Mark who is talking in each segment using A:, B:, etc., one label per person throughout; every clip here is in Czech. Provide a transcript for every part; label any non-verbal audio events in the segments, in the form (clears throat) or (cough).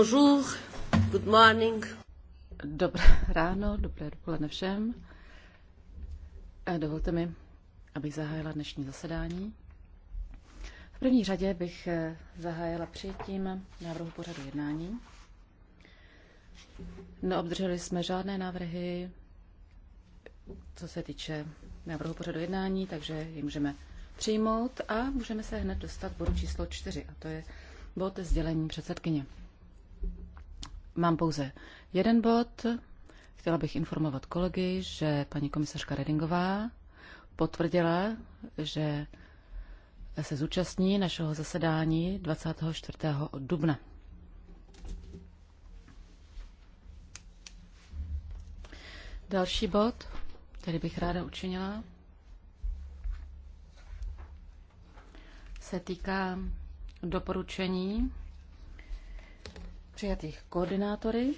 A: Bonjour,
B: good morning. Dobré ráno, dobré dopoledne všem. A dovolte mi, abych zahájila dnešní zasedání. V první řadě bych eh, zahájila přijetím návrhu pořadu jednání. Neobdrželi jsme žádné návrhy, co se týče návrhu pořadu jednání, takže ji můžeme přijmout a můžeme se hned dostat k bodu číslo 4, a to je bod sdělení předsedkyně. Mám pouze jeden bod. Chtěla bych informovat kolegy, že paní komisařka Redingová potvrdila, že se zúčastní našeho zasedání 24. dubna. Další bod, který bych ráda učinila, se týká doporučení přijatých koordinátory.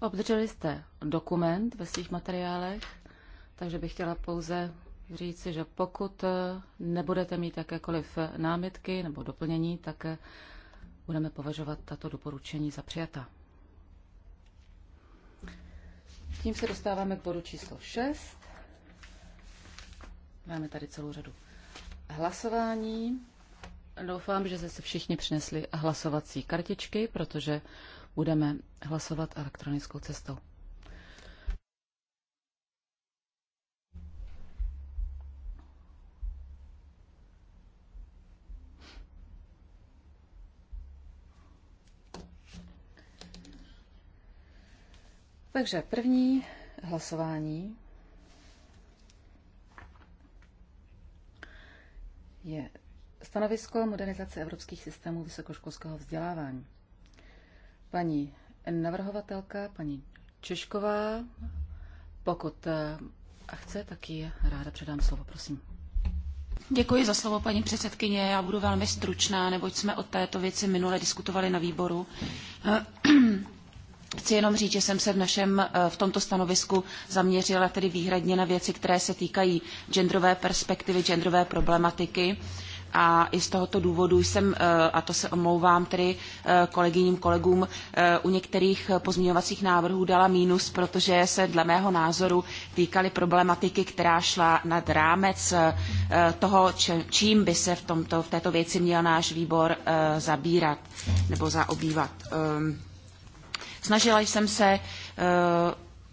B: Obdrželi jste dokument ve svých materiálech, takže bych chtěla pouze říci, že pokud eh, nebudete mít jakékoliv námitky nebo doplnění, tak eh, budeme považovat tato doporučení za přijata. Tím se dostáváme k bodu číslo 6. Máme tady celou řadu hlasování. Doufám, že jste si všichni přinesli hlasovací kartičky, protože budeme hlasovat elektronickou cestou. Takže první hlasování je Stanovisko modernizace evropských systémů vysokoškolského vzdělávání. Paní navrhovatelka, paní Češková, pokud eh, chce, tak ji ráda předám slovo, prosím.
C: Děkuji za slovo, paní předsedkyně. Já budu velmi stručná, neboť jsme o této věci minule diskutovali na výboru. Eh, (clears throat) Chci jenom říct, že jsem se v, našem, eh, v tomto stanovisku zaměřila tedy výhradně na věci, které se týkají genderové perspektivy, genderové problematiky a i z tohoto důvodu jsem, eh, a to se omlouvám tedy eh, kolegyním kolegům, eh, u některých pozměňovacích návrhů dala mínus, protože se dle mého názoru týkaly problematiky, která šla nad rámec toho, čím by se v, tomto, v této věci měl náš výbor zabírat nebo zaobývat. Ehm, snažila jsem se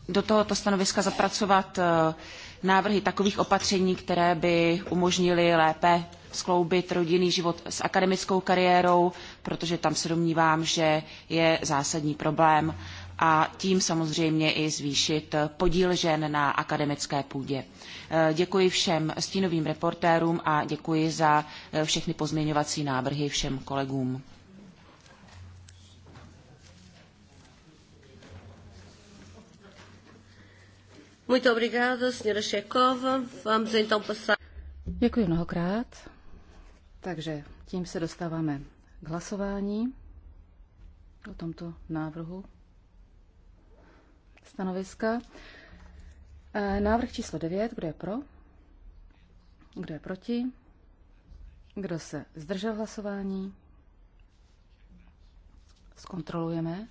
C: do tohoto stanoviska zapracovat návrhy takových opatření, které by umožnily lépe skloubit rodinný život s akademickou kariérou, protože tam se domnívám, že je zásadní problém a tím samozřejmě i zvýšit podíl žen na akademické půdě. Eh, děkuji všem stínovým reportérům a děkuji za eh, všechny pozměňovací návrhy všem kolegům.
A: Muito obrigada, senhora Chekova. Vamos então passar.
B: Děkuji mnohokrát.
A: Takže tím se dostáváme
B: k hlasování o tomto návrhu stanoviska. E, návrh číslo 9, kdo je pro? Kdo je proti? Kdo se zdržel hlasování? Zkontrolujeme.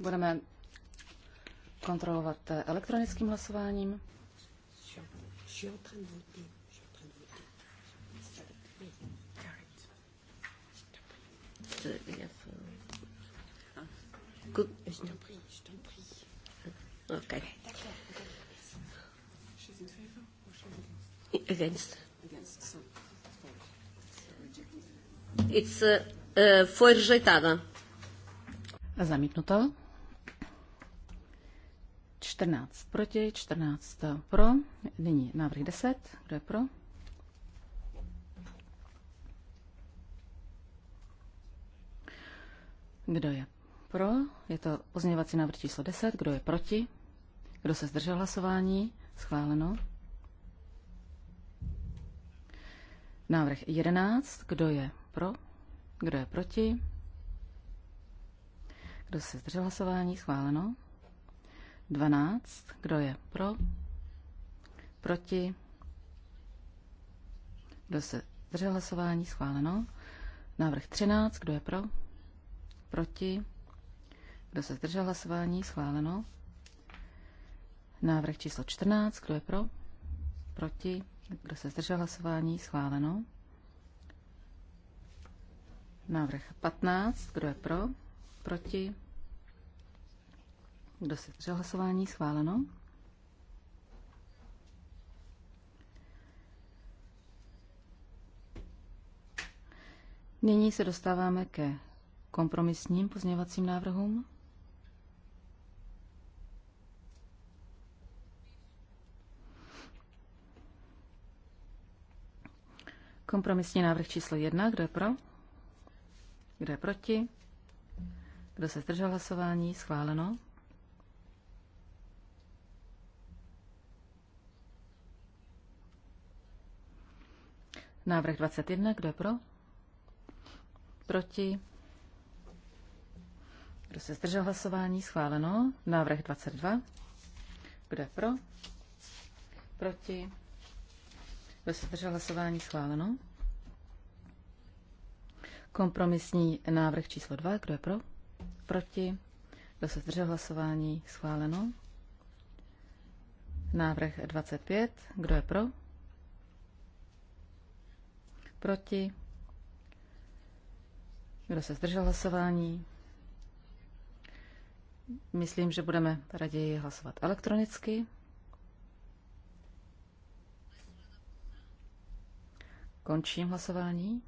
B: Budeme kontrolovat e, elektronickým
D: hlasováním. Je
A: D'accord, Okay. Against. It's, uh, uh, foi rejeitada.
B: Zamítnuto. 14 proti, 14 pro. Nyní návrh 10. Kdo je pro? Kdo je pro? Je to pozměňovací návrh číslo 10. Kdo je proti? Kdo se zdržel hlasování? Schváleno. Návrh 11. Kdo je pro? Kdo je proti? Kdo se zdržel hlasování? Schváleno. 12. Kdo je pro? Proti? Kdo se zdržel hlasování? Schváleno. Návrh 13. Kdo je pro? Proti? Kdo se zdržel hlasování? Schváleno. Návrh číslo 14. Kdo je pro? Proti? Kdo se zdržel hlasování? Schváleno. Návrh 15. Kdo je pro? Proti? Kdo se zdržel hlasování? Schváleno. Nyní se dostáváme ke kompromisním pozměňovacím návrhům? Kompromisní návrh číslo 1. Kdo je pro? Kdo je proti? Kdo se zdržel hlasování? Schváleno. Návrh 21. Kdo je pro? Proti? Kdo se zdržel hlasování? Schváleno. Návrh 22. Kdo je pro? Proti? Kdo se zdržel hlasování? Schváleno. Kompromisní návrh číslo 2. Kdo je pro? Proti? Kdo se zdržel hlasování? Schváleno. Návrh 25. Kdo je pro? Proti? Kdo se zdržel hlasování? Myslím, že budeme raději hlasovat elektronicky. Končím hlasování.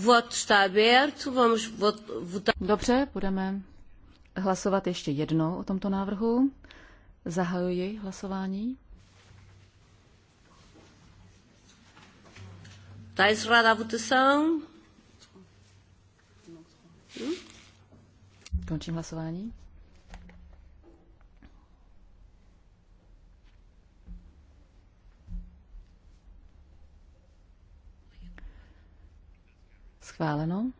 A: Voto está aberto,
B: vamos votar. Dobře, budeme hlasovat ještě jednou o tomto návrhu. Zahajuji hlasování.
A: Está encerrada a votação. Končím
B: hlasování. Schváleno.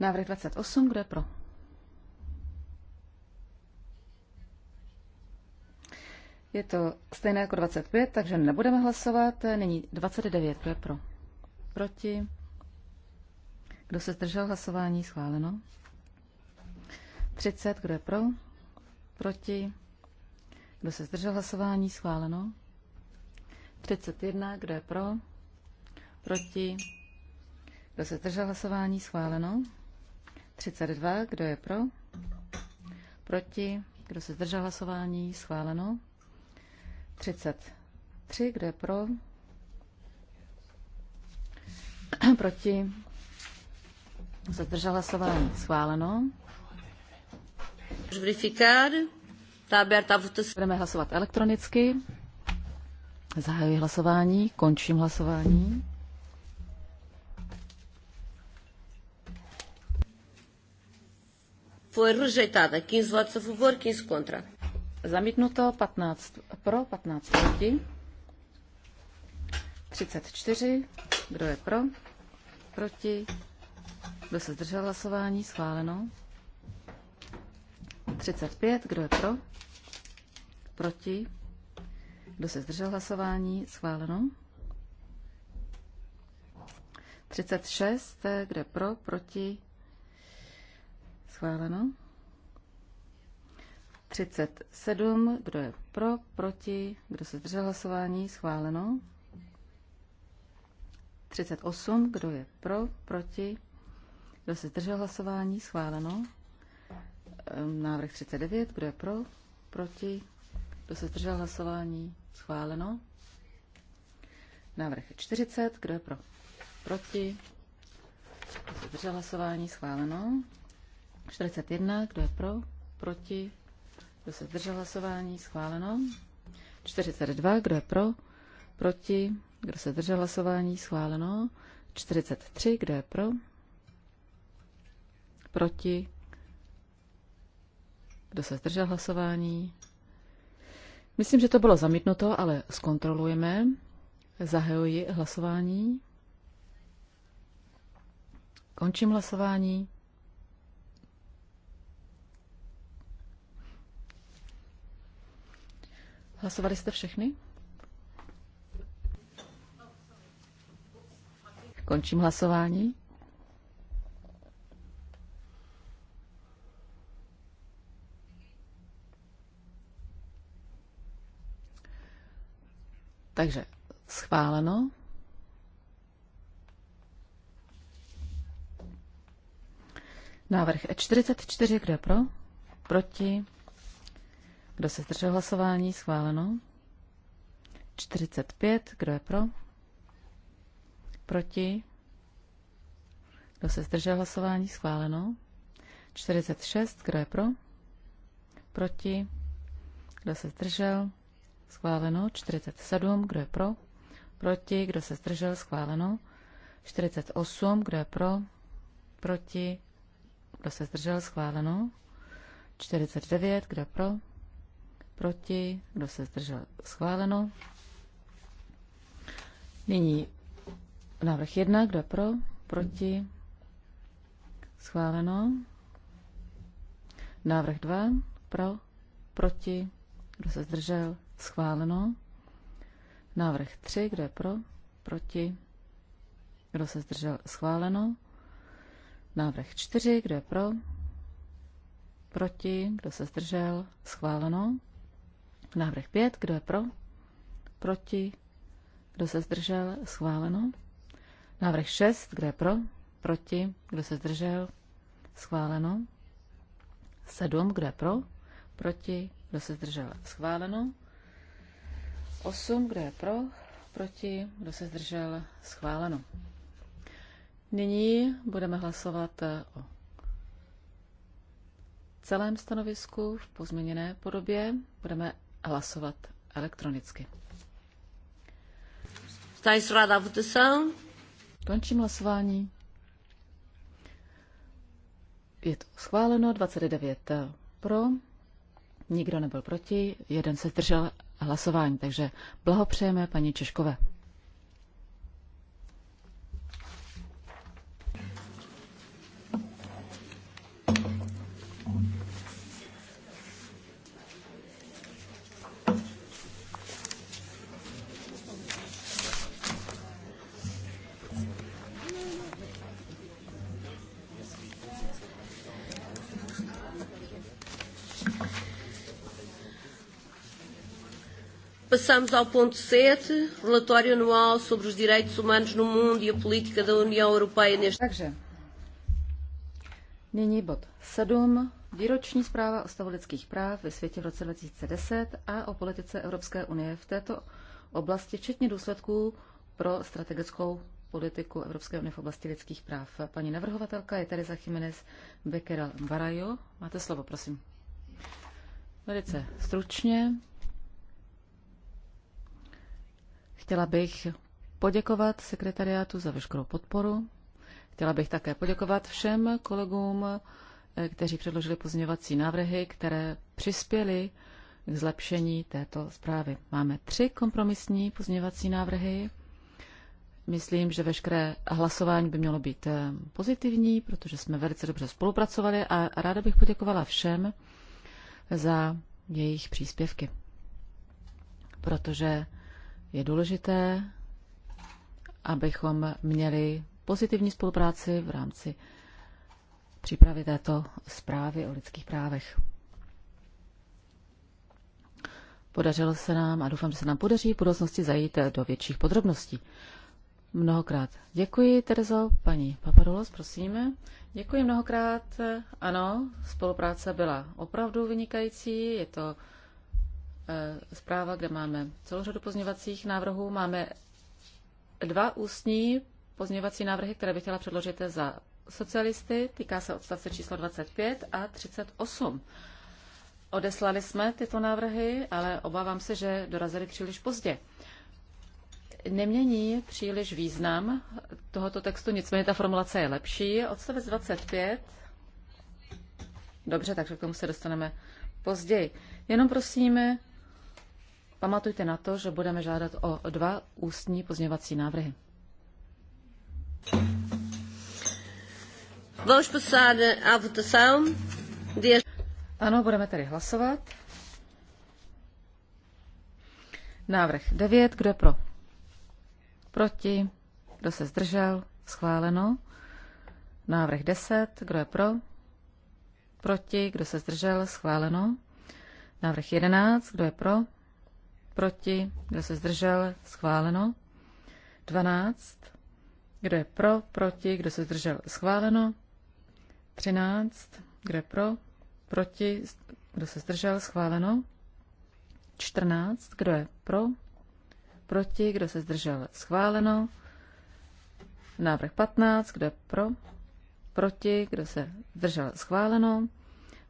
B: Návrh 28, kdo je pro? Je to stejné jako 25, takže nebudeme hlasovat. Nyní 29, kdo je pro? Proti? Kdo se zdržel hlasování? Schváleno. 30, kdo je pro? Proti? Kdo se zdržel hlasování? Schváleno. 31, kdo je pro? Proti? Kdo se zdržel hlasování? Schváleno. 32, kdo je pro? Proti? Kdo se zdržel hlasování? Schváleno. 33, kdo je pro? (clears throat) Proti? Kdo se zdržel hlasování? Schváleno. Budeme hlasovat elektronicky. Zahajuji hlasování, končím hlasování.
A: Foi rejeitada 15 votos a favor, 15 contra.
B: Zamítnuto 15 pro, 15 proti. 34. Kdo je pro? Proti? Kdo se zdržel hlasování? Schváleno. 35. Kdo je pro? Proti? Kdo se zdržel hlasování? Schváleno. 36, kde pro, proti, schváleno. 37, kdo je pro, proti, kdo se zdržel hlasování, schváleno. 38, kdo je pro, proti, kdo se zdržel hlasování, schváleno. Ehm, návrh 39, kdo je pro, proti, kdo se zdržel hlasování, Schváleno. Návrh 40. Kdo je pro? Proti? Zdržel hlasování. Schváleno. 41. Kdo je pro? Proti? Kdo se zdržel hlasování? Schváleno. 42. Kdo je pro? Proti? Kdo se zdržel hlasování? Schváleno. 43. Kdo je pro? Proti? Kdo se zdržel hlasování? Myslím, že to bylo zamítnuto, ale zkontrolujeme. Zahajuji hlasování. Končím hlasování. Hlasovali jste všechny? Končím hlasování. Takže schváleno. Návrh E44, kdo je pro? Proti? Kdo se zdržel hlasování? Schváleno. 45, kdo je pro? Proti? Kdo se zdržel hlasování? Schváleno. 46, kdo je pro? Proti? Kdo se zdržel? Schváleno. 47. Kdo je pro? Proti. Kdo se zdržel? Schváleno. 48. Kdo je pro? Proti. Kdo se zdržel? Schváleno. 49. Kdo je pro? Proti. Kdo se zdržel? Schváleno. Nyní návrh 1. Kdo je pro? Proti. Schváleno. Návrh 2. Pro. Proti. Kdo se zdržel? Schváleno. Návrh 3, kdo je pro? Proti? Kdo se zdržel? Schváleno. Návrh 4, kdo je pro? Proti? Kdo se zdržel? Schváleno. Návrh 5, kdo je pro? Proti? Kdo se zdržel? Schváleno. Návrh 6, kdo je pro? Proti? Kdo se zdržel? Schváleno. 7, kdo je pro? Proti? Kdo se zdržel? Schváleno. 8, kdo je pro, proti, kdo se zdržel, schváleno. Nyní budeme hlasovat eh, o celém stanovisku v pozměněné podobě. Budeme hlasovat elektronicky.
A: Končím hlasování.
B: Je to schváleno, 29 eh, pro, nikdo nebyl proti, jeden se zdržel hlasování. Takže blahopřejeme paní Češkové.
A: Passamos ao ponto 7, relatório anual sobre os direitos humanos no mundo e a política da União Europeia neste... Takže,
B: nyní bod 7, výroční zpráva o stavu lidských práv ve světě v roce 2010 a o politice Evropské unie v této oblasti, včetně důsledků pro strategickou politiku Evropské unie v oblasti lidských práv. Paní navrhovatelka je Teresa Jiménez Becerra Barajo. Máte slovo, prosím. Velice stručně. Chtěla bych poděkovat sekretariátu za veškerou podporu. Chtěla bych také poděkovat všem kolegům, eh, kteří předložili pozměňovací návrhy, které přispěly k zlepšení této zprávy. Máme tři kompromisní pozměňovací návrhy. Myslím, že veškeré hlasování by mělo být eh, pozitivní, protože jsme velice dobře spolupracovali a ráda bych poděkovala všem za jejich příspěvky. Protože je důležité, abychom měli pozitivní spolupráci v rámci přípravy této zprávy o lidských právech. Podařilo se nám a doufám, že se nám podaří v budoucnosti zajít do větších podrobností. Mnohokrát děkuji, Terezo. Paní Papadolos, prosím. Děkuji mnohokrát. Ano, spolupráce byla opravdu vynikající. Je to Eh, zpráva, kde máme celou řadu pozměvacích návrhů. Máme dva ústní pozměvací návrhy, které bych chtěla předložit za socialisty. Týká se odstavce číslo 25 a 38. Odeslali jsme tyto návrhy, ale obávám se, že dorazili příliš pozdě. Nemění příliš význam tohoto textu, nicméně ta formulace je lepší. Odstavec 25. Dobře, takže k tomu se dostaneme později. Jenom prosím, Pamatujte na to, že budeme žádat o dva ústní pozměňovací
A: návrhy. Ano, budeme tedy hlasovat.
B: Návrh 9. Kdo je pro? Proti? Kdo se zdržel? Schváleno. Návrh 10. Kdo je pro? Proti? Kdo se zdržel? Schváleno. Návrh 11. Kdo je pro? proti, kdo se zdržel, schváleno. 12. Kdo je pro, proti, kdo se zdržel, schváleno. 13. Kdo je pro, proti, kdo se zdržel, schváleno. 14. Kdo je pro, proti, kdo se zdržel, schváleno. Návrh 15. Kdo je pro, proti, kdo se zdržel, schváleno.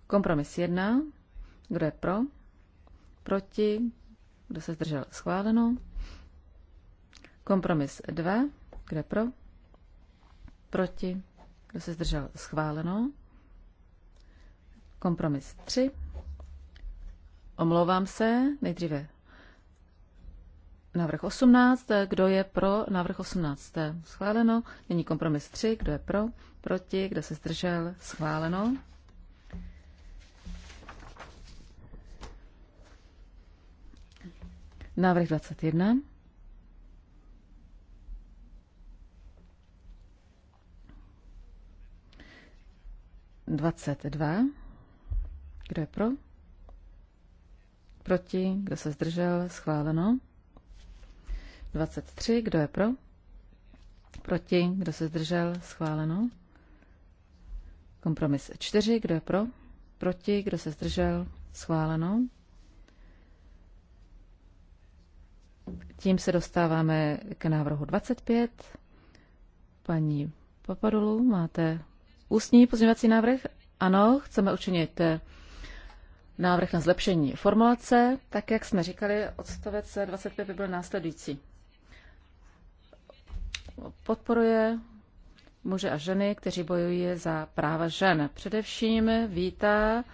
B: Kompromis 1. Kdo je pro, proti, kdo se zdržel? Schváleno. Kompromis 2. Kde pro? Proti. Kdo se zdržel? Schváleno. Kompromis 3. Omlouvám se. Nejdříve návrh 18. Kdo je pro? Návrh 18. Schváleno. Nyní kompromis 3. Kdo je pro? Proti. Kdo se zdržel? Schváleno. Návrh 21. Dvacet dva. Kdo je pro? Proti? Kdo se zdržel? Schváleno. 23. Kdo je pro? Proti? Kdo se zdržel? Schváleno. Kompromis 4. Kdo je pro? Proti? Kdo se zdržel? Schváleno. Tím se dostáváme k návrhu 25. Paní Papadolu, máte ústní pozměňovací návrh? Ano, chceme učinit eh, návrh na zlepšení formulace. Tak, jak jsme říkali, odstavec 25 by byl následující. Podporuje muže a ženy, kteří bojují za práva žen. Především vítá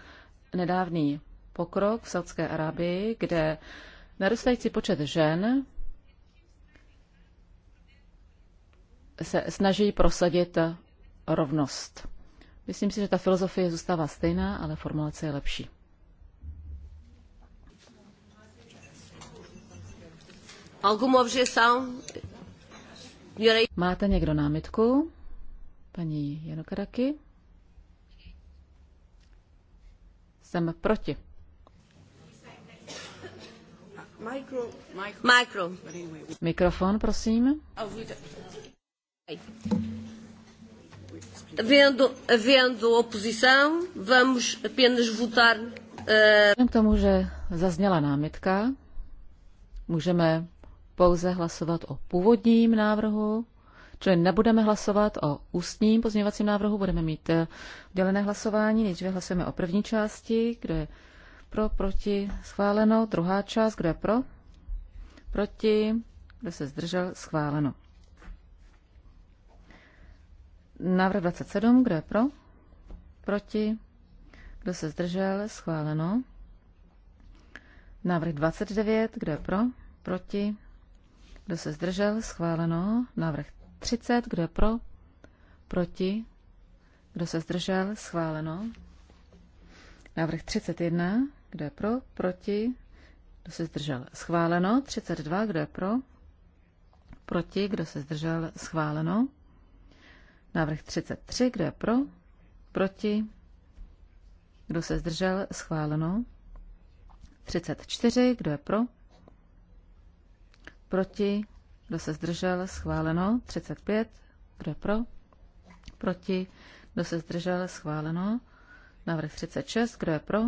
B: nedávný pokrok v Saudské Arábii, kde Narůstající počet žen se snaží prosadit rovnost. Myslím si, že ta filozofie zůstává stejná, ale formulace je lepší. Máte někdo námitku? Paní Janokaraky? Jsem proti. Mikrofon, prosím.
C: Oh,
A: havendo, eh, K tomu, že
B: zazněla námitka, můžeme pouze hlasovat o původním návrhu, čili nebudeme hlasovat o ústním pozměňovacím návrhu, budeme mít eh, dělené hlasování. Nejdříve hlasujeme o první části, kde je pro, proti, schváleno. Druhá část, kdo je pro? Proti, kdo se zdržel, schváleno. Návrh 27, kdo je pro? Proti, kdo se zdržel, schváleno. Návrh 29, kdo je pro? Proti, kdo se zdržel, schváleno. Návrh 30, kdo je pro? Proti, kdo se zdržel, schváleno. Návrh 31. Kdo je pro? Proti? Kdo se zdržel? Schváleno. 32. Kdo je pro? Proti? Kdo se zdržel? Schváleno. Návrh 33. Kdo je pro? Proti? Kdo se zdržel? Schváleno. 34. Kdo je pro? Proti? Kdo se zdržel? Schváleno. 35. Kdo je pro? Proti? Kdo se zdržel? Schváleno. Návrh 36. Kdo je pro?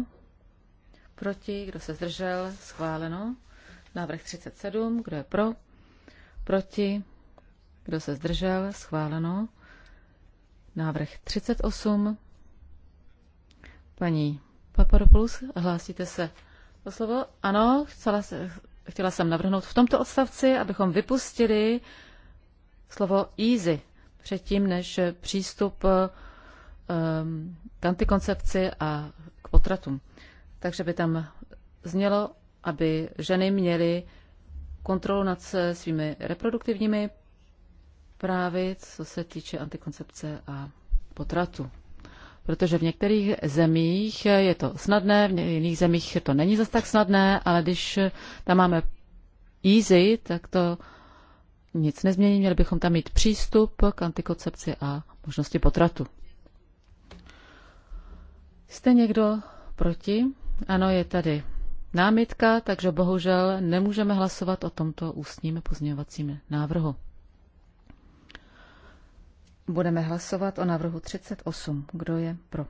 B: Proti? Kdo se zdržel? Schváleno. Návrh 37. Kdo je pro? Proti? Kdo se zdržel? Schváleno. Návrh 38. Paní Papadopoulos, hlásíte se o slovo? Ano, chcela, se, chtěla jsem navrhnout v tomto odstavci, abychom vypustili slovo easy předtím, než přístup um, k antikoncepci a k potratům takže by tam znělo, aby ženy měly kontrolu nad svými reproduktivními právy, co se týče antikoncepce a potratu. Protože v některých zemích je to snadné, v jiných zemích to není zas tak snadné, ale když tam máme easy, tak to nic nezmění. Měli bychom tam mít přístup k antikoncepci a možnosti potratu. Jste někdo proti? Ano, je tady námitka, takže bohužel nemůžeme hlasovat o tomto ústním pozměňovacím návrhu. Budeme hlasovat o návrhu 38. Kdo je pro?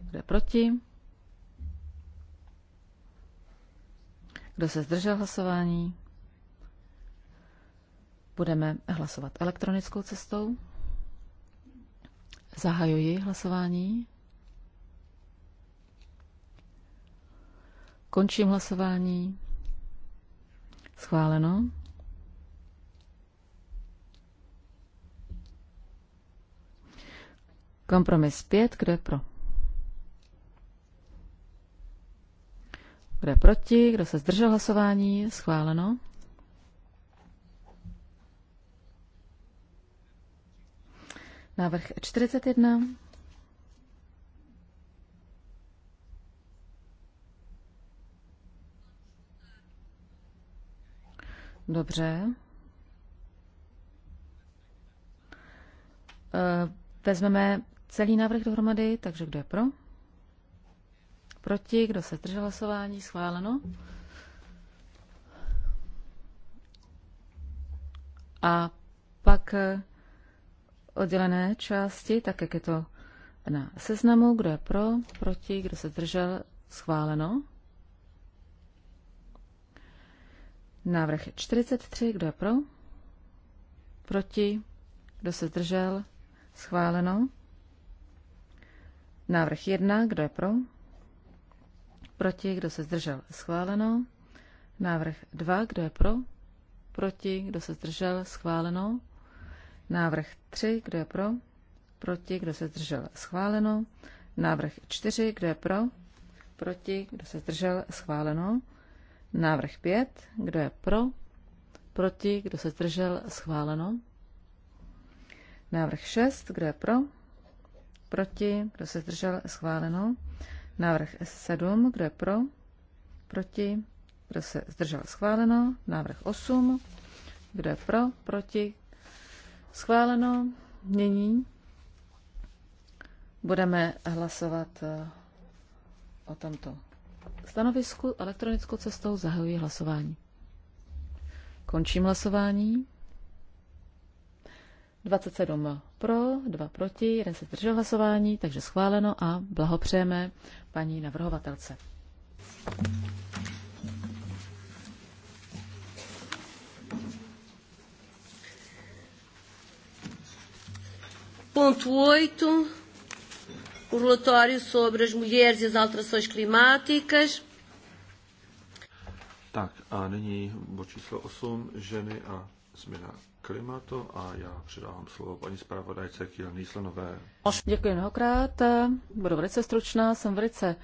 B: Kdo je proti? Kdo se zdržel hlasování? Budeme hlasovat elektronickou cestou. Zahajuji hlasování. Končím hlasování. Schváleno. Kompromis 5, kdo je pro? Kdo je proti? Kdo se zdržel hlasování? Schváleno. Návrh 41. Dobře. E, vezmeme celý návrh dohromady, takže kdo je pro? Proti, kdo se držel hlasování, schváleno. A pak oddělené části, tak jak je to na seznamu, kdo je pro, proti, kdo se držel, schváleno. Návrh 43, kdo je pro? Proti? Kdo se zdržel? Schváleno. Návrh 1, kdo je pro? Proti? Kdo se zdržel? Schváleno. Návrh 2, kdo je pro? Proti? Kdo se zdržel? Schváleno. Návrh 3, kdo je pro? Proti? Kdo se zdržel? Schváleno. Návrh 4, kdo je pro? Proti? Kdo se zdržel? Schváleno. Návrh 5. Kdo je pro? Proti? Kdo se zdržel? Schváleno. Návrh 6. Kdo je pro? Proti? Kdo se zdržel? Schváleno. Návrh 7. Kdo je pro? Proti? Kdo se zdržel? Schváleno. Návrh 8. Kdo je pro? Proti? Schváleno. Mění. budeme hlasovat eh, o tomto stanovisku elektronickou cestou zahajuji hlasování. Končím hlasování. 27 pro, 2 proti, jeden se zdržel hlasování, takže schváleno a blahopřejeme paní navrhovatelce.
A: Ponto 8 o relatório sobre as mulheres e as alterações climáticas.
E: Tak a nyní bod číslo 8, ženy a změna klimatu a já předávám slovo paní zpravodajce Kiel Nýslenové.
B: Děkuji mnohokrát, budu velice stručná, jsem velice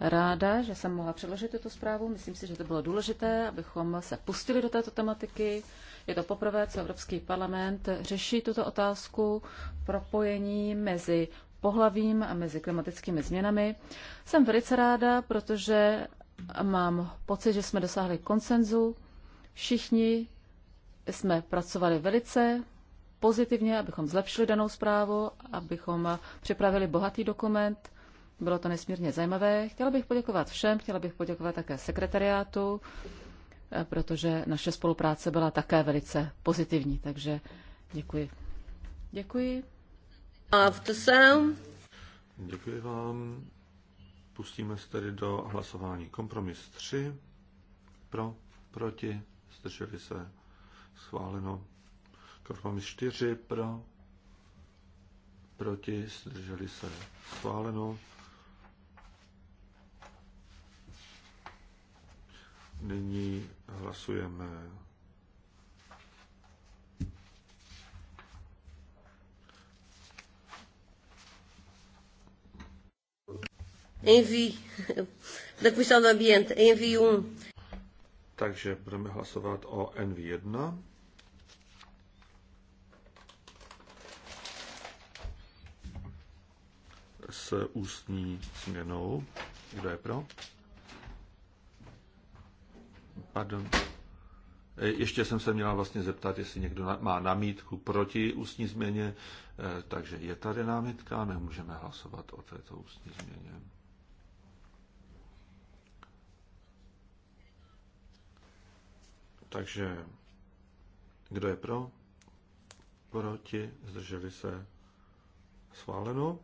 B: ráda, že jsem mohla předložit tuto zprávu. Myslím si, že to bylo důležité, abychom se pustili do této tematiky. Je to poprvé, co Evropský parlament řeší tuto otázku propojení mezi pohlavím a mezi klimatickými změnami. Jsem velice ráda, protože mám pocit, že jsme dosáhli konsenzu. Všichni jsme pracovali velice pozitivně, abychom zlepšili danou zprávu, abychom připravili bohatý dokument. Bylo to nesmírně zajímavé. Chtěla bych poděkovat všem, chtěla bych poděkovat také sekretariátu, protože naše spolupráce byla také velice pozitivní, takže děkuji. Děkuji.
A: Of the sound.
E: Děkuji vám. Pustíme se tedy do hlasování. Kompromis 3. Pro, proti, zdrželi se. Schváleno. Kompromis 4. Pro, proti, zdrželi se. Schváleno. Nyní hlasujeme
A: Envi, (laughs) da Comissão do Ambiente, Envi 1. Um.
E: Takže budeme hlasovat o NV1. S ústní změnou. Kdo je pro? Pardon. E, ještě jsem se měla vlastně zeptat, jestli někdo má namítku proti ústní změně, e, takže je tady námitka, nemůžeme hlasovat o této ústní změně. Takže kdo je pro? Proti? Zdrželi se? Schváleno.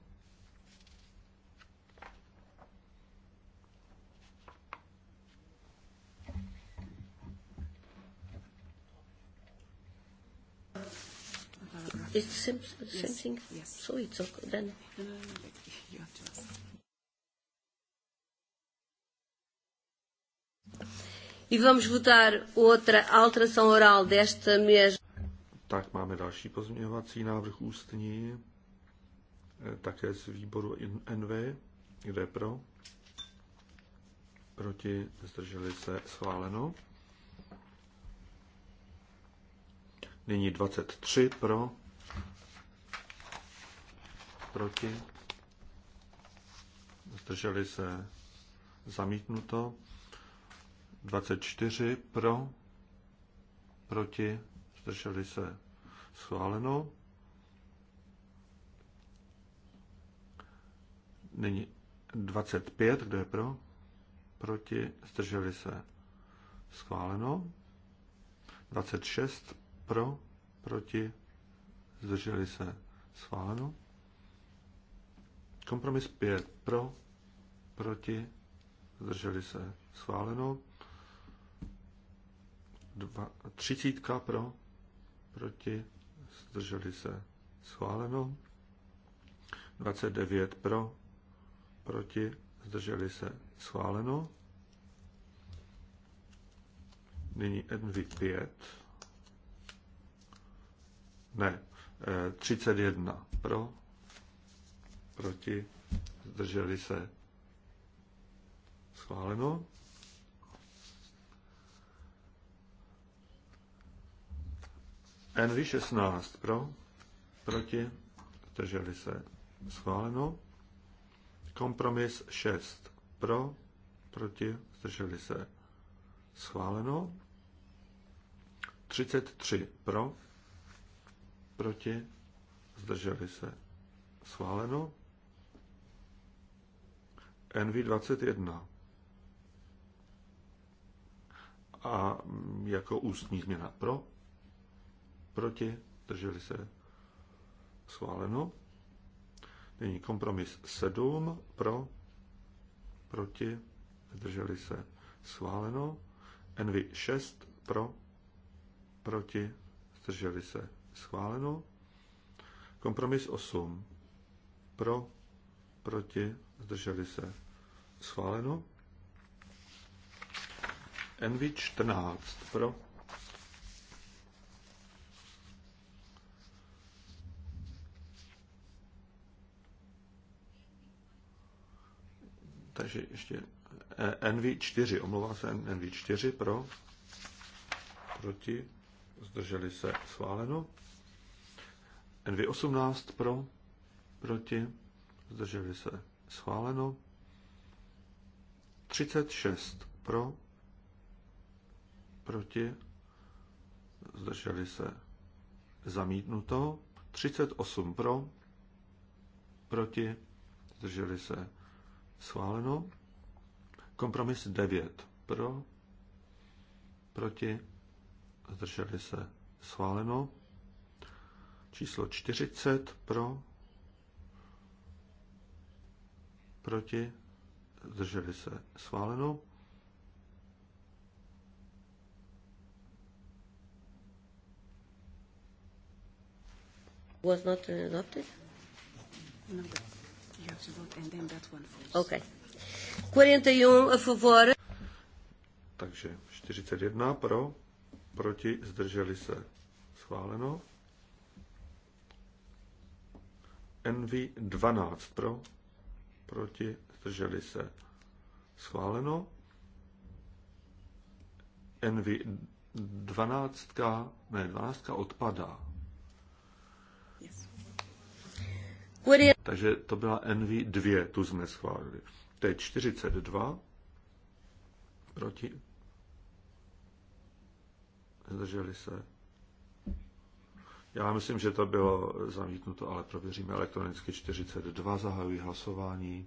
A: Is the same, same yes. thing. Yes. So it's okay then.
D: No, no, no, you have to ask.
A: E vamos votar outra alteração oral desta mesma.
E: Tak máme další pozměňovací návrh ústní, eh, také z výboru NV. Kde je pro? Proti? Zdrželi se? Schváleno. Nyní 23 pro. Proti? Zdrželi se? Zamítnuto. 24 pro, proti, zdrželi se schváleno. Nyní 25, kdo je pro, proti, zdrželi se schváleno. 26 pro, proti, zdrželi se schváleno. Kompromis 5 pro, proti, zdrželi se schváleno. Dva, třicítka pro, proti, zdrželi se, schváleno. 29 pro, proti, zdrželi se, schváleno. Nyní NV5. Ne, 31 eh, pro, proti, zdrželi se, schváleno. NV16 pro, proti, drželi se, schváleno. Kompromis 6 pro, proti, drželi se, schváleno. 33 pro, proti, zdrželi se, schváleno. NV21 a jako ústní změna pro, proti, drželi se schváleno. Nyní kompromis 7 pro, proti, drželi se schváleno. Envy 6 pro, proti, drželi se schváleno. Kompromis 8 pro, proti, zdrželi se schváleno. Envy 14 pro, Takže ještě eh, NV4, omlouvám se NV4 pro, proti, zdrželi se schváleno. NV18 pro, proti, zdrželi se schváleno. 36 pro, proti, zdrželi se zamítnuto. 38 pro, proti, zdrželi se Schváleno. Kompromis 9 pro, proti, zdrželi se. Schváleno. Číslo 40 pro, proti, zdrželi se. Schváleno.
A: Was not adopted?
D: No. Ok,
A: 41 a favor.
E: Takže 41 pro, proti, zdrželi se. Schváleno. NV 12 pro, proti, zdrželi se. Schváleno. NV 12, ne, 12 odpadá. Takže to byla NV2, tu jsme schválili. Teď 42 proti. Zdrželi se. Já myslím, že to bylo zamítnuto, ale prověříme elektronicky 42. zahajují hlasování.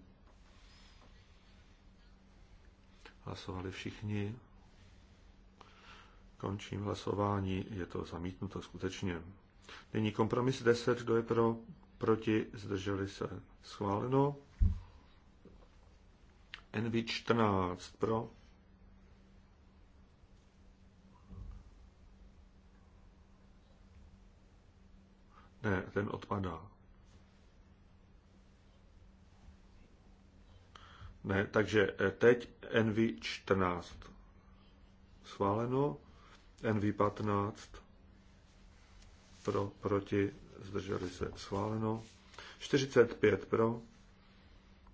E: Hlasovali všichni. Končím hlasování. Je to zamítnuto skutečně. Nyní kompromis 10. Kdo je pro? proti, zdrželi se, schváleno. NV14 pro, Ne, ten odpadá. Ne, takže eh, teď NV14. Schváleno. NV15 pro, proti zdrželi se schváleno. 45 pro,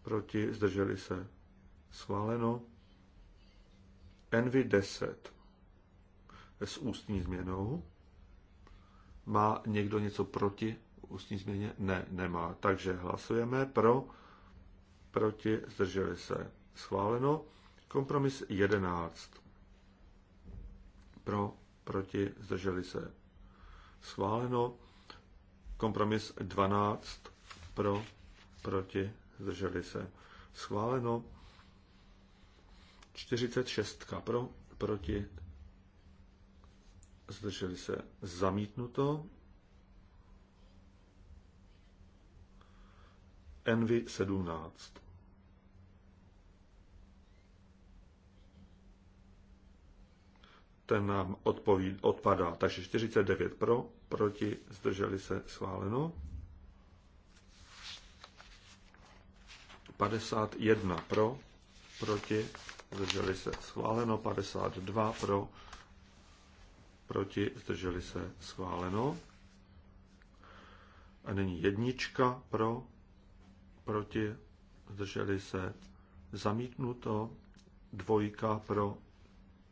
E: proti, zdrželi se schváleno. Envy 10 s ústní změnou. Má někdo něco proti ústní změně? Ne, nemá. Takže hlasujeme pro, proti, zdrželi se schváleno. Kompromis 11. Pro, proti, zdrželi se schváleno. Kompromis 12 pro, proti, zdrželi se. Schváleno 46 pro, proti, zdrželi se. Zamítnuto. Envy 17. Ten nám odpoví, odpadá. Takže 49 pro, proti, zdrželi se, schváleno. 51 pro, proti, zdrželi se, schváleno. 52 pro, proti, zdrželi se, schváleno. A není jednička pro, proti, zdrželi se, zamítnuto. Dvojka pro,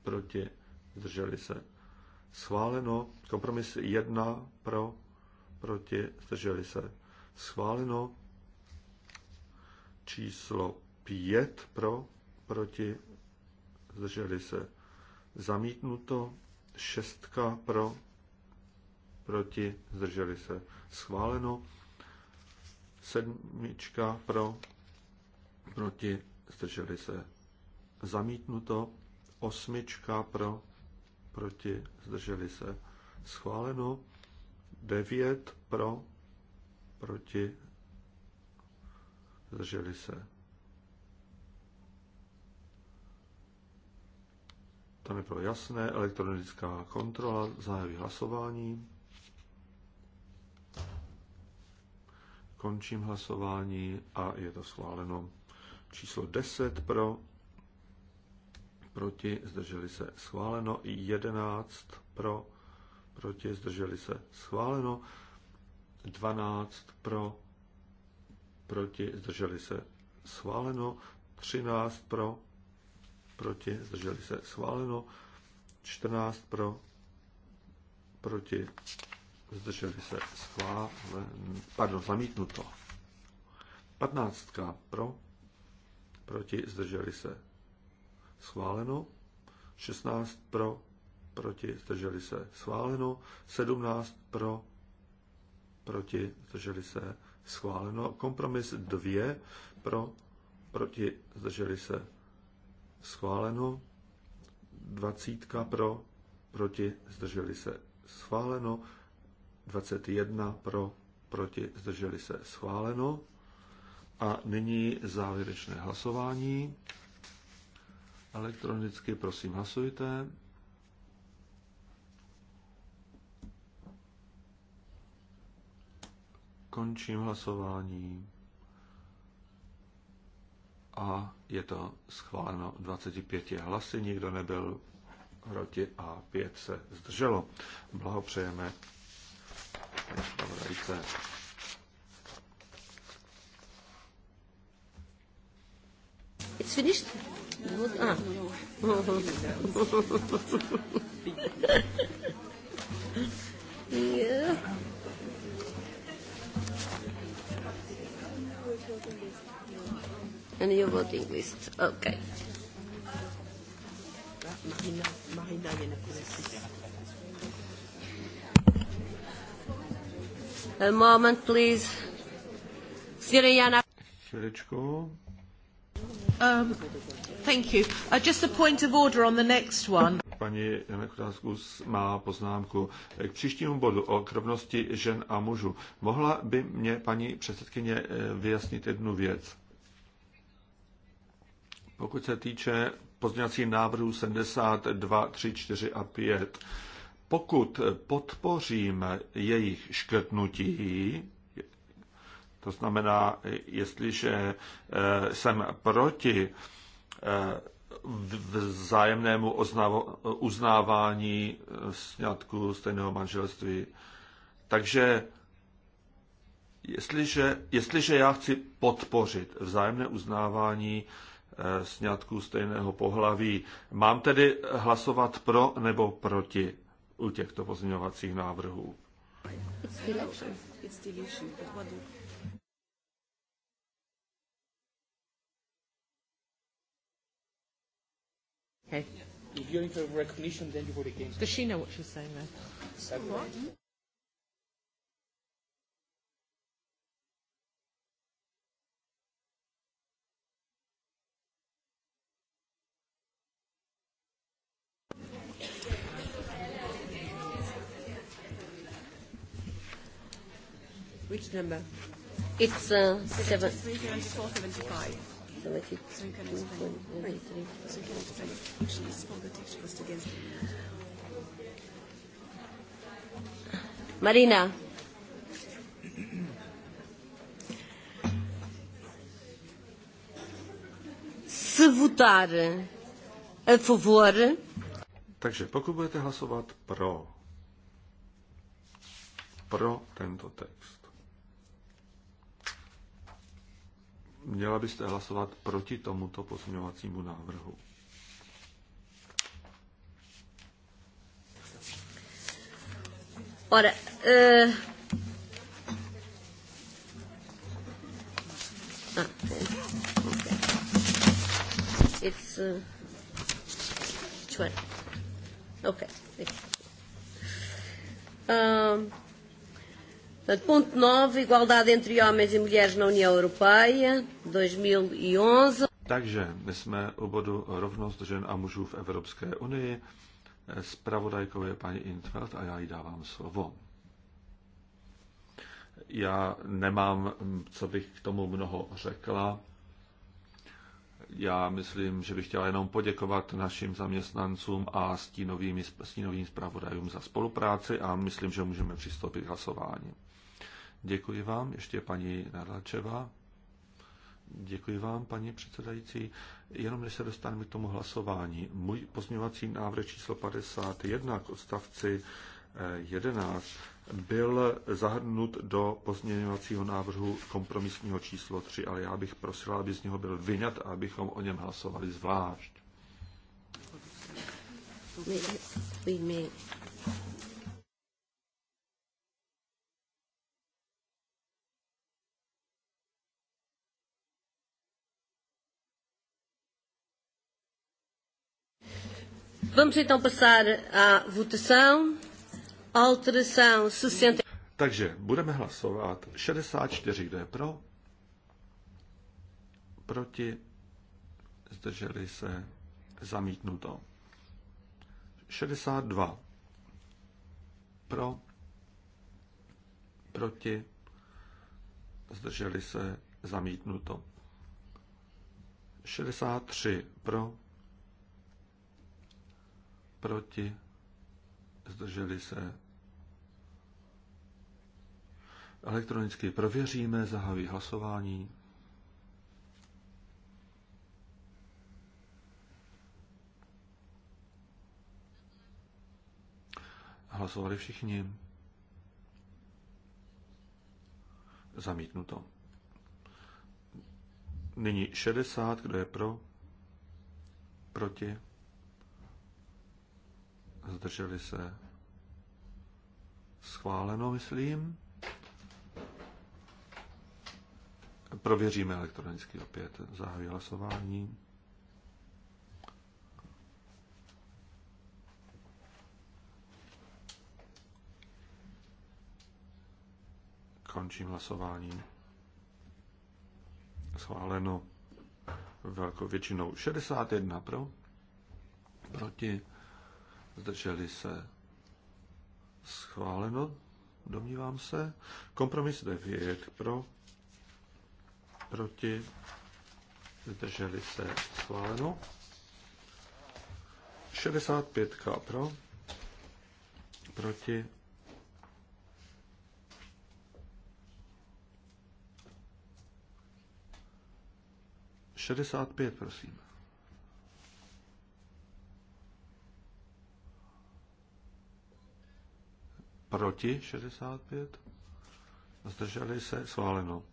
E: proti, zdrželi se, Schváleno. Kompromis 1 pro, proti, zdrželi se. Schváleno. Číslo 5 pro, proti, zdrželi se. Zamítnuto. Šestka pro, proti, zdrželi se. Schváleno. Sedmička pro, proti, zdrželi se. Zamítnuto. Osmička pro, proti, zdrželi se, schváleno. 9 pro, proti, zdrželi se. Tam je pro jasné, elektronická kontrola, zahájí hlasování. Končím hlasování a je to schváleno. Číslo 10 pro, proti, zdrželi se schváleno, 11 pro, proti, zdrželi se schváleno, 12 pro, proti, zdrželi se schváleno, 13 pro, proti, zdrželi se schváleno, 14 pro, proti, zdrželi se schváleno, pardon, zamítnuto. 15 pro, proti, zdrželi se schváleno, 16 pro, proti, zdrželi se, schváleno, 17 pro, proti, zdrželi se, schváleno, kompromis 2 pro, proti, zdrželi se, schváleno, 20 pro, proti, zdrželi se, schváleno, 21 pro, proti, zdrželi se, schváleno. A nyní závěrečné hlasování. Elektronicky prosím hlasujte. Končím hlasování. A je to schváleno 25 hlasy, nikdo nebyl proti a 5 se zdrželo. Blahopřejeme Dobrejte.
A: It's finished. Ah. (laughs)
D: yeah.
A: And your voting list. Okay. Marina, Marina je A moment, please. Siriana.
C: Um, Thank you. Uh, just a point of order on the next one.
E: Paní Nekráskus má poznámku. K příštímu bodu o krovnosti žen a mužů. Mohla by mě paní předsedkyně eh, vyjasnit jednu věc? Pokud se týče pozněcích návrhů 72, 3, 4 a 5, pokud podpoříme jejich škrtnutí, to znamená, jestliže eh, jsem proti Eh, vzájemnému eh, uznávání eh, sňatku stejného manželství. Takže jestliže, jestliže já chci podpořit vzájemné uznávání sňatku stejného pohlaví, mám tedy hlasovat pro nebo proti u těchto pozměňovacích návrhů?
C: It's
D: Okay.
A: If you're in favor recognition, then you vote against. Does
D: she know what she's saying there? Which number? It's uh, seven.
A: Marina. Se votar a
E: favor. Takže pokud budete hlasovat pro, pro tento text, měla byste hlasovat proti tomuto pozměňovacímu návrhu.
A: Ora, uh... ah, okay. It's uh, eh, 20. Okay. Um, Portanto, ponto 9, igualdade entre homens e mulheres na União Europeia, 2011. E
E: Takže my jsme u bodu rovnost žen a mužů v Evropské unii. Spravodajkou je paní Intfeld a já jí dávám slovo. Já nemám, co bych k tomu mnoho řekla. Já myslím, že bych chtěla jenom poděkovat našim zaměstnancům a stínovým, stínovým zpravodajům za spolupráci a myslím, že můžeme přistoupit k hlasování. Děkuji vám, ještě paní Nadalčeva. Děkuji vám, paní předsedající. Jenom než se dostaneme k tomu hlasování, můj pozměňovací návrh číslo 51 k odstavci 11 eh, byl zahrnut do pozměňovacího návrhu kompromisního číslo 3, ale já bych prosila, aby z něho byl vyňat a abychom o něm hlasovali zvlášť.
A: Vamos então passar à votação. Alteração
E: 60. E- Takže budeme hlasovat 64, kdo je pro, proti, zdrželi se, zamítnuto. 62 pro, proti, zdrželi se, zamítnuto. 63 pro, proti, zdrželi se. Elektronicky prověříme, zahaví hlasování. Hlasovali všichni. Zamítnuto. Nyní 60, kdo je pro? Proti? zdrželi se schváleno, myslím. Prověříme elektronicky opět. Zahajuji hlasování. Končím hlasování. Schváleno velkou většinou 61 pro, proti zdrželi se schváleno, domnívám se. Kompromis 9 pro, proti, zdrželi se schváleno. 65 pro, proti, Šedesát pět, prosím. Proti 65. Zdrželi se. Schváleno.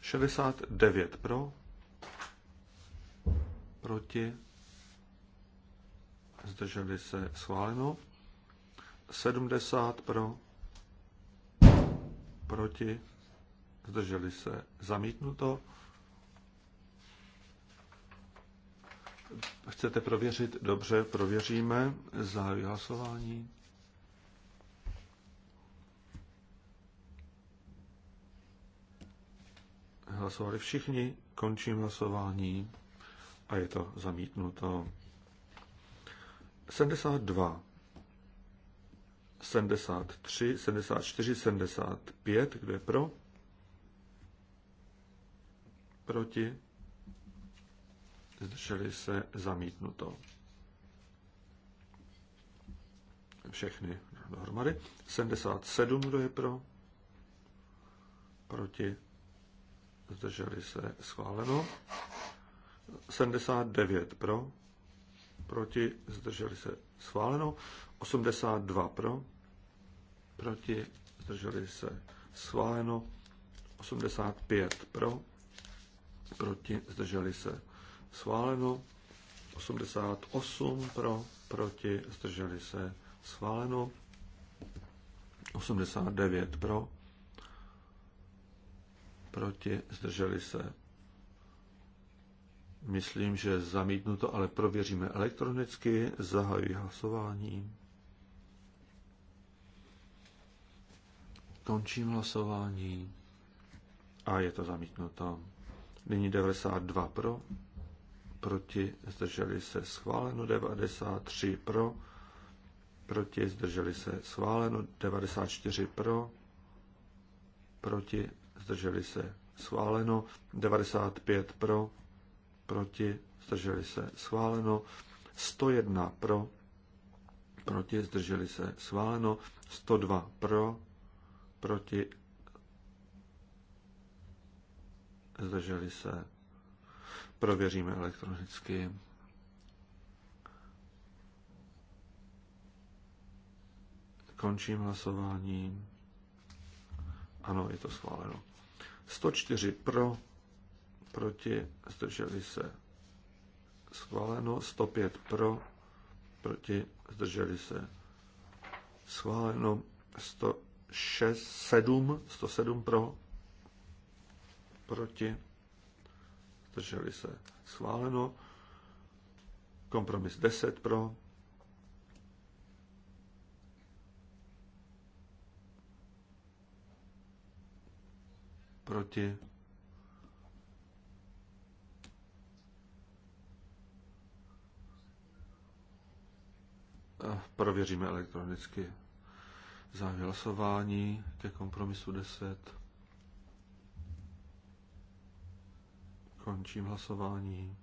E: 69 pro. Proti. Zdrželi se. Schváleno. 70 pro. Proti. Zdrželi se. Zamítnuto. Chcete prověřit? Dobře, prověříme. Zahajuji hlasování. Hlasovali všichni, končím hlasování a je to zamítnuto. 72, 73, 74, 75, kdo je pro? Proti? Zdrželi se zamítnuto. Všechny dohromady. 77, kdo je pro? Proti? zdrželi se schváleno. 79 pro, proti, zdrželi se schváleno. 82 pro, proti, zdrželi se schváleno. 85 pro, proti, zdrželi se schváleno. 88 pro, proti, zdrželi se schváleno. 89 pro, proti, zdrželi se. Myslím, že zamítnuto, ale prověříme elektronicky. Zahajuji hlasování. Končím hlasování. A je to zamítnuto. Nyní 92 pro, proti zdrželi se schváleno 93 pro, proti zdrželi se schváleno 94 pro, proti zdrželi se, schváleno. 95 pro, proti, zdrželi se, schváleno. 101 pro, proti, zdrželi se, schváleno. 102 pro, proti, zdrželi se. Prověříme elektronicky. Končím hlasování. Ano, je to schváleno. 104 pro, proti, zdrželi se schváleno, 105 pro, proti, zdrželi se schváleno, 106, 7, 107 pro, proti, zdrželi se schváleno, kompromis 10 pro, proti, eh, prověříme elektronicky. Zahájí hlasování ke kompromisu 10. Končím hlasování.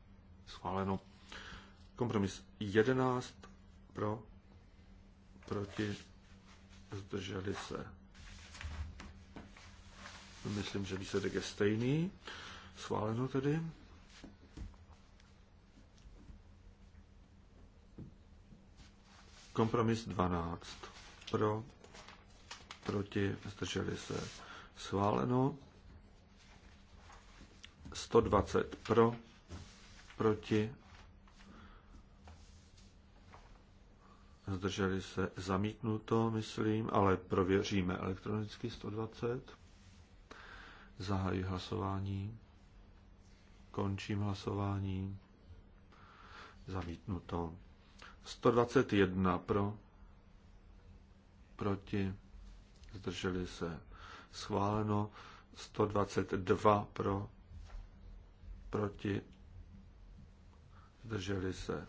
E: Schváleno. Kompromis 11 pro, proti, zdrželi se Myslím, že výsledek je stejný. Sváleno tedy. Kompromis 12. Pro, proti, zdrželi se. Sváleno. 120 pro, proti, zdrželi se zamítnuto, myslím, ale prověříme elektronicky 120. Zahajuji hlasování. Končím hlasování. Zamítnuto. 121 pro, proti, zdrželi se. Schváleno. 122 pro, proti, zdrželi se.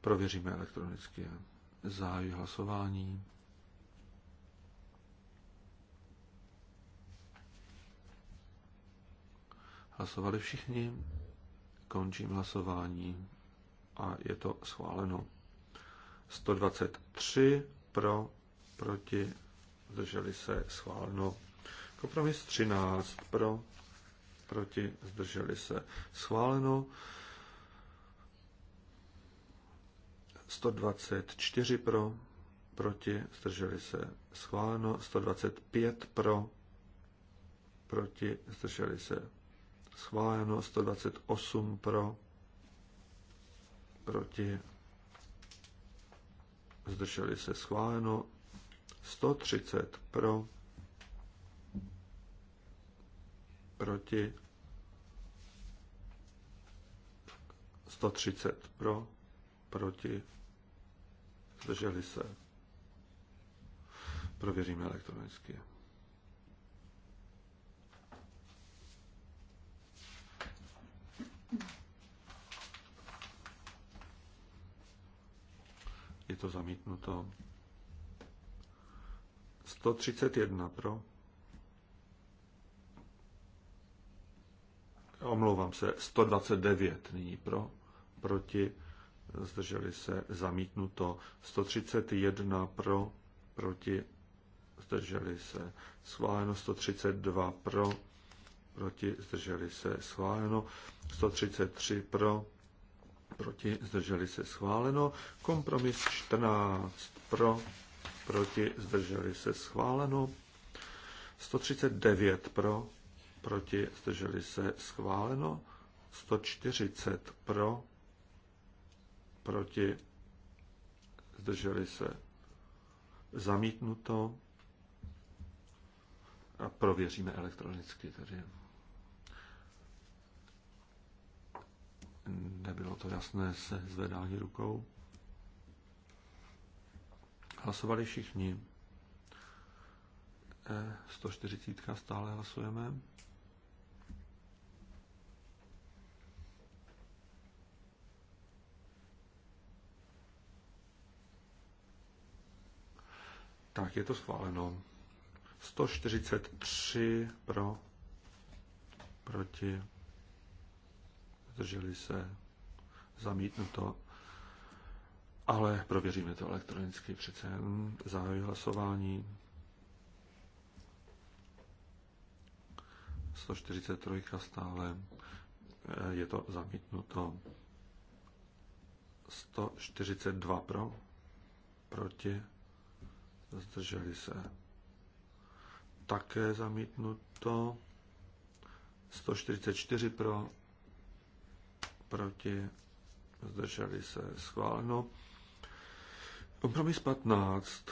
E: Prověříme elektronicky. Zahajuji hlasování. Hlasovali všichni. Končím hlasování a je to schváleno. 123 pro, proti, zdrželi se, schváleno. Kompromis 13 pro, proti, zdrželi se, schváleno. 124 pro, proti, zdrželi se, schváleno. 125 pro, proti, zdrželi se, schváleno 128 pro, proti, zdrželi se schváleno 130 pro, proti, 130 pro, proti, zdrželi se. Prověříme elektronicky. to zamítnuto. 131 pro. Omlouvám se, 129 nyní pro, proti, zdrželi se, zamítnuto. 131 pro, proti, zdrželi se, schváleno. 132 pro, proti, zdrželi se, schváleno. 133 pro, proti, zdrželi se schváleno. Kompromis 14 pro, proti, zdrželi se schváleno. 139 pro, proti, zdrželi se schváleno. 140 pro, proti, zdrželi se zamítnuto. A prověříme elektronicky tedy. Nebylo to jasné se zvedání rukou. Hlasovali všichni. 140 e, stále hlasujeme. Tak, je to schváleno. 143 pro, proti, zdrželi se, zamítnuto, ale prověříme to elektronicky přece Zahajuji hlasování. 143 stále eh, je to zamítnuto. 142 pro, proti, zdrželi se. Také zamítnuto. 144 pro, proti, zdrželi se, schváleno. Kompromis 15,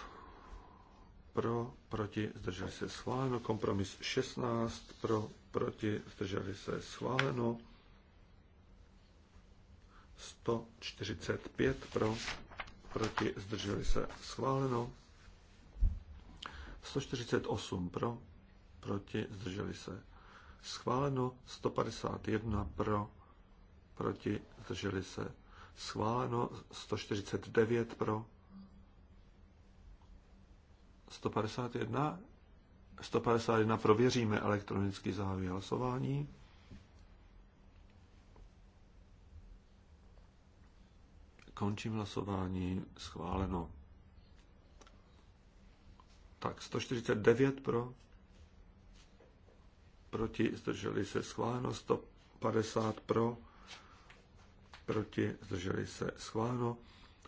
E: pro, proti, zdrželi se, schváleno. Kompromis 16, pro, proti, zdrželi se, schváleno. 145 pro, proti, zdrželi se, schváleno. 148 pro, proti, zdrželi se, schváleno. 151 pro, proti, zdrželi se. Schváleno 149 pro, 151, 151 prověříme elektronický zahájení hlasování. Končím hlasování, schváleno. Tak 149 pro, proti, zdrželi se schváleno, 150 pro, proti, zdrželi se schváleno,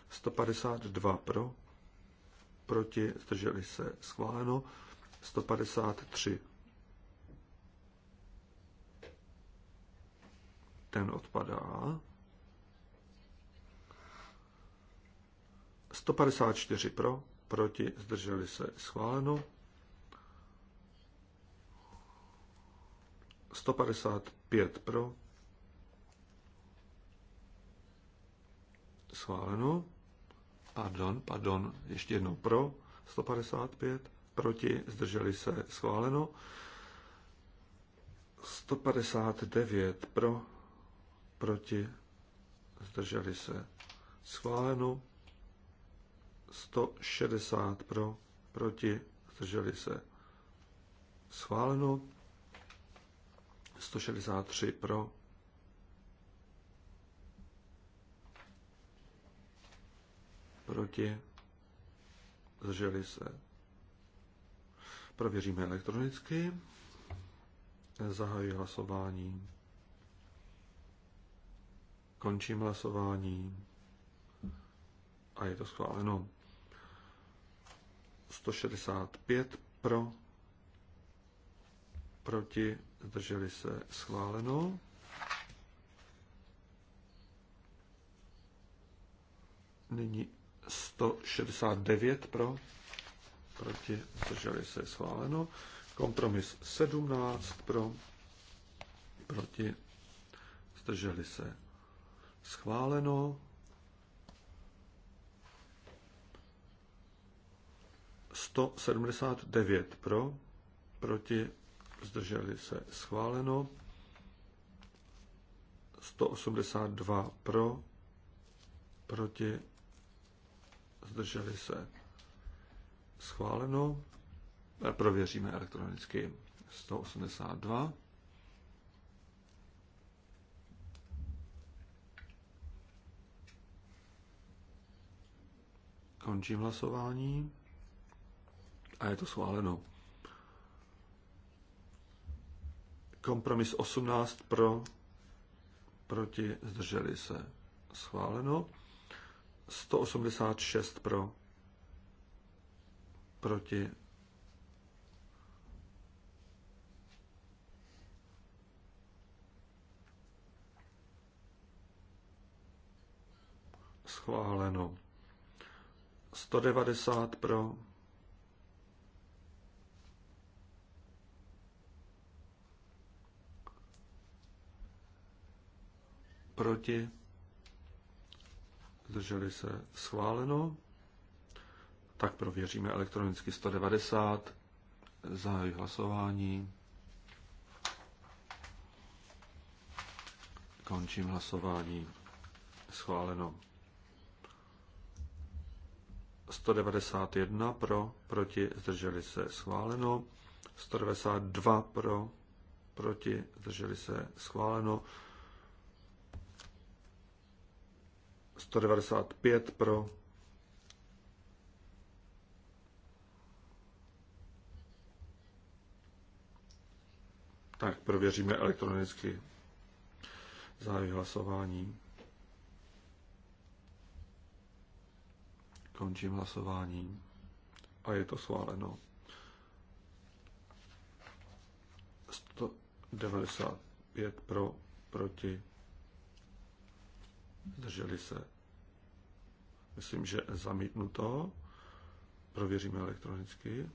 E: 152 pro, proti, zdrželi se schváleno, 153 ten odpadá. 154 pro, proti, zdrželi se, schváleno. 155 pro, schváleno. Pardon, pardon, ještě jednou pro, 155, proti, zdrželi se, schváleno. 159 pro, proti, zdrželi se, schváleno. 160 pro, proti, zdrželi se, schváleno. 163 pro, proti, zdrželi se. Prověříme elektronicky. Zahajuji hlasování. Končím hlasování. A je to schváleno. 165 pro, proti, zdrželi se schváleno. Nyní 169 pro, proti, zdrželi se schváleno. Kompromis 17 pro, proti, zdrželi se schváleno. 179 pro, proti, zdrželi se schváleno. 182 pro, proti, zdrželi se schváleno. Prověříme elektronicky 182. Končím hlasování a je to schváleno. Kompromis 18 pro, proti, zdrželi se. Schváleno. 186 pro, proti, schváleno. 190 pro, proti, zdrželi se schváleno. Tak prověříme elektronicky 190, zahajuji hlasování. Končím hlasování. Schváleno. 191 pro, proti, zdrželi se, schváleno. 192 pro, proti, zdrželi se, schváleno. 195 pro, Tak prověříme elektronicky závěr hlasování. Končím hlasování a je to schváleno. 195 pro, proti, zdrželi se. Myslím, že zamítnuto. Prověříme elektronicky.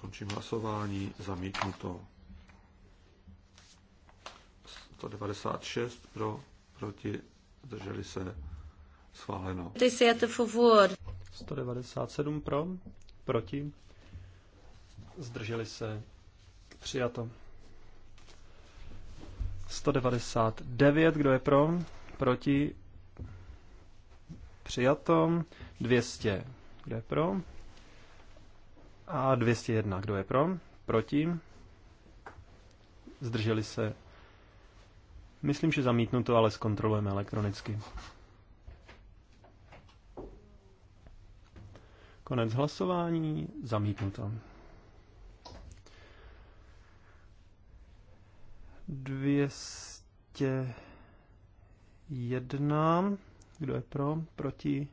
E: Končím hlasování. Zamítnuto. 196 pro, proti, zdrželi se, schváleno.
F: 197 pro, proti, zdrželi se, přijato. 199, kdo je pro? Proti? Přijato. 200, kdo je pro? A 201, kdo je pro? Proti? Zdrželi se. Myslím, že zamítnu to, ale zkontrolujeme elektronicky. Konec hlasování, zamítnuto. 201. Kdo je pro? Proti?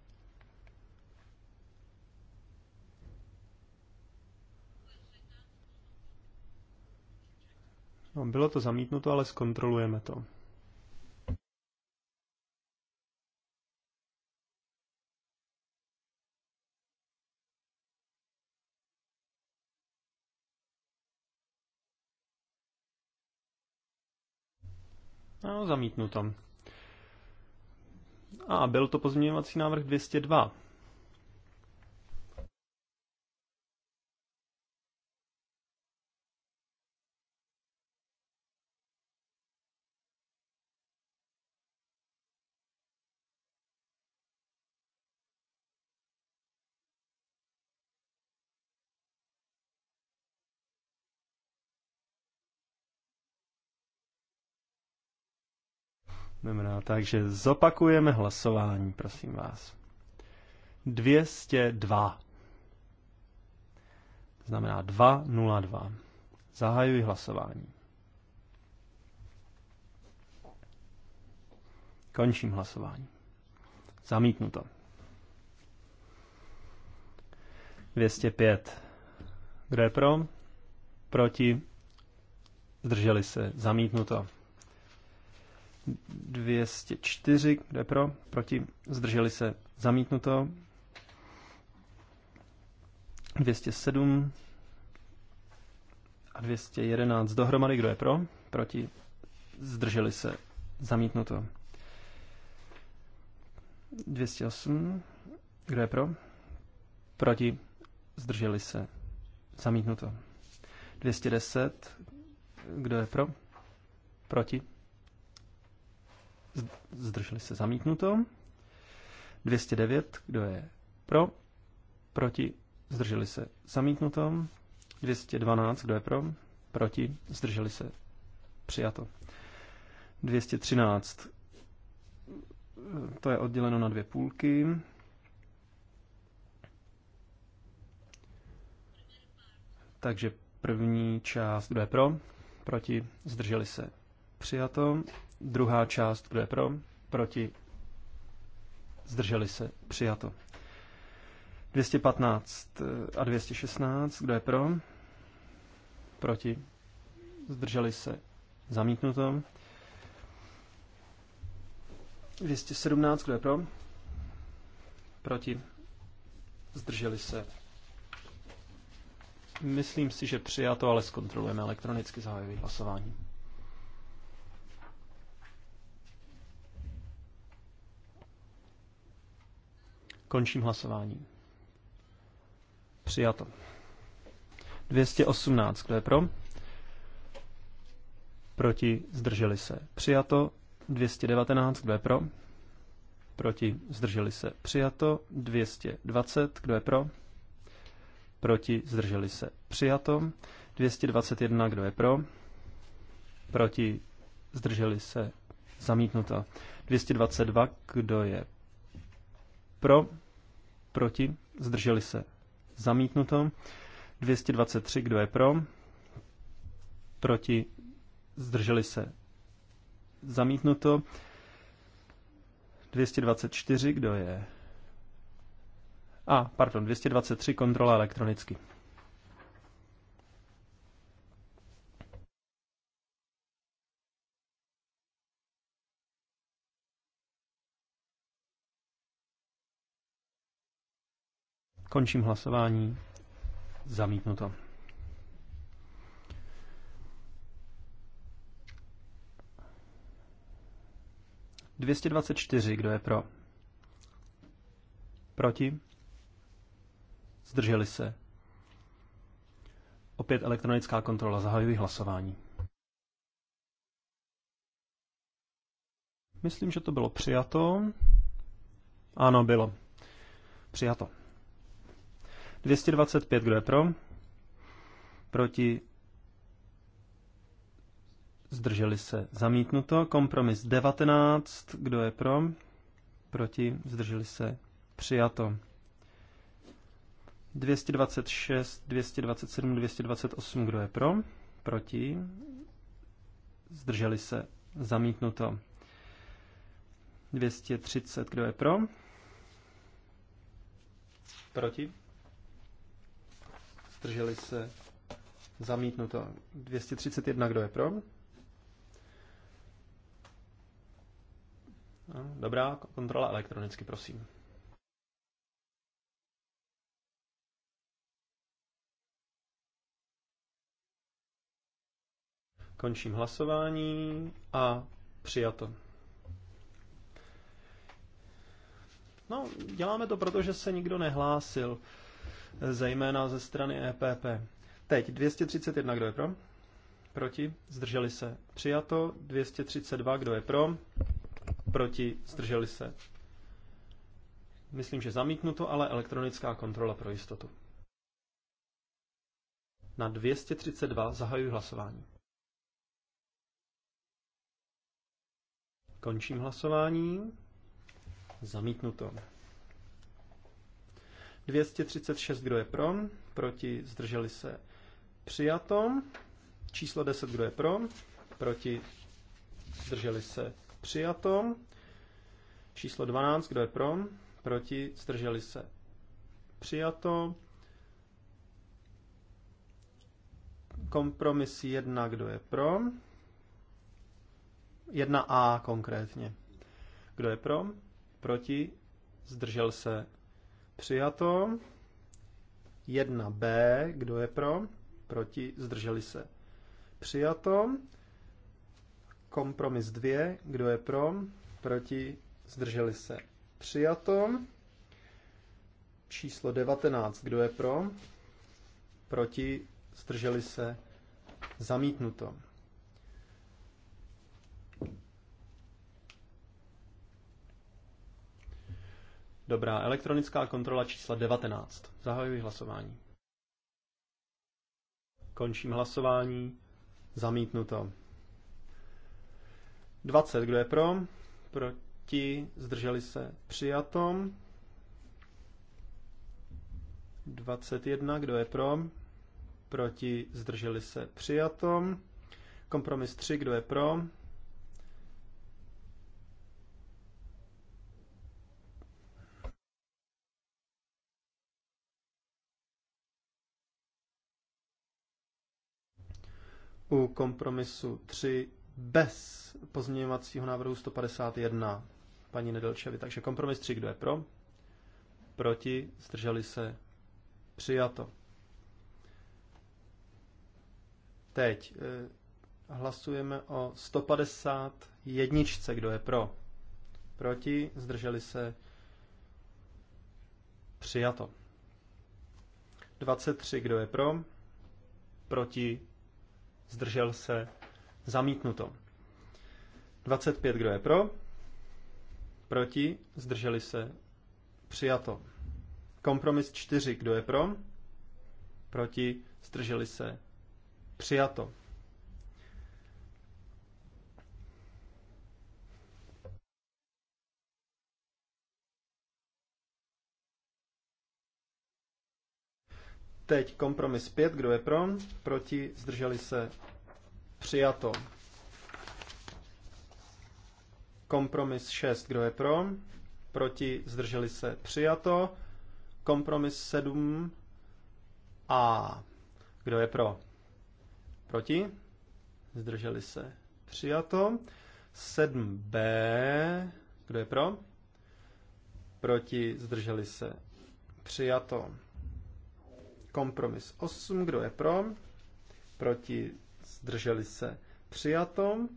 F: No, bylo to zamítnuto, ale zkontrolujeme to. No, zamítnu zamítnuto. A byl to pozměňovací návrh 202. Dobrá, takže zopakujeme hlasování, prosím vás. 202. Znamená 202. Zahajuji hlasování. Končím hlasování. Zamítnuto. 205. Kdo je pro? Proti? Zdrželi se. Zamítnuto. 204, kde pro, proti, zdrželi se zamítnuto. 207 a 211 dohromady, kdo je pro, proti, zdrželi se zamítnuto. 208, kdo je pro, proti, zdrželi se zamítnuto. 210, kdo je pro, proti, zdrželi se zamítnuto. 209, kdo je pro, proti, zdrželi se zamítnuto. 212, kdo je pro, proti, zdrželi se přijato. 213, to je odděleno na dvě půlky. Takže první část, kdo je pro, proti, zdrželi se přijato. Druhá část, kdo je pro? Proti? Zdrželi se? Přijato. 215 eh, a 216, kdo je pro? Proti? Zdrželi se? Zamítnuto. 217, kdo je pro? Proti? Zdrželi se? Myslím si, že přijato, ale zkontrolujeme elektronicky zahajují hlasování. Končím hlasování. Přijato. 218. Kdo je pro? Proti zdrželi se. Přijato. 219. Kdo je pro? Proti zdrželi se. Přijato. 220. Kdo je pro? Proti zdrželi se. Přijato. 221. Kdo je pro? Proti zdrželi se. Zamítnuto. 222. Kdo je pro, proti, zdrželi se. Zamítnuto. 223, kdo je pro, proti, zdrželi se. Zamítnuto. 224, kdo je... A, pardon, 223, kontrola elektronicky. Končím hlasování. Zamítnuto. Dvěstě dvacet čtyři, kdo je pro? Proti? Zdrželi se. Opět elektronická kontrola. Zahajuji hlasování. Myslím, že to bylo přijato. Ano, bylo. Přijato. 225, kdo je pro? Proti? Zdrželi se. Zamítnuto. Kompromis 19, kdo je pro? Proti? Zdrželi se. Přijato. 226, 227, 228, kdo je pro? Proti? Zdrželi se. Zamítnuto. 230, kdo je pro? Proti? Zdrželi se. Zamítnuto. 231, kdo je pro? No, dobrá, kontrola elektronicky, prosím. Končím hlasování a přijato. No, děláme to, protože se nikdo nehlásil zejména ze strany EPP. Teď 231, kdo je pro? Proti? Zdrželi se. Přijato. 232, kdo je pro? Proti? Zdrželi se. Myslím, že zamítnuto, ale elektronická kontrola pro jistotu. Na 232 zahajuji hlasování. Končím hlasování. Zamítnuto. 236, kdo je pro, proti, zdrželi se, přijato. Číslo 10, kdo je pro, proti, zdrželi se, přijato. Číslo 12, kdo je pro, proti, zdrželi se, přijato. Kompromis 1, kdo je pro, 1A konkrétně. Kdo je pro? Proti? Zdržel se? Přijato. 1B, kdo je pro? Proti, zdrželi se. Přijato. Kompromis 2, kdo je pro? Proti, zdrželi se. Přijato. Číslo 19, kdo je pro? Proti, zdrželi se. Zamítnuto. Dobrá, elektronická kontrola čísla 19. Zahajuji hlasování. Končím hlasování. Zamítnuto. 20. Kdo je pro? Proti? Zdrželi se? Přijatom. 21. Kdo je pro? Proti? Zdrželi se? Přijatom. Kompromis 3. Kdo je pro? u kompromisu 3 bez pozměňovacího návrhu 151 paní Nedelčevi. Takže kompromis 3, kdo je pro? Proti, zdrželi se, přijato. Teď eh, hlasujeme o 151, kdo je pro? Proti, zdrželi se, přijato. 23, kdo je pro? Proti, zdržel se, zamítnuto. 25, kdo je pro, proti, zdrželi se, přijato. Kompromis 4, kdo je pro, proti, zdrželi se, přijato. Teď kompromis 5, kdo je pro, proti, zdrželi se, přijato. Kompromis 6, kdo je pro, proti, zdrželi se, přijato. Kompromis 7 a kdo je pro, proti, zdrželi se, přijato. 7b, kdo je pro, proti, zdrželi se, přijato. Kompromis 8, kdo je pro? Proti zdrželi se přijato.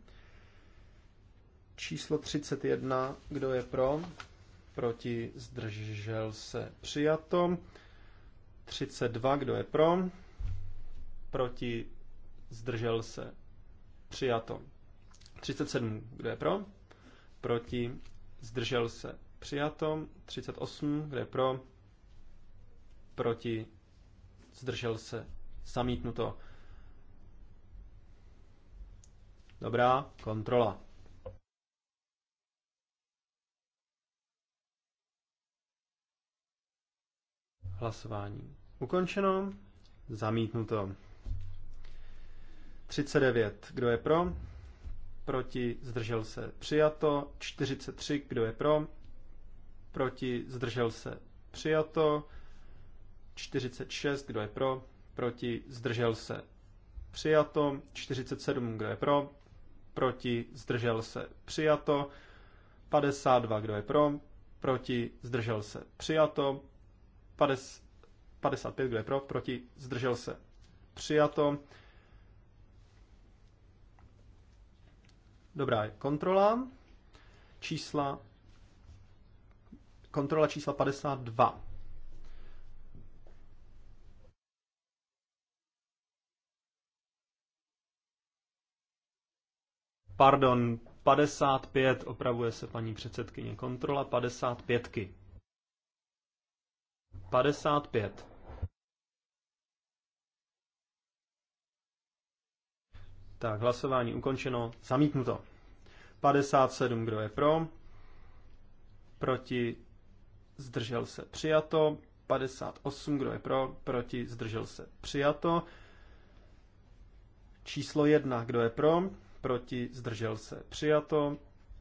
F: Číslo 31, kdo je pro? Proti zdržel se přijato. 32, kdo je pro? Proti zdržel se přijato. 37, kdo je pro? Proti zdržel se přijato. 38, kdo je pro? Proti zdržel se, zamítnuto. Dobrá, kontrola. Hlasování ukončeno, zamítnuto. 39, kdo je pro? Proti, zdržel se, přijato. 43, kdo je pro? Proti, zdržel se, přijato. 46, kdo je pro, proti, zdržel se. Přijato. 47, kdo je pro, proti, zdržel se. Přijato. 52, kdo je pro, proti, zdržel se. Přijato. 55, kdo je pro, proti, zdržel se. Přijato. Dobrá, kontrola. Čísla. Kontrola čísla 52. Pardon, 55, opravuje se paní předsedkyně, kontrola 55. -ky. 55. Tak, hlasování ukončeno, zamítnuto. 57, kdo je pro? Proti, zdržel se, přijato. 58, kdo je pro? Proti, zdržel se, přijato. Číslo 1, kdo je pro? proti, zdržel se, přijato.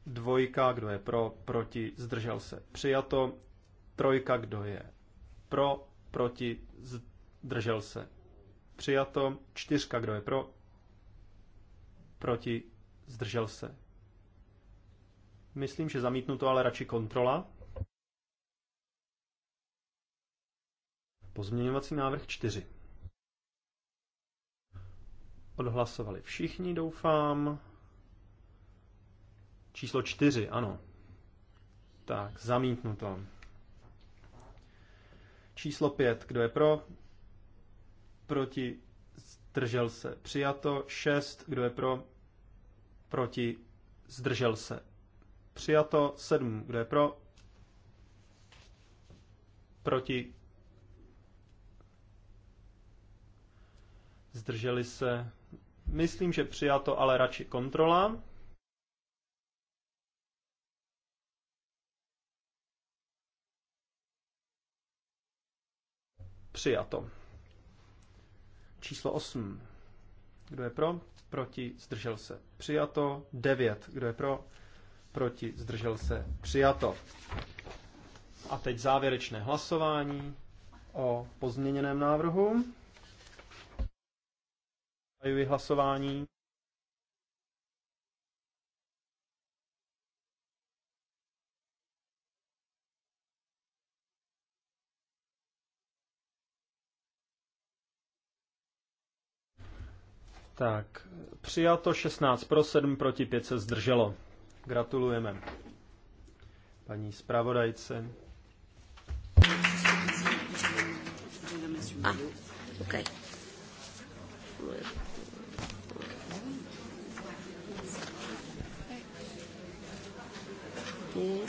F: Dvojka, kdo je pro, proti, zdržel se, přijato. Trojka, kdo je pro, proti, zdržel se, přijato. Čtyřka, kdo je pro, proti, zdržel se. Myslím, že zamítnu to, ale radši kontrola. Pozměňovací návrh 4. Odhlasovali všichni, doufám. Číslo čtyři, ano. Tak, zamítnuto. Číslo pět, kdo je pro? Proti, zdržel se, přijato. Šest, kdo je pro? Proti, zdržel se, přijato. Sedm, kdo je pro? Proti, zdrželi se, Myslím, že přijato, ale radši kontrola. Přijato. Číslo 8. Kdo je pro? Proti, zdržel se. Přijato. 9. Kdo je pro? Proti, zdržel se. Přijato. A teď závěrečné hlasování o pozměněném návrhu. Zahajuji hlasování. Tak, přijato 16 pro 7, proti 5 se zdrželo. Gratulujeme paní zpravodajce.
D: Ah, okay. Et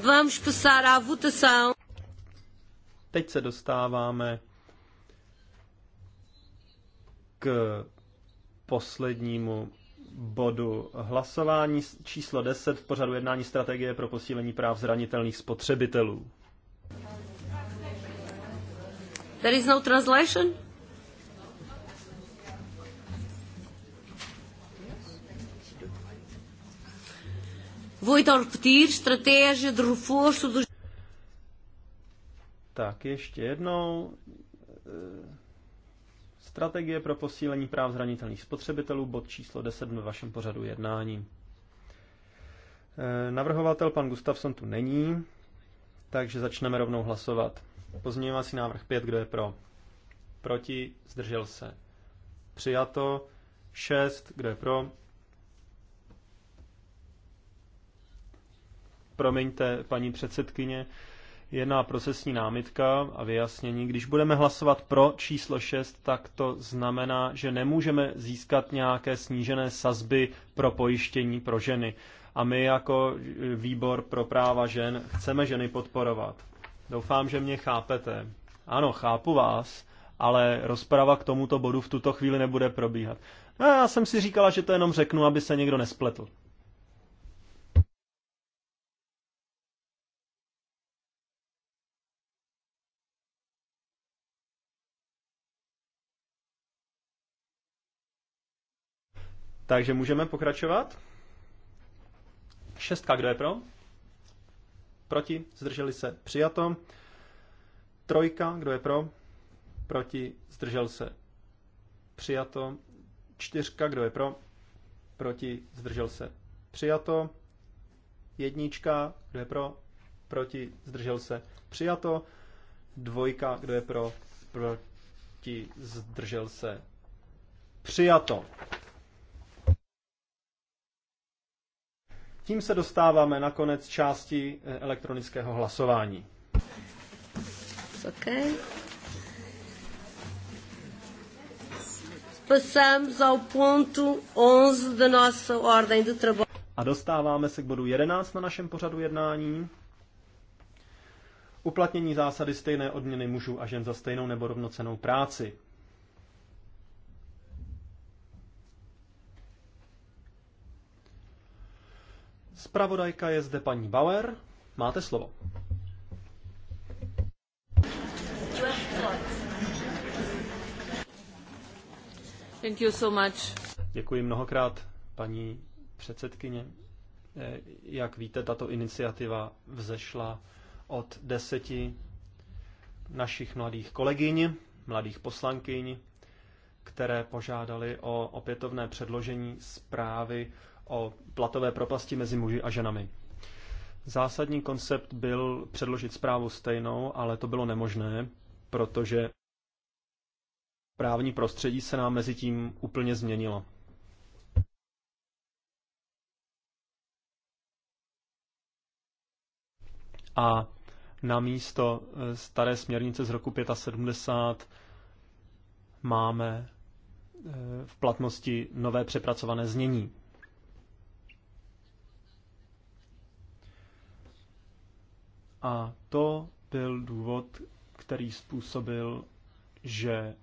F: Vamos passar à votação. Teď se dostáváme k poslednímu bodu hlasování číslo 10 v pořadu jednání strategie pro posílení práv zranitelných spotřebitelů.
A: There is no translation? Vou então repetir, estratégia de reforço dos...
F: Tak ještě jednou. Eh, strategie pro posílení práv zranitelných spotřebitelů, bod číslo 10 ve vašem pořadu jednání. Eh, navrhovatel pan Gustavson tu není, takže začneme rovnou hlasovat. Pozměňovací návrh 5, kdo je pro? Proti, zdržel se. Přijato. 6, kdo je pro? promiňte, paní předsedkyně, jedna procesní námitka a vyjasnění. Když budeme hlasovat pro číslo 6, tak to znamená, že nemůžeme získat nějaké snížené sazby pro pojištění pro ženy. A my jako výbor pro práva žen chceme ženy podporovat. Doufám, že mě chápete. Ano, chápu vás, ale rozprava k tomuto bodu v tuto chvíli nebude probíhat. No, já jsem si říkala, že to jenom řeknu, aby se někdo nespletl. Takže můžeme pokračovat. Šestka, kdo je pro? Proti, zdrželi se, přijato. Trojka, kdo je pro? Proti, zdržel se, přijato. Čtyřka, kdo je pro? Proti, zdržel se, přijato. Jednička, kdo je pro? Proti, zdržel se, přijato. Dvojka, kdo je pro? Proti, zdržel se, přijato. Tím se dostáváme na konec části eh, elektronického hlasování. Ok. Passamos ao ponto 11 da nossa ordem de trabalho. A dostáváme se k bodu 11 na našem pořadu jednání. Uplatnění zásady stejné odměny mužů a žen za stejnou nebo rovnocenou práci. Spravodajka je zde paní Bauer. Máte slovo.
A: Thank you so much.
F: Děkuji mnohokrát, paní předsedkyně. Eh, jak víte, tato iniciativa vzešla od deseti našich mladých kolegyň, mladých poslankyň, které požádali o opětovné předložení zprávy o platové propasti mezi muži a ženami. Zásadní koncept byl předložit zprávu stejnou, ale to bylo nemožné, protože právní prostředí se nám mezi tím úplně změnilo. A na místo eh, staré směrnice z roku 75 máme eh, v platnosti nové přepracované znění. A to byl důvod, který způsobil, že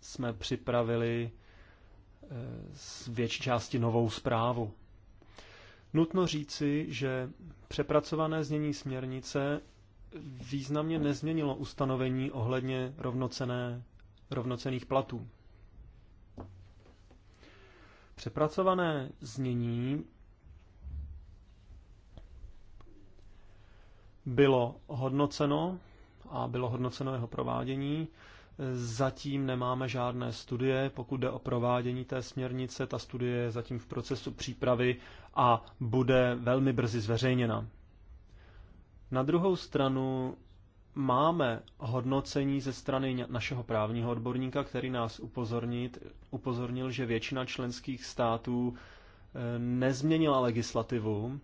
F: jsme připravili z eh, větší části novou zprávu. Nutno říci, že přepracované znění směrnice významně nezměnilo ustanovení ohledně rovnocené, rovnocených platů. Přepracované znění bylo hodnoceno a bylo hodnoceno jeho provádění. Zatím nemáme žádné studie, pokud jde o provádění té směrnice. Ta studie je zatím v procesu přípravy a bude velmi brzy zveřejněna. Na druhou stranu máme hodnocení ze strany našeho právního odborníka, který nás upozornit, upozornil, že většina členských států eh, nezměnila legislativu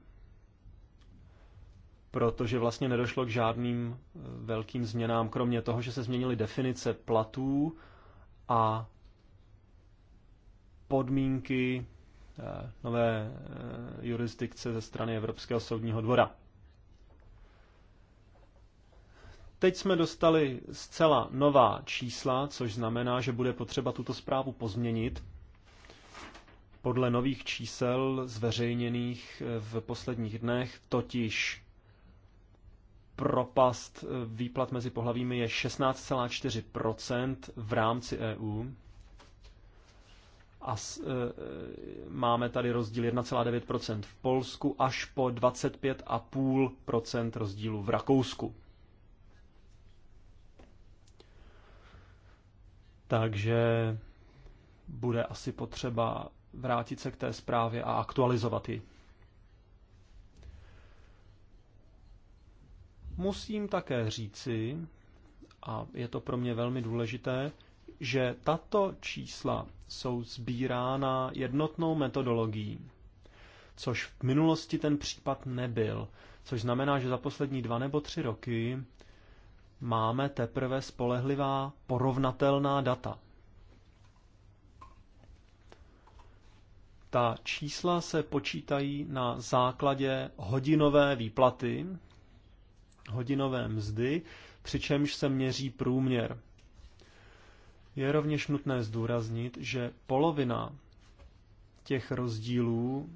F: protože vlastně nedošlo k žádným eh, velkým změnám, kromě toho, že se změnily definice platů a podmínky eh, nové eh, jurisdikce ze strany Evropského soudního dvora. Teď jsme dostali zcela nová čísla, což znamená, že bude potřeba tuto zprávu pozměnit podle nových čísel zveřejněných v posledních dnech, totiž propast eh, výplat mezi pohlavími je 16,4% v rámci EU. A s, e, máme tady rozdíl 1,9% v Polsku až po 25,5% rozdílu v Rakousku. Takže bude asi potřeba vrátit se k té zprávě a aktualizovat ji. Musím také říci, a je to pro mě velmi důležité, že tato čísla jsou sbírána jednotnou metodologií, což v minulosti ten případ nebyl, což znamená, že za poslední dva nebo tři roky máme teprve spolehlivá porovnatelná data. Ta čísla se počítají na základě hodinové výplaty, hodinové mzdy, přičemž se měří průměr. Je rovněž nutné zdůraznit, že polovina těch rozdílů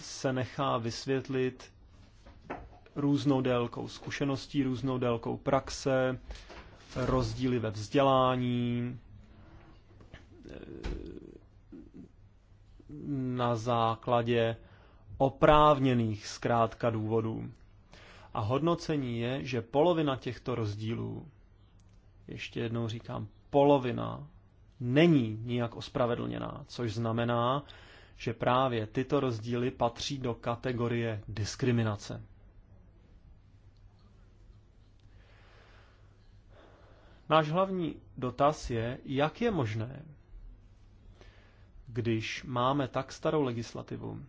F: se nechá vysvětlit různou délkou zkušeností, různou délkou praxe, rozdíly ve vzdělání, na základě oprávněných zkrátka důvodů. A hodnocení je, že polovina těchto rozdílů, ještě jednou říkám, polovina není nijak ospravedlněná, což znamená, že právě tyto rozdíly patří do kategorie diskriminace. Náš hlavní dotaz je, jak je možné, když máme tak starou legislativu,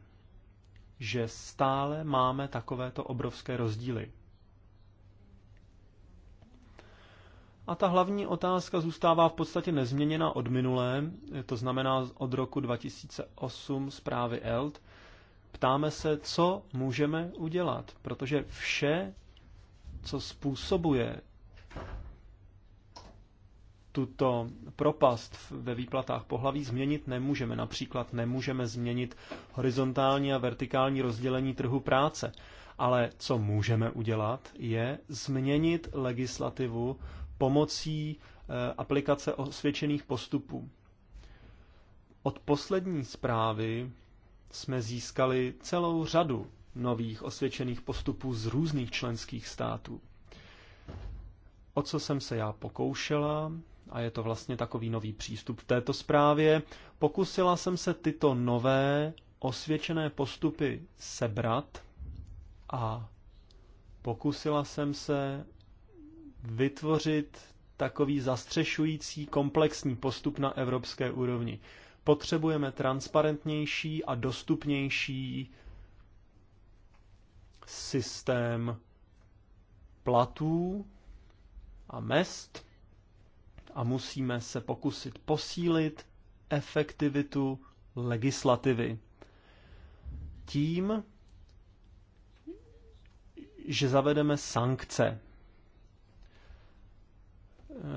F: že stále máme takovéto obrovské rozdíly. A ta hlavní otázka zůstává v podstatě nezměněna od minulé, to znamená od roku 2008 zprávy ELT. Ptáme se, co můžeme udělat, protože vše, co způsobuje tuto propast ve výplatách pohlaví změnit nemůžeme. Například nemůžeme změnit horizontální a vertikální rozdělení trhu práce. Ale co můžeme udělat, je změnit legislativu pomocí eh, aplikace osvědčených postupů. Od poslední zprávy jsme získali celou řadu nových osvědčených postupů z různých členských států. O co jsem se já pokoušela, a je to vlastně takový nový přístup v této zprávě. Pokusila jsem se tyto nové osvědčené postupy sebrat a pokusila jsem se vytvořit takový zastřešující komplexní postup na evropské úrovni. Potřebujeme transparentnější a dostupnější systém platů a mest a musíme se pokusit posílit efektivitu legislativy. Tím, že zavedeme sankce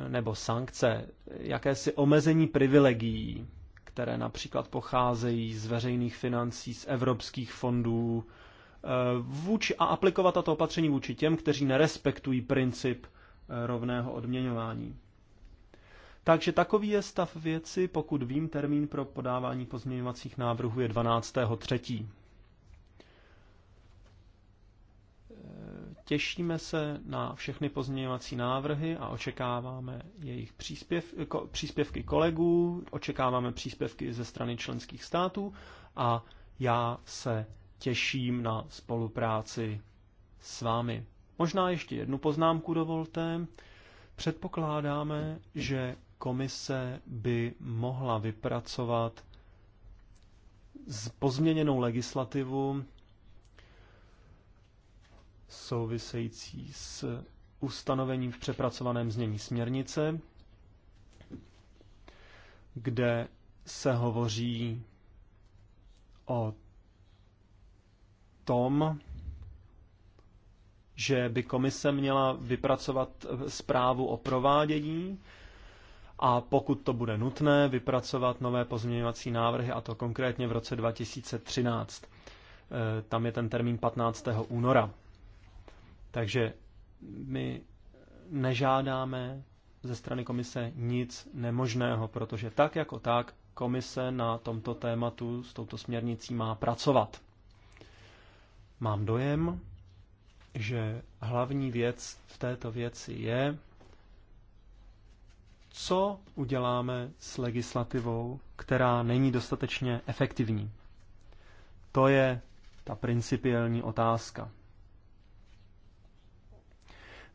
F: nebo sankce, jakési omezení privilegií, které například pocházejí z veřejných financí, z evropských fondů, eh, vůči, a aplikovat tato opatření vůči těm, kteří nerespektují princip eh, rovného odměňování. Takže takový je stav věci, pokud vím, termín pro podávání pozměňovacích návrhů je 12.3. Těšíme se na všechny pozměňovací návrhy a očekáváme jejich příspěv, ko, příspěvky kolegů, očekáváme příspěvky ze strany členských států a já se těším na spolupráci s vámi. Možná ještě jednu poznámku dovolte. Předpokládáme, že komise by mohla vypracovat pozměněnou legislativu související s ustanovením v přepracovaném znění směrnice, kde se hovoří o tom, že by komise měla vypracovat eh, zprávu o provádění a pokud to bude nutné, vypracovat nové pozměňovací návrhy, a to konkrétně v roce 2013. Eh, tam je ten termín 15. února. Takže my nežádáme ze strany komise nic nemožného, protože tak jako tak komise na tomto tématu s touto směrnicí má pracovat. Mám dojem, že hlavní věc v této věci je, co uděláme s legislativou, která není dostatečně efektivní. To je ta principiální otázka.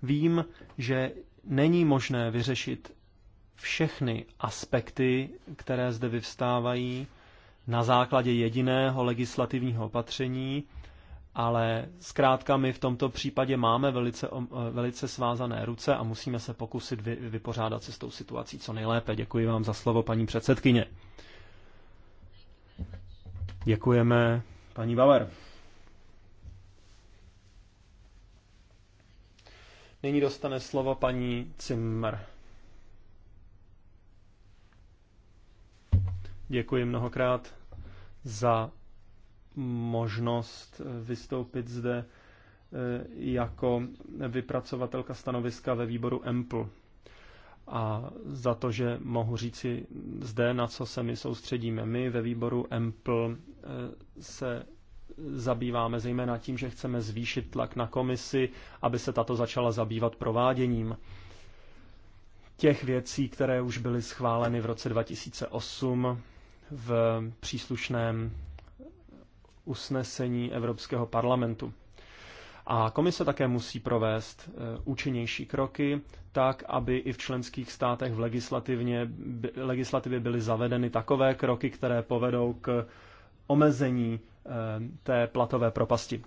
F: Vím, že není možné vyřešit všechny aspekty, které zde vyvstávají na základě jediného legislativního opatření, ale zkrátka my v tomto případě máme velice, eh, velice svázané ruce a musíme se pokusit vy, vypořádat se s tou situací co nejlépe. Děkuji vám za slovo, paní předsedkyně. Děkujeme, paní Bauer. Nyní dostane slovo paní Zimmer. Děkuji mnohokrát za možnost eh, vystoupit zde eh, jako vypracovatelka stanoviska ve výboru EMPL a za to, že mohu říci zde, na co se my soustředíme. My ve výboru EMPL eh, se zabýváme zejména tím, že chceme zvýšit tlak na komisi, aby se tato začala zabývat prováděním těch věcí, které už byly schváleny v roce 2008 v příslušném usnesení Evropského parlamentu. A komise také musí provést eh, účinnější kroky, tak, aby i v členských státech v legislativně, legislativě byly zavedeny takové kroky, které povedou k omezení eh, té platové propasti.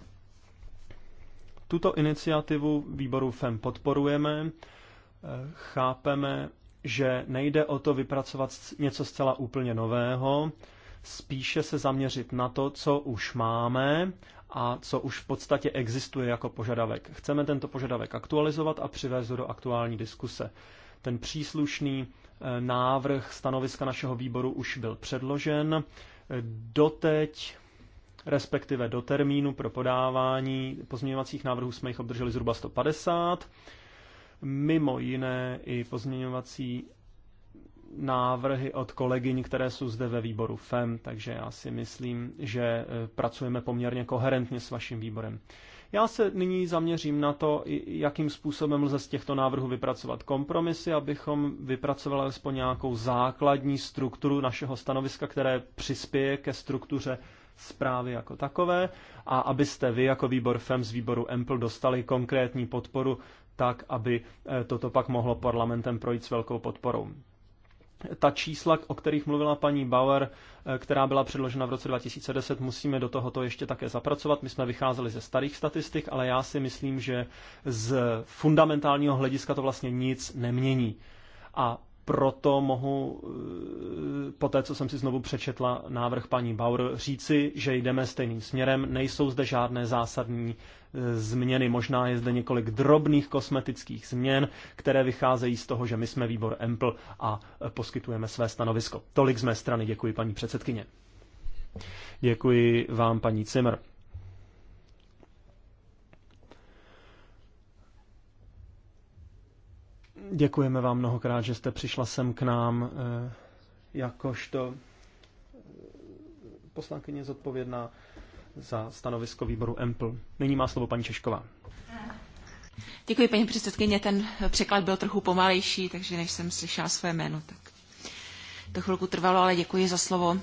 F: Tuto iniciativu výboru FEM podporujeme, eh, chápeme, že nejde o to vypracovat něco zcela úplně nového, spíše se zaměřit na to, co už máme a co už v podstatě existuje jako požadavek. Chceme tento požadavek aktualizovat a přivést do aktuální diskuse. Ten příslušný eh, návrh stanoviska našeho výboru už byl předložen. Doteď respektive do termínu pro podávání pozměňovacích návrhů jsme jich obdrželi zhruba 150, mimo jiné i pozměňovací návrhy od kolegyň, které jsou zde ve výboru FEM, takže já si myslím, že e, pracujeme poměrně koherentně s vaším výborem. Já se nyní zaměřím na to, jakým způsobem lze z těchto návrhů vypracovat kompromisy, abychom vypracovali alespoň nějakou základní strukturu našeho stanoviska, které přispěje ke struktuře zprávy jako takové a abyste vy jako výbor FEM z výboru EMPL dostali konkrétní podporu tak, aby e, toto pak mohlo parlamentem projít s velkou podporou ta čísla, o kterých mluvila paní Bauer, eh, která byla předložena v roce 2010, musíme do tohoto ještě také zapracovat. My jsme vycházeli ze starých statistik, ale já si myslím, že z fundamentálního hlediska to vlastně nic nemění. A proto mohu, eh, po té, co jsem si znovu přečetla návrh paní Bauer, říci, že jdeme stejným směrem. Nejsou zde žádné zásadní eh, změny. Možná je zde několik drobných kosmetických změn, které vycházejí z toho, že my jsme výbor EMPL a eh, poskytujeme své stanovisko. Tolik z mé strany. Děkuji, paní předsedkyně. Děkuji vám, paní Cimr. Děkujeme vám mnohokrát, že jste přišla sem k nám eh, jakožto eh, poslankyně zodpovědná za stanovisko výboru EMPL. Nyní má slovo paní Češková. Děkuji,
C: paní předsedkyně. Ten překlad byl trochu pomalejší, takže než jsem slyšela své jméno, tak to chvilku trvalo, ale děkuji za slovo.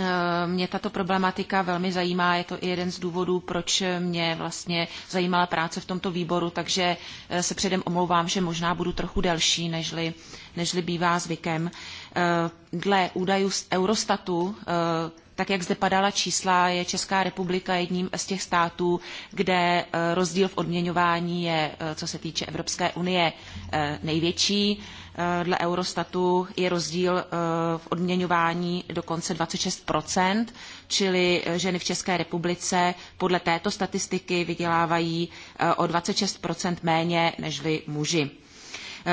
C: Eh, mě tato problematika velmi zajímá, je to i jeden z důvodů, proč mě vlastně zajímala práce v tomto výboru, takže eh, se předem omlouvám, že možná budu trochu delší, nežli, nežli bývá zvykem. Eh, dle údajů z Eurostatu, tak jak zde padala čísla, je Česká republika jedním z těch států, kde rozdíl v odměňování je, co se týče Evropské unie, největší. Eh, dle Eurostatu je rozdíl eh, v odměňování dokonce 26 čili eh, ženy v České republice podle této statistiky vydělávají o 26 méně než vy muži.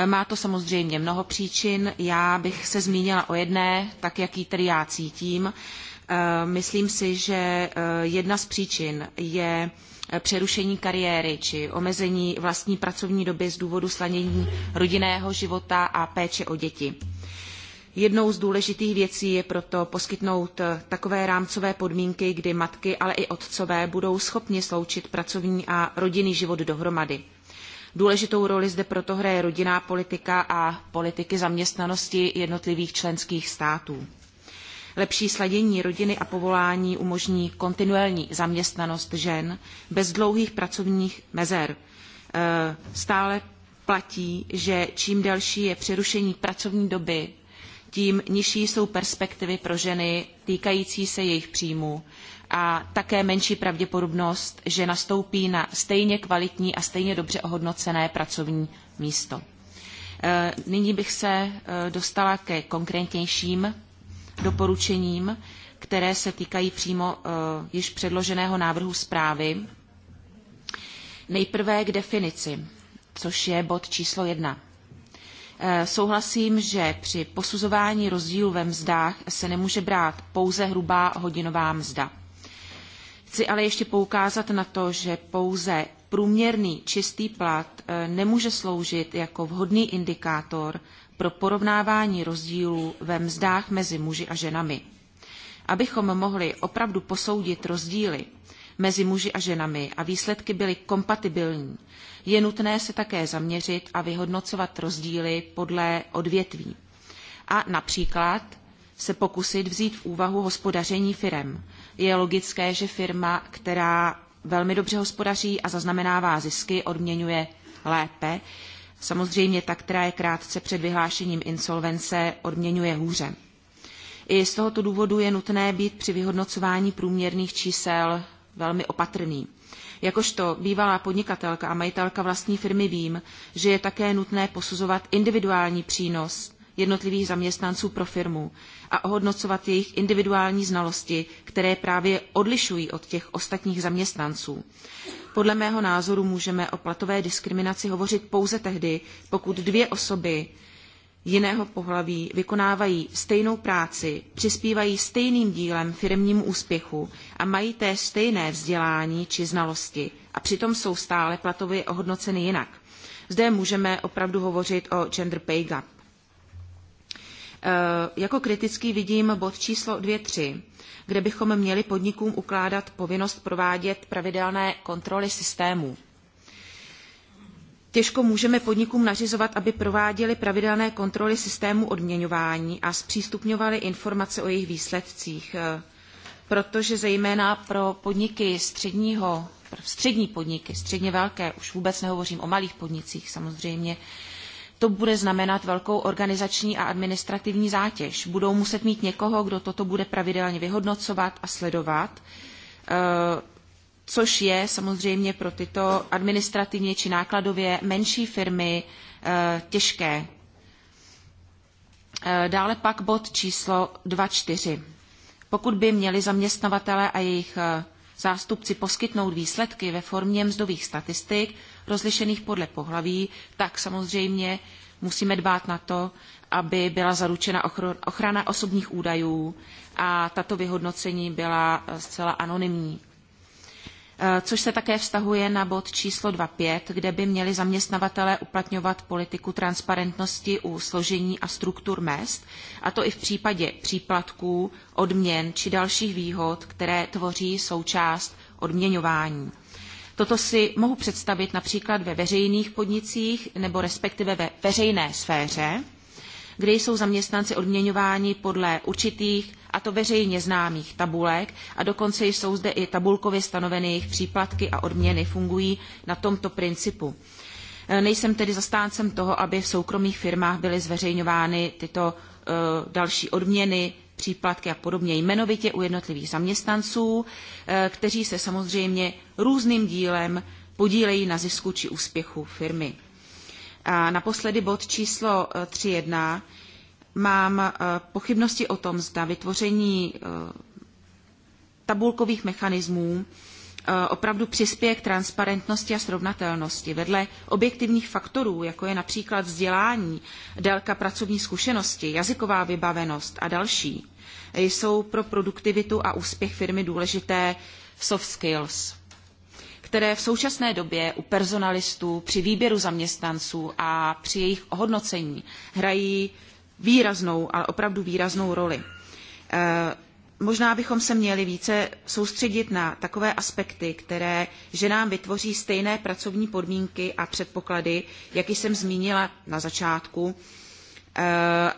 C: Má to samozřejmě mnoho příčin. Já bych se zmínila o jedné, tak jak ji tedy já cítím. Myslím si, že jedna z příčin je Eh, přerušení kariéry či omezení vlastní pracovní doby z důvodu slanění rodinného života a péče o děti. Jednou z důležitých věcí je proto poskytnout eh, takové rámcové podmínky, kdy matky, ale i otcové budou schopni sloučit pracovní a rodinný život dohromady. Důležitou roli zde proto hraje rodinná politika a politiky zaměstnanosti jednotlivých členských států. Lepší sladění rodiny a povolání umožní kontinuální zaměstnanost žen bez dlouhých pracovních mezer. E, stále platí, že čím delší je přerušení pracovní doby, tím nižší jsou perspektivy pro ženy týkající se jejich příjmů a také menší pravděpodobnost, že nastoupí na stejně kvalitní a stejně dobře ohodnocené pracovní místo. E, nyní bych se e, dostala ke konkrétnějším doporučením, které se týkají přímo eh, již předloženého návrhu zprávy. Nejprve k definici, což je bod číslo jedna. Eh, souhlasím, že při posuzování rozdílu ve mzdách se nemůže brát pouze hrubá hodinová mzda. Chci ale ještě poukázat na to, že pouze průměrný čistý plat eh, nemůže sloužit jako vhodný indikátor pro porovnávání rozdílů ve mzdách mezi muži a ženami. Abychom mohli opravdu posoudit rozdíly mezi muži a ženami a výsledky byly kompatibilní, je nutné se také zaměřit a vyhodnocovat rozdíly podle odvětví. A například se pokusit vzít v úvahu hospodaření firem. Je logické, že firma, která velmi dobře hospodaří a zaznamenává zisky, odměňuje lépe Samozřejmě ta, která je krátce před vyhlášením insolvence, odměňuje hůře. I z tohoto důvodu je nutné být při vyhodnocování průměrných čísel velmi opatrný. Jakožto bývalá podnikatelka a majitelka vlastní firmy vím, že je také nutné posuzovat individuální přínos jednotlivých zaměstnanců pro firmu a ohodnocovat jejich individuální znalosti, které právě odlišují od těch ostatních zaměstnanců. Podle mého názoru můžeme o platové diskriminaci hovořit pouze tehdy, pokud dvě osoby jiného pohlaví vykonávají stejnou práci, přispívají stejným dílem firmnímu úspěchu a mají té stejné vzdělání či znalosti a přitom jsou stále platově ohodnoceny jinak. Zde můžeme opravdu hovořit o gender pay gap. Eh, jako kritický vidím bod číslo 2.3, kde bychom měli podnikům ukládat povinnost provádět pravidelné kontroly systémů. Těžko můžeme podnikům nařizovat, aby prováděli pravidelné kontroly systému odměňování a zpřístupňovali informace o jejich výsledcích, eh, protože zejména pro podniky středního, střední podniky, středně velké, už vůbec nehovořím o malých podnicích samozřejmě, to bude znamenat velkou organizační a administrativní zátěž. Budou muset mít někoho, kdo toto bude pravidelně vyhodnocovat a sledovat, eh, což je samozřejmě pro tyto administrativně či nákladově menší firmy eh, těžké. Eh, dále pak bod číslo 2.4. Pokud by měli zaměstnavatele a jejich zástupci poskytnout výsledky ve formě mzdových statistik, rozlišených podle pohlaví, tak samozřejmě musíme dbát na to, aby byla zaručena ochrana osobních údajů a tato vyhodnocení byla eh, zcela anonymní. Eh, což se také vztahuje na bod číslo 2.5, kde by měli zaměstnavatelé uplatňovat politiku transparentnosti u složení a struktur mest, a to i v případě příplatků, odměn či dalších výhod, které tvoří součást odměňování. Toto si mohu představit například ve veřejných podnicích nebo respektive ve veřejné sféře, kde jsou zaměstnanci odměňováni podle určitých a to veřejně známých tabulek a dokonce jsou zde i tabulkově stanoveny jejich příplatky a odměny fungují na tomto principu. E, nejsem tedy zastáncem toho, aby v soukromých firmách byly zveřejňovány tyto e, další odměny, příplatky a podobně, jmenovitě u jednotlivých zaměstnanců, eh, kteří se samozřejmě různým dílem podílejí na zisku či úspěchu firmy. A naposledy bod číslo 3.1. Eh, Mám eh, pochybnosti o tom, zda vytvoření tabulkových mechanismů opravdu přispěje k transparentnosti a srovnatelnosti. Vedle objektivních faktorů, jako je například vzdělání, délka pracovní zkušenosti, jazyková vybavenost a další, jsou pro produktivitu a úspěch firmy důležité soft skills, které v současné době u personalistů při výběru zaměstnanců a při jejich hodnocení hrají výraznou, ale opravdu výraznou roli. Eh, možná bychom se měli více soustředit na takové aspekty, které ženám vytvoří stejné pracovní podmínky a předpoklady, jak jsem zmínila na začátku. Eh,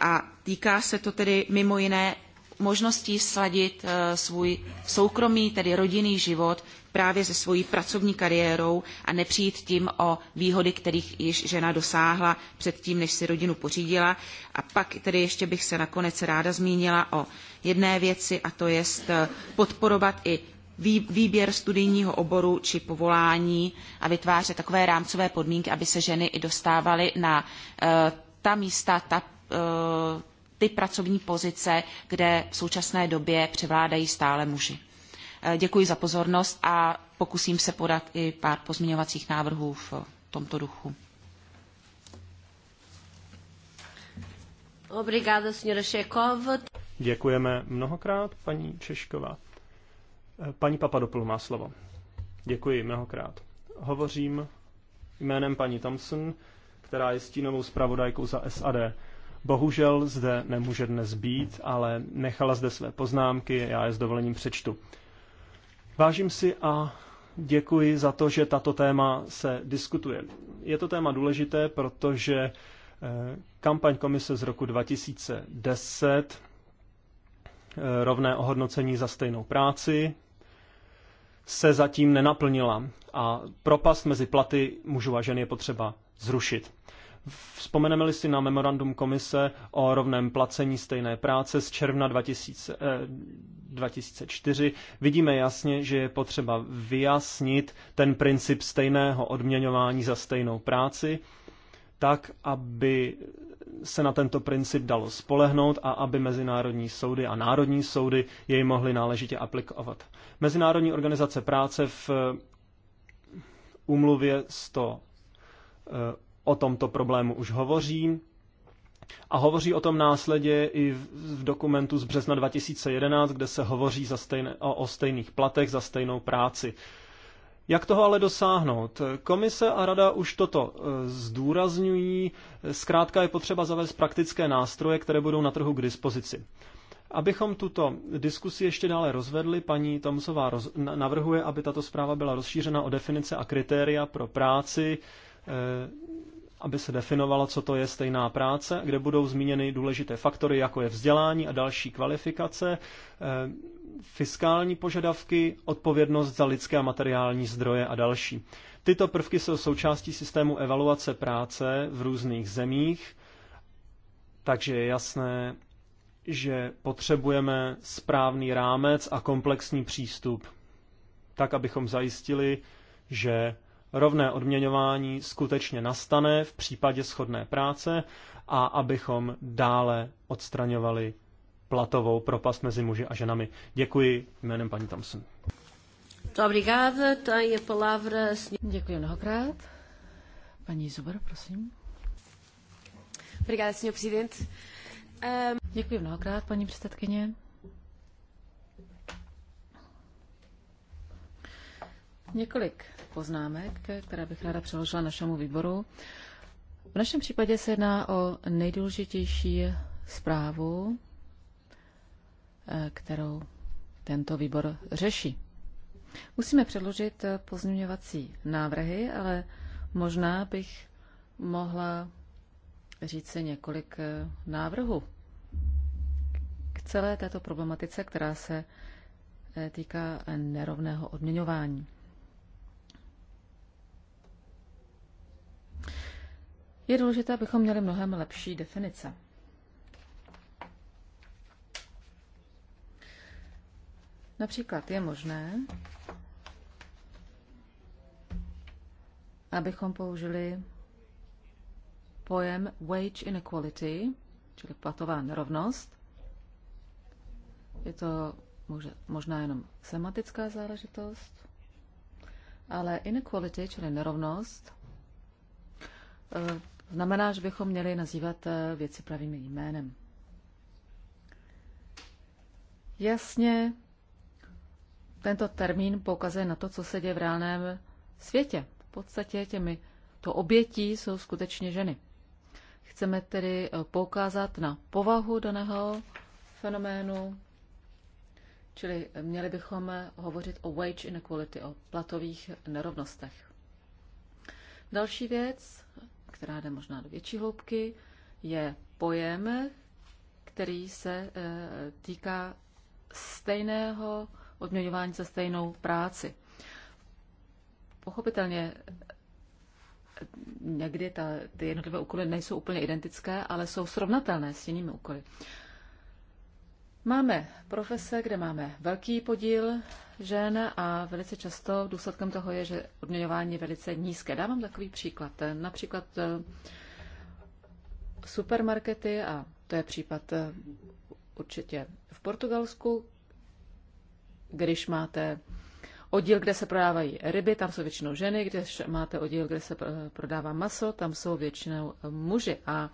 C: a týká se to tedy mimo jiné možností sladit eh, svůj soukromý, tedy rodinný život právě se svojí pracovní kariérou a nepřijít tím o výhody, kterých již žena dosáhla předtím, než si rodinu pořídila. A pak tedy ještě bych se nakonec ráda zmínila o jedné věci, a to je eh, podporovat i výběr studijního oboru či povolání a vytvářet takové rámcové podmínky, aby se ženy i dostávaly na eh, ta místa, ta ty pracovní pozice, kde v současné době převládají stále muži. Eh, děkuji za pozornost a pokusím se podat i pár pozměňovacích návrhů v tomto duchu.
A: Obrigada, senhora Šekov.
F: Děkujeme mnohokrát, paní Češková. Eh, paní Papadopul má slovo. Děkuji mnohokrát. Hovořím jménem paní Thompson, která je stínovou zpravodajkou za SAD. Bohužel zde nemůže dnes být, ale nechala zde své poznámky, já je s dovolením přečtu. Vážím si a děkuji za to, že tato téma se diskutuje. Je to téma důležité, protože eh, kampaň komise z roku 2010 eh, rovné ohodnocení za stejnou práci se zatím nenaplnila a propast mezi platy mužů a žen je potřeba zrušit. Vzpomeneme-li si na memorandum komise o rovném placení stejné práce z června 2000, eh, 2004, vidíme jasně, že je potřeba vyjasnit ten princip stejného odměňování za stejnou práci, tak, aby se na tento princip dalo spolehnout a aby mezinárodní soudy a národní soudy jej mohly náležitě aplikovat. Mezinárodní organizace práce v eh, úmluvě 100 o tomto problému už hovoří. A hovoří o tom následně i v dokumentu z března 2011, kde se hovoří za stejné, o, o stejných platech za stejnou práci. Jak toho ale dosáhnout? Komise a rada už toto e, zdůrazňují. Zkrátka je potřeba zavést praktické nástroje, které budou na trhu k dispozici. Abychom tuto diskusi ještě dále rozvedli, paní Tomsová roz- navrhuje, aby tato zpráva byla rozšířena o definice a kritéria pro práci, e, aby se definovalo, co to je stejná práce, kde budou zmíněny důležité faktory, jako je vzdělání a další kvalifikace, eh, fiskální požadavky, odpovědnost za lidské a materiální zdroje a další. Tyto prvky jsou součástí systému evaluace práce v různých zemích, takže je jasné, že potřebujeme správný rámec a komplexní přístup, tak abychom zajistili, že rovné odměňování skutečně nastane v případě schodné práce a abychom dále odstraňovali platovou propast mezi muži a ženami. Děkuji jménem paní Thompson.
A: Děkuji mnohokrát.
F: Paní Zuber,
B: prosím. Obrigada, senhor presidente. Um... Děkuji mnohokrát, paní předsedkyně. Několik poznámek, které bych ráda přeložila našemu výboru. V našem případě se jedná o nejdůležitější zprávu, eh, kterou tento výbor řeší. Musíme předložit eh, pozměňovací návrhy, ale možná bych mohla říct si několik eh, návrhů k celé této problematice, která se týká nerovného odměňování. Je důležité, abychom měli mnohem lepší definice. Například je možné, abychom použili pojem wage inequality, čili platová nerovnost. Je to možná jenom semantická záležitost, ale inequality, čili nerovnost, eh, Znamená, že bychom měli nazývat eh, věci pravým jménem. Jasně, tento termín poukazuje na to, co se děje v reálném světě. V podstatě těmi to obětí jsou skutečně ženy. Chceme tedy eh, poukázat na povahu daného fenoménu, čili měli bychom eh, hovořit o wage inequality, o platových nerovnostech. Další věc, která jde možná do větší hloubky, je pojem, který se e, týká stejného odměňování za stejnou práci. Pochopitelně někdy ta, ty jednotlivé úkoly nejsou úplně identické, ale jsou srovnatelné s jinými úkoly. Máme profese, kde máme velký podíl žen a velice často důsledkem toho je, že odměňování je velice nízké. Dávám takový příklad. Například eh, supermarkety, a to je případ eh, určitě v Portugalsku, když máte oddíl, kde se prodávají ryby, tam jsou většinou ženy, když máte oddíl, kde se eh, prodává maso, tam jsou většinou muži. A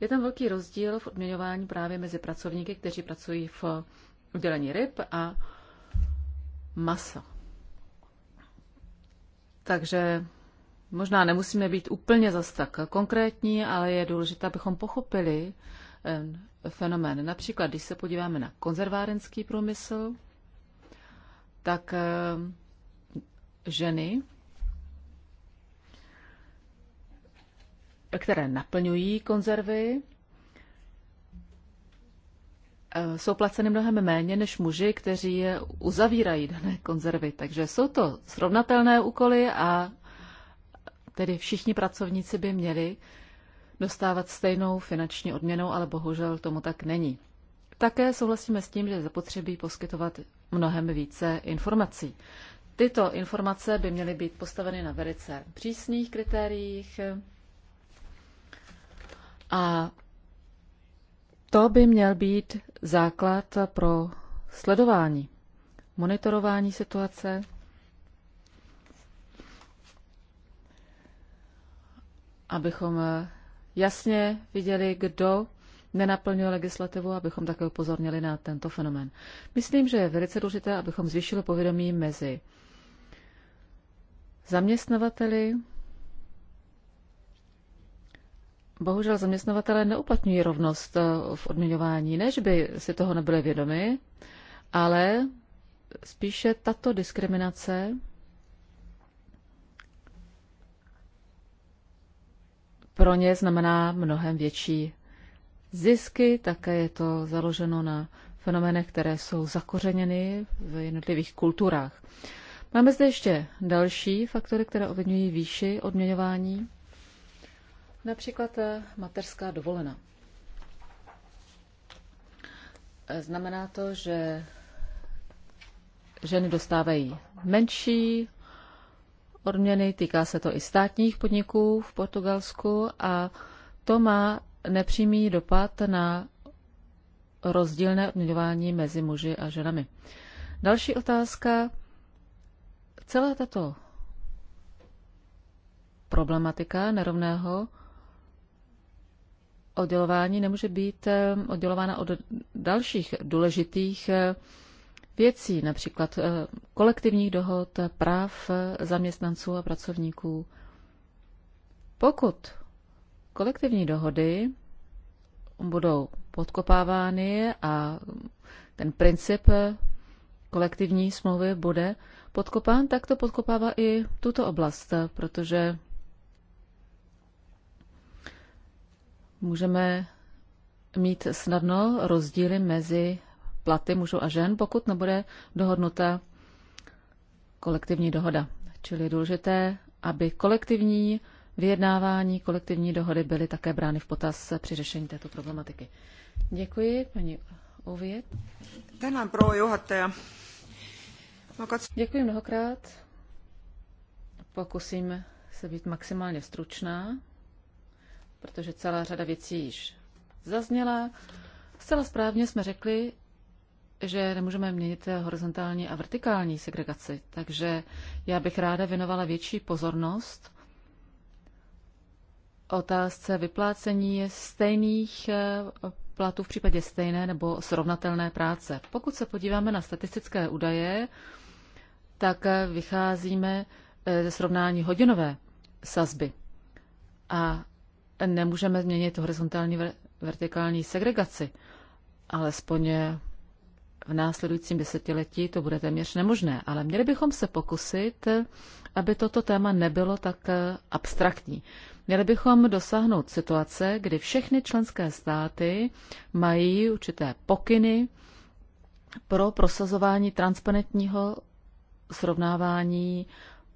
B: je tam velký rozdíl v odměňování právě mezi pracovníky, kteří pracují v udělení ryb a masa. Takže možná nemusíme být úplně zas tak konkrétní, ale je důležité, abychom pochopili eh, fenomén. Například, když se podíváme na konzervárenský průmysl, tak eh, ženy které naplňují konzervy, e, jsou placeny mnohem méně než muži, kteří je uzavírají dané konzervy. Takže jsou to srovnatelné úkoly a tedy všichni pracovníci by měli dostávat stejnou finanční odměnu, ale bohužel tomu tak není. Také souhlasíme s tím, že zapotřebí poskytovat mnohem více informací. Tyto informace by měly být postaveny na velice přísných kritériích, a to by měl být základ pro sledování, monitorování situace. Abychom jasně viděli, kdo nenaplňuje legislativu, abychom také upozornili na tento fenomén. Myslím, že je velice důležité, abychom zvýšili povědomí mezi zaměstnavateli, Bohužel zaměstnavatele neuplatňují rovnost eh, v odměňování, než by si toho nebyli vědomi, ale spíše tato diskriminace pro ně znamená mnohem větší zisky, také je to založeno na fenoménech, které jsou zakořeněny v jednotlivých kulturách. Máme zde ještě další faktory, které ovlivňují výši odměňování. Například eh, mateřská dovolená. Eh, znamená to, že ženy dostávají menší odměny, týká se to i státních podniků v Portugalsku a to má nepřímý dopad na rozdílné odměňování mezi muži a ženami. Další otázka. Celá tato problematika nerovného oddělování nemůže být eh, oddělována od dalších důležitých eh, věcí, například eh, kolektivních dohod, práv zaměstnanců a pracovníků. Pokud kolektivní dohody budou podkopávány a ten princip kolektivní smlouvy bude podkopán, tak to podkopává i tuto oblast, protože Můžeme mít snadno rozdíly mezi platy mužů a žen, pokud nebude dohodnuta kolektivní dohoda. Čili je důležité, aby kolektivní vyjednávání, kolektivní dohody byly také brány v potaz při řešení této problematiky. Děkuji, paní Ověd.
D: Tänan, pro juhataja.
B: No, Děkuji mnohokrát. Pokusím se být maximálně stručná protože celá řada věcí již zazněla. Zcela správně jsme řekli, že nemůžeme měnit horizontální a vertikální segregaci, takže já bych ráda věnovala větší pozornost otázce vyplácení stejných eh, platů v případě stejné nebo srovnatelné práce. Pokud se podíváme na statistické údaje, tak eh, vycházíme eh, ze srovnání hodinové sazby. A nemůžeme změnit horizontální vertikální segregaci, alespoň v následujícím desetiletí to bude téměř nemožné, ale měli bychom se pokusit, aby toto téma nebylo tak abstraktní. Měli bychom dosáhnout situace, kdy všechny členské státy mají určité pokyny pro prosazování transparentního srovnávání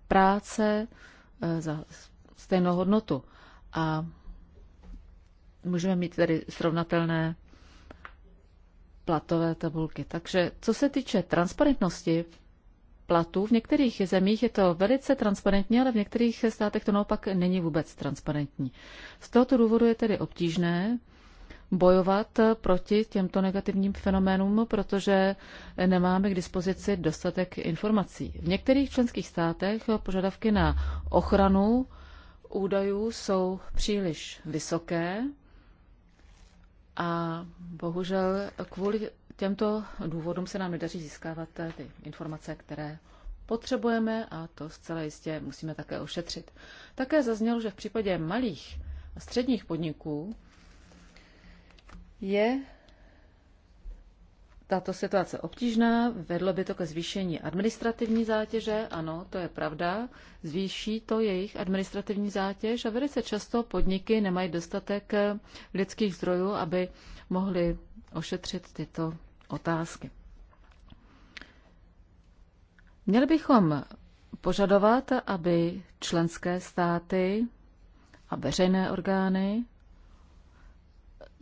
B: práce eh, za stejnou hodnotu. A můžeme mít tedy srovnatelné platové tabulky. Takže co se týče transparentnosti platů, v některých zemích je to velice transparentní, ale v některých státech to naopak není vůbec transparentní. Z tohoto důvodu je tedy obtížné bojovat proti těmto negativním fenoménům, protože nemáme k dispozici dostatek informací. V některých členských státech požadavky na ochranu údajů jsou příliš vysoké, a bohužel kvůli těmto důvodům se nám nedaří získávat ty informace, které potřebujeme a to zcela jistě musíme také ošetřit. Také zaznělo, že v případě malých a středních podniků je tato situace obtížná, vedlo by to ke zvýšení administrativní zátěže, ano, to je pravda, zvýší to jejich administrativní zátěž a velice často podniky nemají dostatek eh, lidských zdrojů, aby mohli ošetřit tyto otázky. Měli bychom požadovat, aby členské státy a veřejné orgány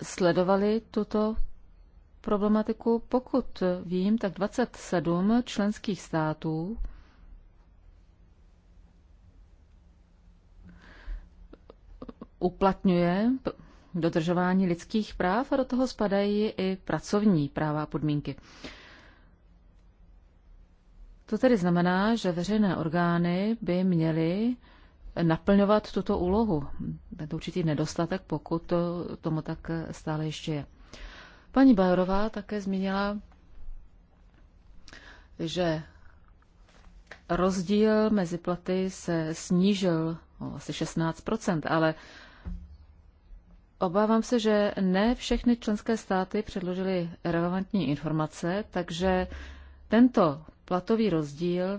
B: sledovaly tuto problematiku. Pokud vím, tak 27 členských států uplatňuje dodržování lidských práv a do toho spadají i pracovní práva a podmínky. To tedy znamená, že veřejné orgány by měly naplňovat tuto úlohu, To určitý nedostatek, pokud to, tomu tak stále ještě je. Paní Bajorová také zmínila, že rozdíl mezi platy se snížil o asi 16 ale obávám se, že ne všechny členské státy předložily relevantní informace, takže tento platový rozdíl,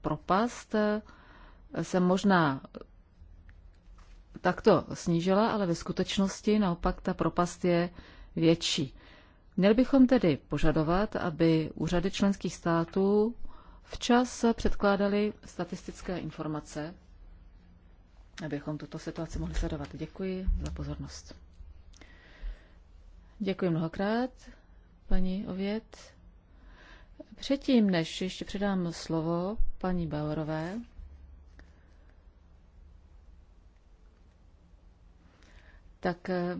B: propast, se možná takto snížila, ale ve skutečnosti naopak ta propast je větší. Měli bychom tedy požadovat, aby úřady členských států včas předkládali statistické informace, abychom tuto situaci mohli sledovat. Děkuji za pozornost. Děkuji mnohokrát, paní Ověd. Předtím, než ještě předám slovo paní Bauerové, tak eh,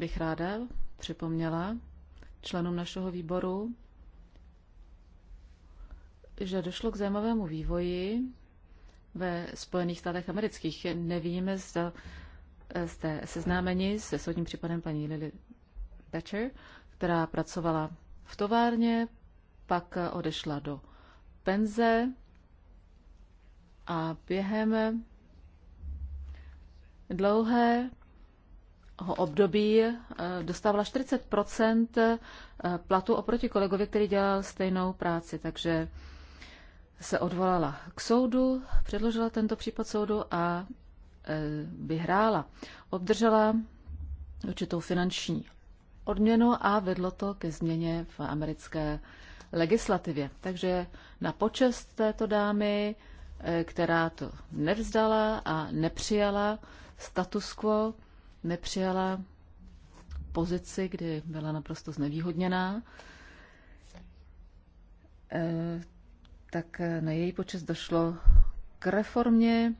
B: bych ráda připomněla členům našeho výboru, že došlo k zajímavému vývoji ve Spojených státech amerických. Nevíme, zda eh, jste seznámeni se soudním případem paní Lily Thatcher, která pracovala v továrně, pak odešla do penze a během dlouhé období eh, dostávala 40 eh, platu oproti kolegovi, který dělal stejnou práci. Takže se odvolala k soudu, předložila tento případ soudu a eh, vyhrála. Obdržela určitou finanční odměnu a vedlo to ke změně v americké legislativě. Takže na počest této dámy, která to nevzdala a nepřijala status quo, nepřijala pozici, kdy byla naprosto znevýhodněná, e, tak na její počest došlo k reformě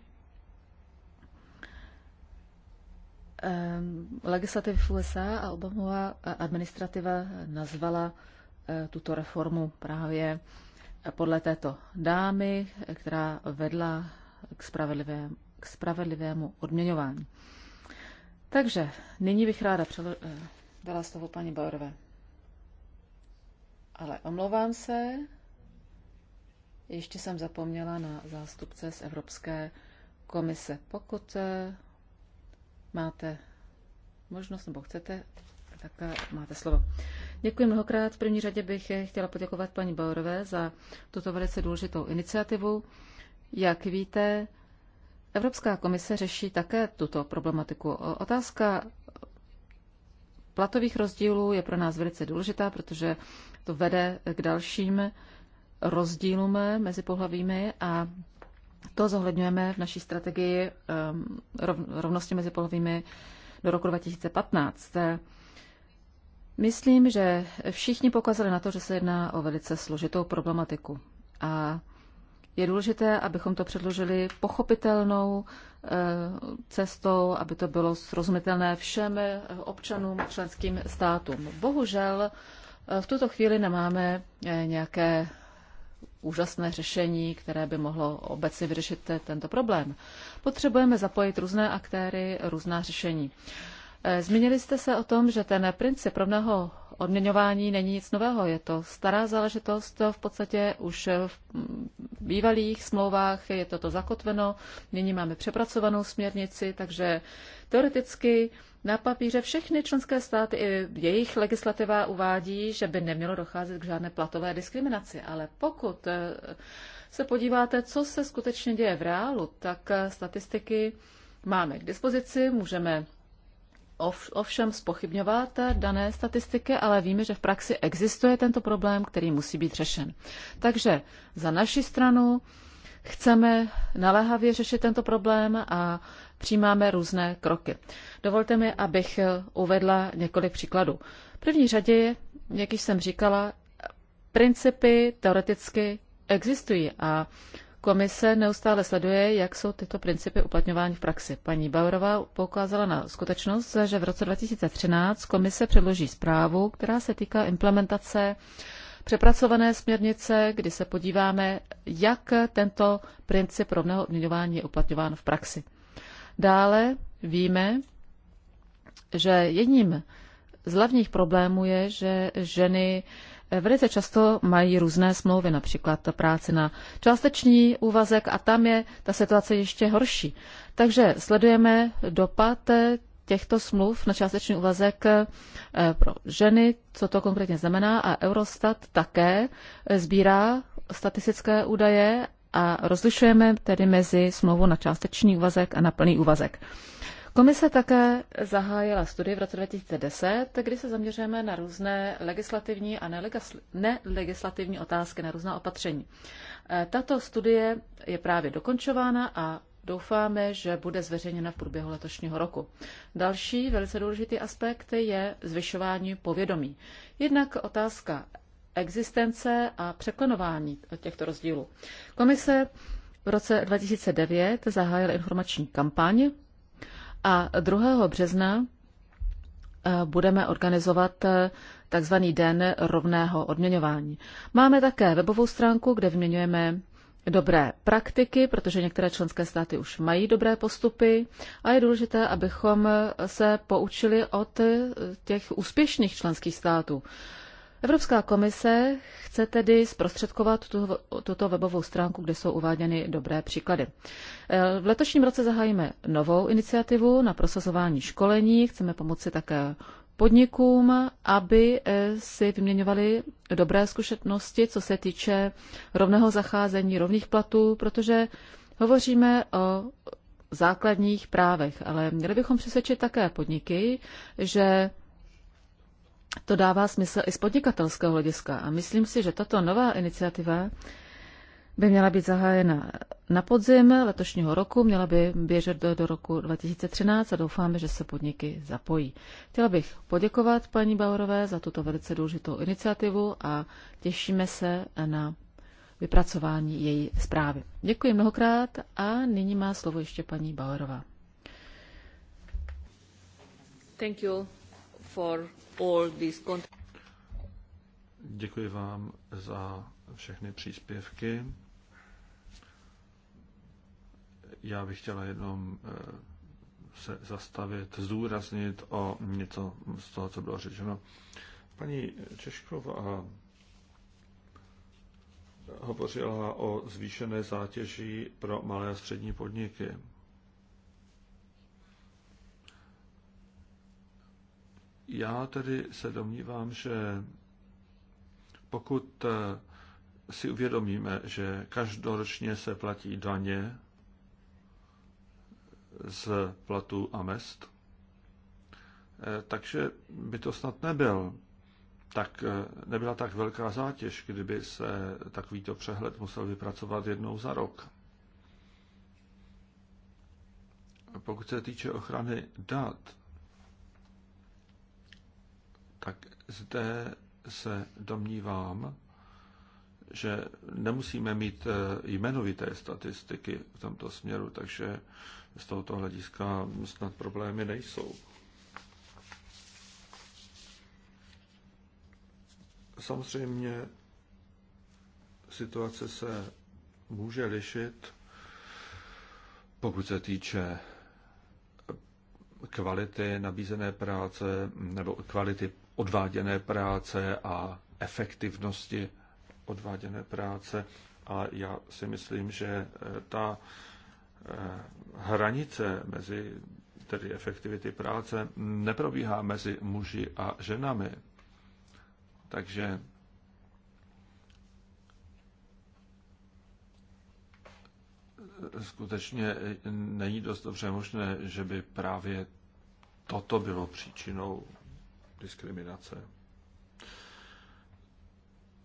B: e, legislativy v USA a Obamová administrativa nazvala e, tuto reformu právě podle této dámy, která vedla k, k spravedlivému odměňování. Takže nyní bych ráda eh, dala slovo paní Bauerové. Ale omlouvám se, ještě jsem zapomněla na zástupce z Evropské komise. Pokud eh, máte možnost nebo chcete, tak eh, máte slovo. Děkuji mnohokrát. V první řadě bych chtěla poděkovat paní Bauerové za tuto velice důležitou iniciativu. Jak víte, Evropská komise řeší také tuto problematiku. Otázka platových rozdílů je pro nás velice důležitá, protože to vede k dalším rozdílům mezi pohlavími a to zohledňujeme v naší strategii ehm, rovnosti mezi pohlavími do roku 2015. Myslím, že všichni pokazali na to, že se jedná o velice složitou problematiku. A je důležité, abychom to předložili pochopitelnou eh, cestou, aby to bylo srozumitelné všem eh, občanům členským státům. Bohužel eh, v tuto chvíli nemáme nějaké úžasné řešení, které by mohlo obecně vyřešit tento problém. Potřebujeme zapojit různé aktéry, různá řešení. Zmínili jste se o tom, že ten princip rovného odměňování není nic nového. Je to stará záležitost v podstatě už v bývalých smlouvách je toto zakotveno. Nyní máme přepracovanou směrnici, takže teoreticky na papíře všechny členské státy i jejich legislativa uvádí, že by nemělo docházet k žádné platové diskriminaci. Ale pokud eh, se podíváte, co se skutečně děje v reálu, tak eh, statistiky máme k dispozici, můžeme ovšem spochybňovat dané statistiky, ale víme, že v praxi existuje tento problém, který musí být řešen. Takže za naši stranu chceme naléhavě řešit tento problém a přijímáme různé kroky. Dovolte mi, abych uvedla několik příkladů. V první řadě, jak již jsem říkala, principy teoreticky existují a Komise neustále sleduje, jak jsou tyto principy uplatňovány v praxi. Paní Bauerová poukázala na skutečnost, že v roce 2013 komise předloží zprávu, která se týká implementace přepracované směrnice, kdy se podíváme, jak tento princip rovného odměňování je uplatňován v praxi. Dále víme, že jedním z hlavních problémů je, že ženy velice často mají různé smlouvy, například práce na částečný úvazek a tam je ta situace ještě horší. Takže sledujeme dopad těchto smluv na částečný úvazek eh, pro ženy, co to konkrétně znamená a Eurostat také sbírá statistické údaje a rozlišujeme tedy mezi smlouvou na částečný úvazek a na plný úvazek. Komise také zahájila studii v roce 2010, kdy se zaměřujeme na různé legislativní a nelegislativní otázky, na různá opatření. E, tato studie je právě dokončována a doufáme, že bude zveřejněna v průběhu letošního roku. Další velice důležitý aspekt je zvyšování povědomí. Jednak otázka existence a překonování těchto rozdílů. Komise v roce 2009 zahájila informační kampaň a 2. března eh, budeme organizovat eh, takzvaný Den rovného odměňování. Máme také webovou stránku, kde vyměňujeme dobré praktiky, protože některé členské státy už mají dobré postupy a je důležité, abychom se poučili od eh, těch úspěšných členských států. Evropská komise chce tedy zprostředkovat tu, tuto webovou stránku, kde jsou uváděny dobré příklady. Eh, v letošním roce zahájíme novou iniciativu na prosazování školení. Chceme pomoci také podnikům, aby eh, si vyměňovali dobré zkušenosti, co se týče rovného zacházení, rovných platů, protože hovoříme o základních právech, ale měli bychom přesvědčit také podniky, že to dává smysl i z podnikatelského hlediska. A myslím si, že tato nová iniciativa by měla být zahájena na podzim letošního roku, měla by běžet do, do roku 2013 a doufáme, že se podniky zapojí. Chtěla bych poděkovat paní Baurové za tuto velice důležitou iniciativu a těšíme se na vypracování její zprávy. Děkuji mnohokrát a nyní má slovo ještě paní Bauerová.
A: Thank you for
E: Děkuji vám za všechny příspěvky. Já bych chtěla jenom eh, se zastavit, zdůraznit o něco z toho, co bylo řečeno. Paní Češková hovořila o zvýšené zátěži pro malé a střední podniky. Já tedy se domnívám, že pokud eh, si uvědomíme, že každoročně se platí daně z platů a mest, eh, takže by to snad nebyl tak eh, nebyla tak velká zátěž, kdyby se takovýto přehled musel vypracovat jednou za rok. Pokud se týče ochrany dat, tak zde se domnívám, že nemusíme mít eh, jmenovité statistiky v tomto směru, takže z tohoto hlediska snad problémy nejsou. Samozřejmě situace se může lišit, pokud se týče kvality nabízené práce nebo kvality odváděné práce a efektivnosti odváděné práce. A já si myslím, že eh, ta eh, hranice mezi tedy efektivity práce neprobíhá mezi muži a ženami. Takže eh, skutečně není dost dobře možné, že by právě toto bylo příčinou diskriminace.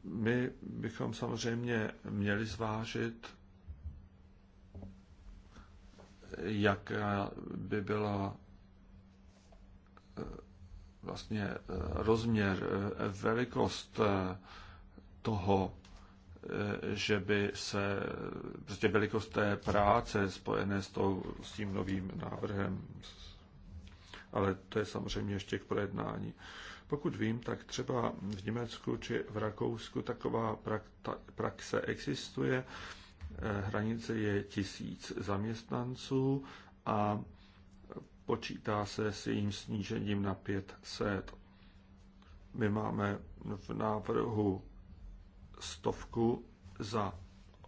E: My bychom samozřejmě měli zvážit, jak by byla eh, vlastně eh, rozměr, eh, velikost toho, že by se prostě velikost té práce spojené s, tou, s tím novým návrhem, ale to je samozřejmě ještě k projednání. Pokud vím, tak třeba v Německu či v Rakousku taková praxe existuje. Eh, hranice je tisíc zaměstnanců a počítá se s jejím snížením na 500. My máme v návrhu stovku za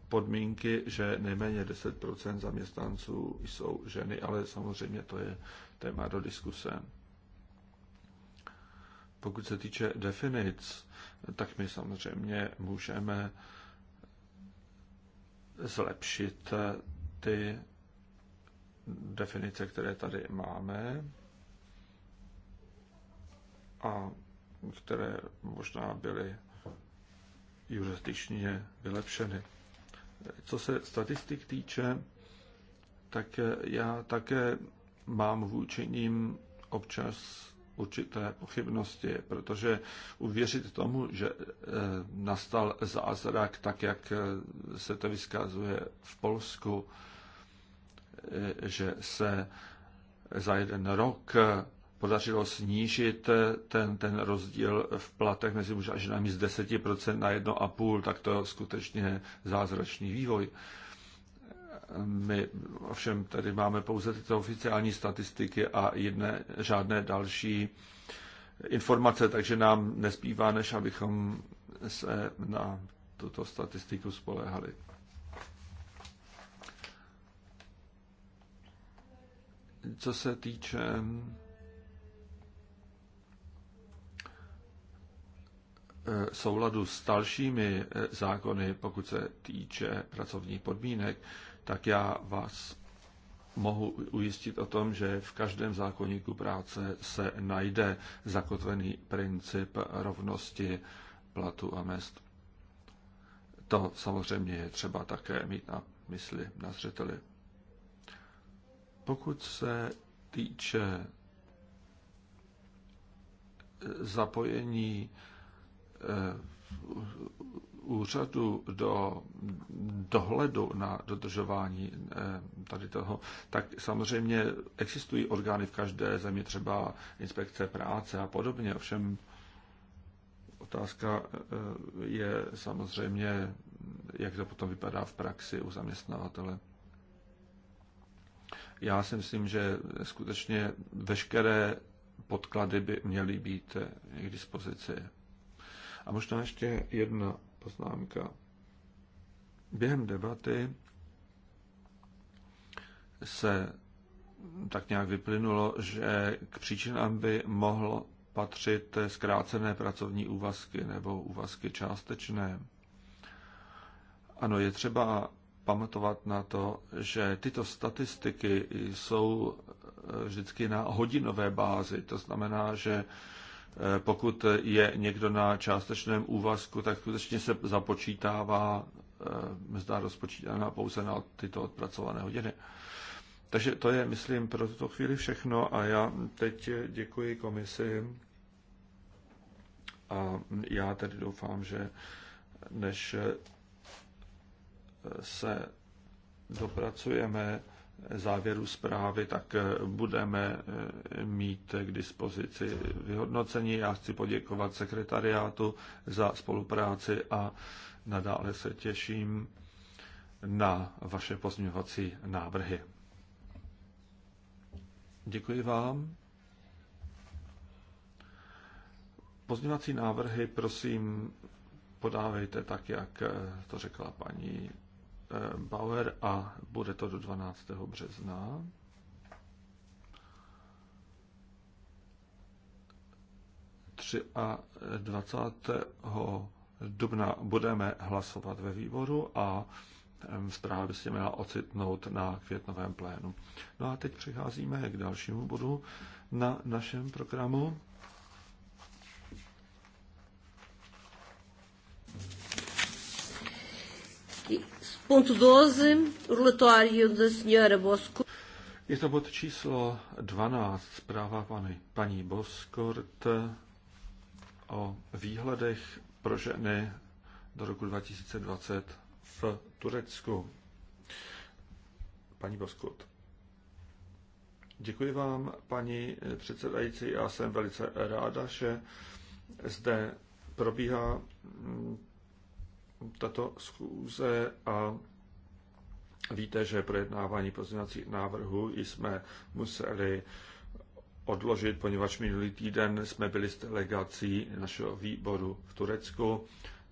E: podmínky, že nejméně 10 zaměstnanců jsou ženy, ale samozřejmě to je téma do diskuse. Pokud se týče definic, tak my samozřejmě můžeme zlepšit ty definice, které tady máme a které možná byly jurisdičně vylepšeny. Co se statistik týče, tak já také mám vůči ním občas určité pochybnosti, protože uvěřit tomu, že e, nastal zázrak tak, jak e, se to vyskazuje v Polsku, e, že se za jeden rok podařilo snížit ten, ten rozdíl v platech mezi muži a ženami z 10% na 1,5%, tak to je skutečně zázračný vývoj. My ovšem tady máme pouze tyto oficiální statistiky a jedné, žádné další informace, takže nám nespívá, než abychom se na tuto statistiku spolehali. Co se týče eh, souladu s dalšími eh, zákony, pokud se týče pracovních podmínek, tak já vás mohu ujistit o tom, že v každém zákonníku práce se najde zakotvený princip rovnosti platu a mest. To samozřejmě je třeba také mít na mysli, na zřeteli. Pokud se týče zapojení eh, úřadu do dohledu na dodržování eh, tady toho, tak samozřejmě existují orgány v každé zemi, třeba inspekce práce a podobně. Ovšem otázka eh, je samozřejmě, jak to potom vypadá v praxi u zaměstnavatele. Já si myslím, že skutečně veškeré podklady by měly být eh, k dispozici. A možná ještě jedna poznámka. Během debaty se tak nějak vyplynulo, že k příčinám by mohlo patřit zkrácené pracovní úvazky nebo úvazky částečné. Ano, je třeba pamatovat na to, že tyto statistiky jsou vždycky na hodinové bázi. To znamená, že Eh, pokud je někdo na částečném úvazku, tak skutečně se započítává eh, mzda rozpočítaná pouze na tyto odpracované hodiny. Takže to je, myslím, pro tuto chvíli všechno a já teď děkuji komisi a já tedy doufám, že než se dopracujeme závěru zprávy, tak eh, budeme eh, mít k dispozici vyhodnocení. Já chci poděkovat sekretariátu za spolupráci a nadále se těším na vaše pozměňovací návrhy. Děkuji vám. Pozměňovací návrhy, prosím, podávejte tak, jak eh, to řekla paní Bauer a bude to do 12. března. a 20. dubna budeme hlasovat ve výboru a zpráva by se měla ocitnout na květnovém plénu. No a teď přicházíme k dalšímu bodu na našem programu.
A: Díky. Ponto 12, relatório da senhora Bosco.
E: Je to bod číslo 12, zpráva pany, paní Boskort o výhledech pro ženy do roku 2020 v Turecku. Paní Boskurt. Děkuji vám, paní předsedající. Já jsem velice ráda, že zde probíhá tato schůze a víte, že projednávání pozměňovacích návrhů jsme museli odložit, poněvadž minulý týden jsme byli s delegací našeho výboru v Turecku,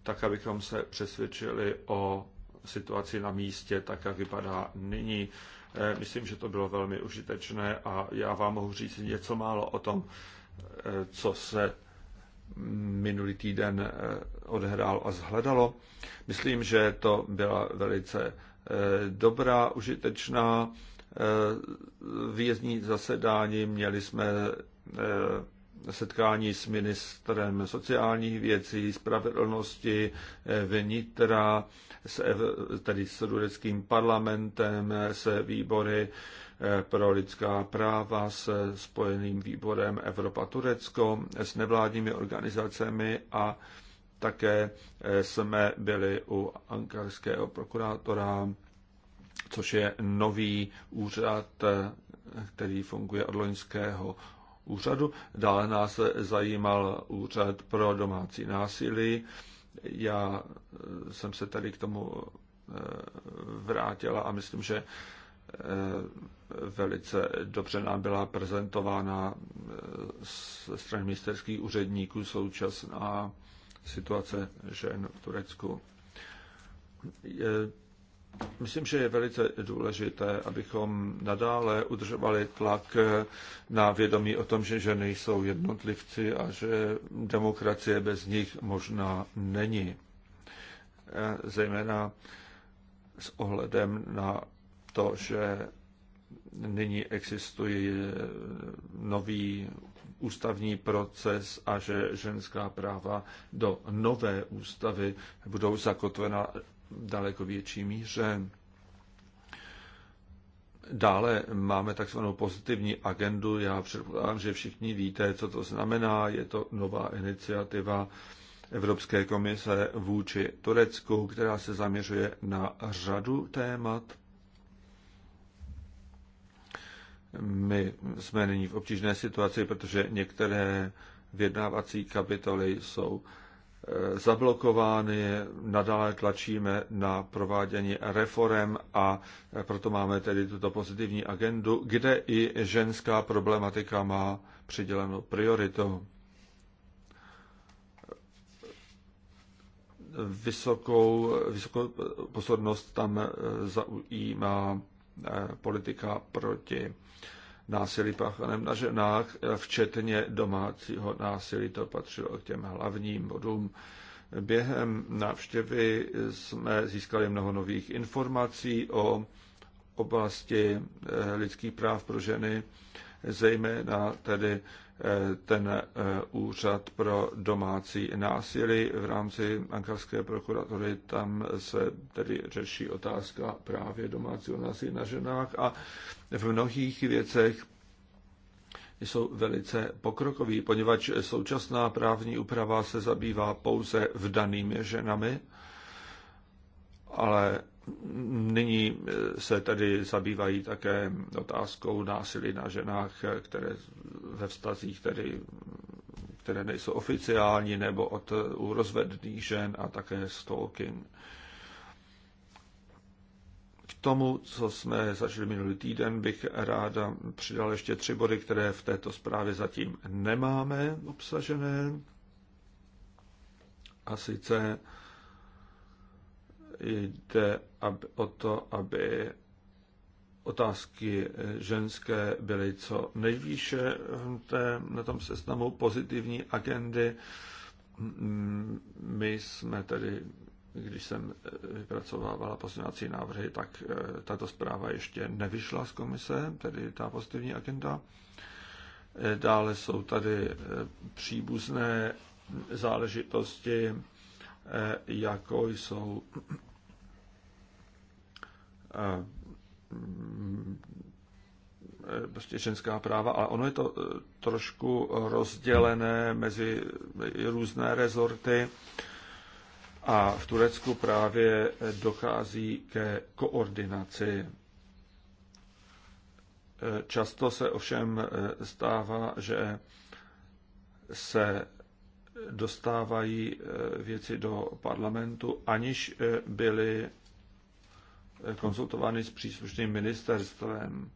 E: tak abychom se přesvědčili o situaci na místě, tak jak vypadá nyní. Eh, myslím, že to bylo velmi užitečné a já vám mohu říct něco málo o tom, eh, co se minulý týden eh, odehrál a zhledalo. Myslím, že to byla velice eh, dobrá, užitečná eh, výjezdní zasedání. Měli jsme setkání s ministrem sociálních věcí, spravedlnosti, vnitra, s, tedy s Rudeckým parlamentem, se výbory pro lidská práva se spojeným výborem Evropa-Turecko, s nevládními organizacemi a také eh, jsme byli u ankarského prokurátora, což je nový úřad, eh, který funguje od loňského úřadu. Dále nás zajímal úřad pro domácí násilí. Já eh, jsem se tady k tomu vrátila a myslím, že Eh, velice dobře nám byla prezentována eh, ze strany ministerských úředníků současná situace žen v Turecku. Je, myslím, že je velice důležité, abychom nadále udržovali tlak eh, na vědomí o tom, že ženy jsou jednotlivci a že demokracie bez nich možná není. Zejména s ohledem na to, že nyní existuje nový ústavní proces a že ženská práva do nové ústavy budou zakotvena daleko větší míře. Dále máme takzvanou pozitivní agendu. Já předpokládám, že všichni víte, co to znamená. Je to nová iniciativa Evropské komise vůči Turecku, která se zaměřuje na řadu témat My jsme nyní v obtížné situaci, protože některé vyjednávací kapitoly jsou eh, zablokovány, nadále tlačíme na provádění reform a eh, proto máme tedy tuto pozitivní agendu, kde i ženská problematika má přidělenou prioritu. Vysokou, vysokou pozornost tam eh, zaujímá politika proti násilí páchaném na ženách, včetně domácího násilí. To patřilo k těm hlavním bodům. Během návštěvy jsme získali mnoho nových informací o oblasti lidských práv pro ženy, zejména tedy ten eh, úřad pro domácí násilí v rámci ankarské prokuratury. Tam se tedy řeší otázka právě domácího násilí na ženách a v mnohých věcech jsou velice pokrokoví, poněvadž současná právní úprava se zabývá pouze vdanými ženami, ale Nyní eh, se tedy zabývají také otázkou násilí na ženách, eh, které ve vztazích tedy, které nejsou oficiální, nebo od eh, u rozvedných žen a také stalking. K tomu, co jsme začali minulý týden, bych ráda přidal ještě tři body, které v této zprávě zatím nemáme obsažené. A sice jde aby, o to, aby otázky ženské byly co nejvýše té, na tom seznamu pozitivní agendy. Mm, my jsme tedy, když jsem vypracovávala poslanecí návrhy, tak eh, tato zpráva ještě nevyšla z komise, tedy ta pozitivní agenda. Eh, dále jsou tady eh, příbuzné záležitosti, jako jsou Mm, e, prostě ženská práva, ale ono je to e, trošku rozdělené mezi různé rezorty a v Turecku právě dochází ke koordinaci. E, často se ovšem stává, že se dostávají věci do parlamentu, aniž byly konzultovány s příslušným ministerstvem.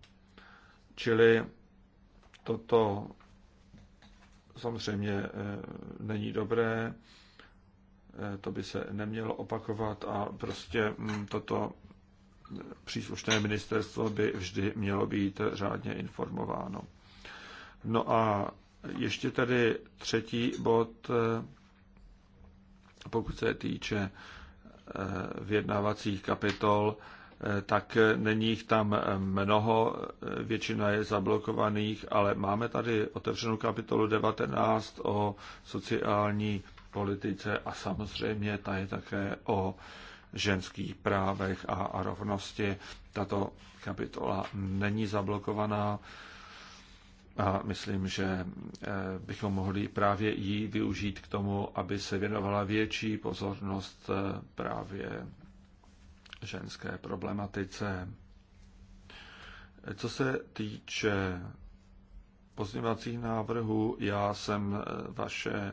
E: Čili toto samozřejmě eh, není dobré, eh, to by se nemělo opakovat a prostě hm, toto eh, příslušné ministerstvo by vždy mělo být řádně informováno. No a ještě tady třetí bod, pokud se týče vyjednávacích kapitol, Eh, tak eh, není jich tam eh, mnoho, většina je zablokovaných, ale máme tady otevřenou kapitolu 19 o sociální politice a samozřejmě ta je také o ženských právech a rovnosti. Tato kapitola není zablokovaná a myslím, že bychom mohli právě ji využít k tomu, aby se věnovala větší pozornost právě ženské problematice. Co se týče pozměňovacích návrhů, já jsem eh, vaše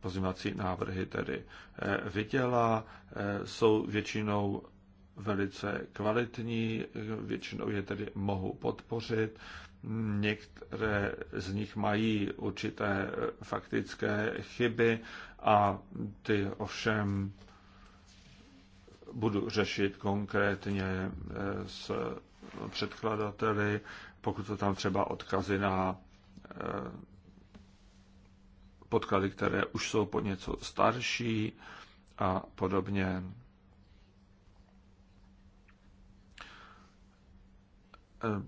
E: pozměňovací návrhy tedy eh, viděla. Eh, jsou většinou velice kvalitní, většinou je tedy mohu podpořit. Některé z nich mají určité faktické chyby a ty ovšem budu řešit konkrétně eh, s předkladateli, pokud to tam třeba odkazy na eh, podklady, které už jsou pod něco starší a podobně. Eh,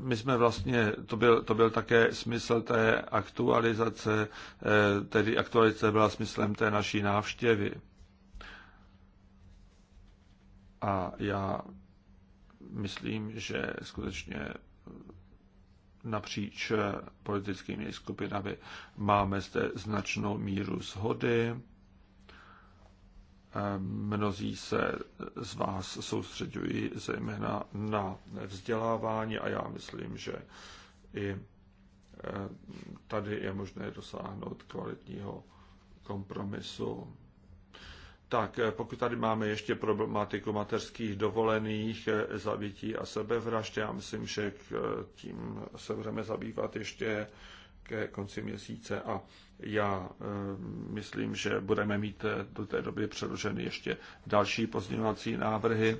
E: my jsme vlastně, to byl, to byl také smysl té aktualizace, tedy aktualizace byla smyslem té naší návštěvy. A já myslím, že skutečně napříč politickými skupinami máme zde značnou míru shody. Mnozí se z vás soustředují zejména na vzdělávání a já myslím, že i eh, tady je možné dosáhnout kvalitního kompromisu tak eh, pokud tady máme ještě problematiku mateřských dovolených, eh, zabití a sebevražd, já myslím, že k eh, tím se budeme zabývat ještě ke konci měsíce a já myslím, že budeme mít do té doby předloženy ještě další pozměňovací návrhy,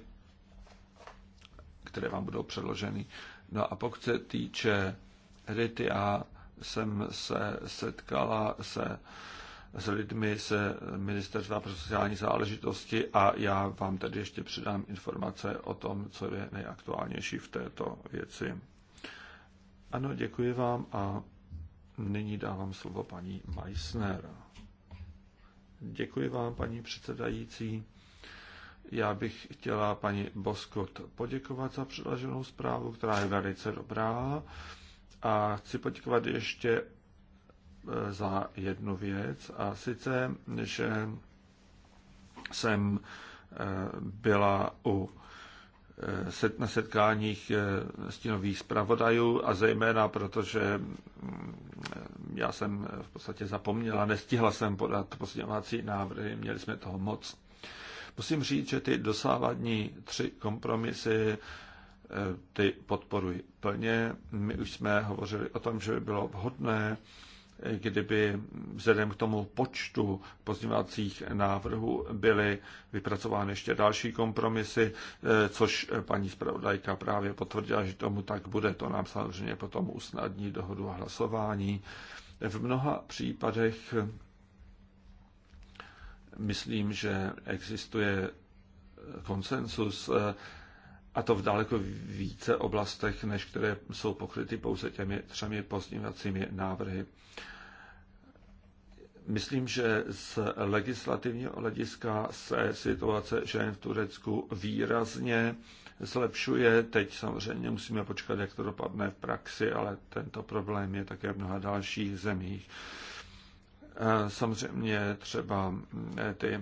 E: které vám budou předloženy. No a pokud se týče Rity, já jsem se setkala se s lidmi z Ministerstva pro sociální záležitosti a já vám tady ještě předám informace o tom, co je nejaktuálnější v této věci. Ano, děkuji vám a nyní dávám slovo paní Meissner. Děkuji vám, paní předsedající. Já bych chtěla paní Boskot poděkovat za předloženou zprávu, která je velice dobrá. A chci poděkovat ještě za jednu věc a sice, že jsem eh, byla u eh, set, na setkáních eh, stínových zpravodajů a zejména protože mm, já jsem v podstatě zapomněla, nestihla jsem podat pozděvací návrhy, měli jsme toho moc. Musím říct, že ty dosávadní tři kompromisy ty podporuji plně. My už jsme hovořili o tom, že by bylo vhodné kdyby vzhledem k tomu počtu pozdňovacích návrhů byly vypracovány ještě další kompromisy, eh, což paní zpravodajka právě potvrdila, že tomu tak bude. To nám samozřejmě potom usnadní dohodu a hlasování. V mnoha případech eh, myslím, že existuje konsensus eh, a to v daleko více oblastech, než které jsou pokryty pouze těmi třemi pozměňovacími návrhy. Myslím, že z legislativního hlediska se situace žen v Turecku výrazně zlepšuje. Teď samozřejmě musíme počkat, jak to dopadne v praxi, ale tento problém je také v mnoha dalších zemích. Eh, samozřejmě třeba eh, ty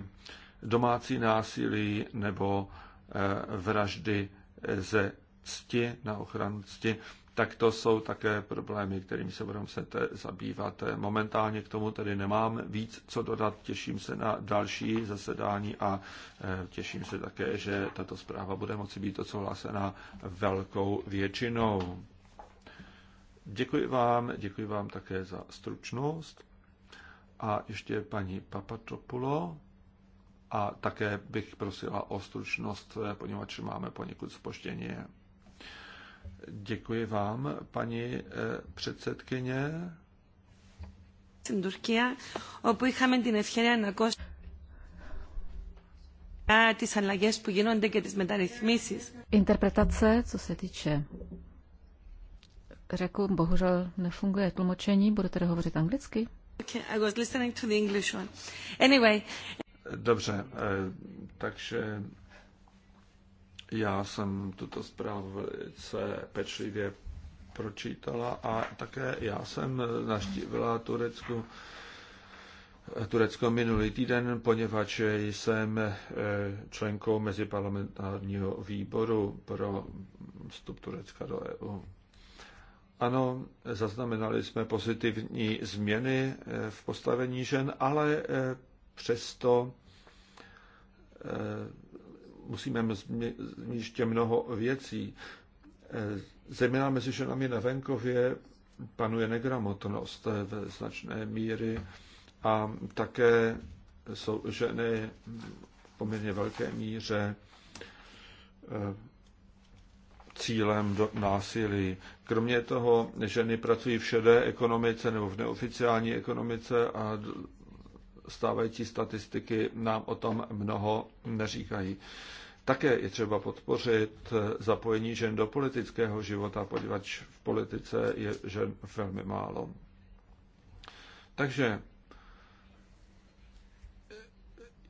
E: domácí násilí nebo eh, vraždy ze cti na ochranu cti, tak to jsou také problémy, kterými se budeme se eh, zabývat. Eh, momentálně k tomu tedy nemám víc co dodat. Těším se na další zasedání a eh, těším se také, že tato zpráva bude moci být odsouhlasena velkou většinou. Děkuji vám, děkuji vám také za stručnost. A ještě paní Papatopulo a také bych prosila o stručnost, poněvadž máme poněkud spoždění. Děkuji vám, paní eh, předsedkyně.
D: Στην όπου είχαμε την ευκαιρία να ακούσουμε τις αλλαγές που γίνονται και τις
B: Interpretace, co se týče řeku, bohužel nefunguje tlumočení, budete hovořit anglicky?
D: Okay, I was listening to the English one. Anyway,
E: Dobře, eh, takže já jsem tuto zprávu velice pečlivě pročítala a také já jsem naštívila Turecku, eh, Turecko minulý týden, poněvadž jsem eh, členkou Meziparlamentárního výboru pro vstup Turecka do EU. Ano, zaznamenali jsme pozitivní změny v postavení žen, ale Přesto eh, musíme ještě mnoho věcí. Eh, zejména mezi ženami na venkově panuje negramotnost ve značné míry a také jsou ženy v poměrně velké míře eh, cílem do násilí. Kromě toho ženy pracují v šedé ekonomice nebo v neoficiální ekonomice a stávající statistiky nám o tom mnoho neříkají. Také je třeba podpořit zapojení žen do politického života, poněvadž v politice je žen velmi málo. Takže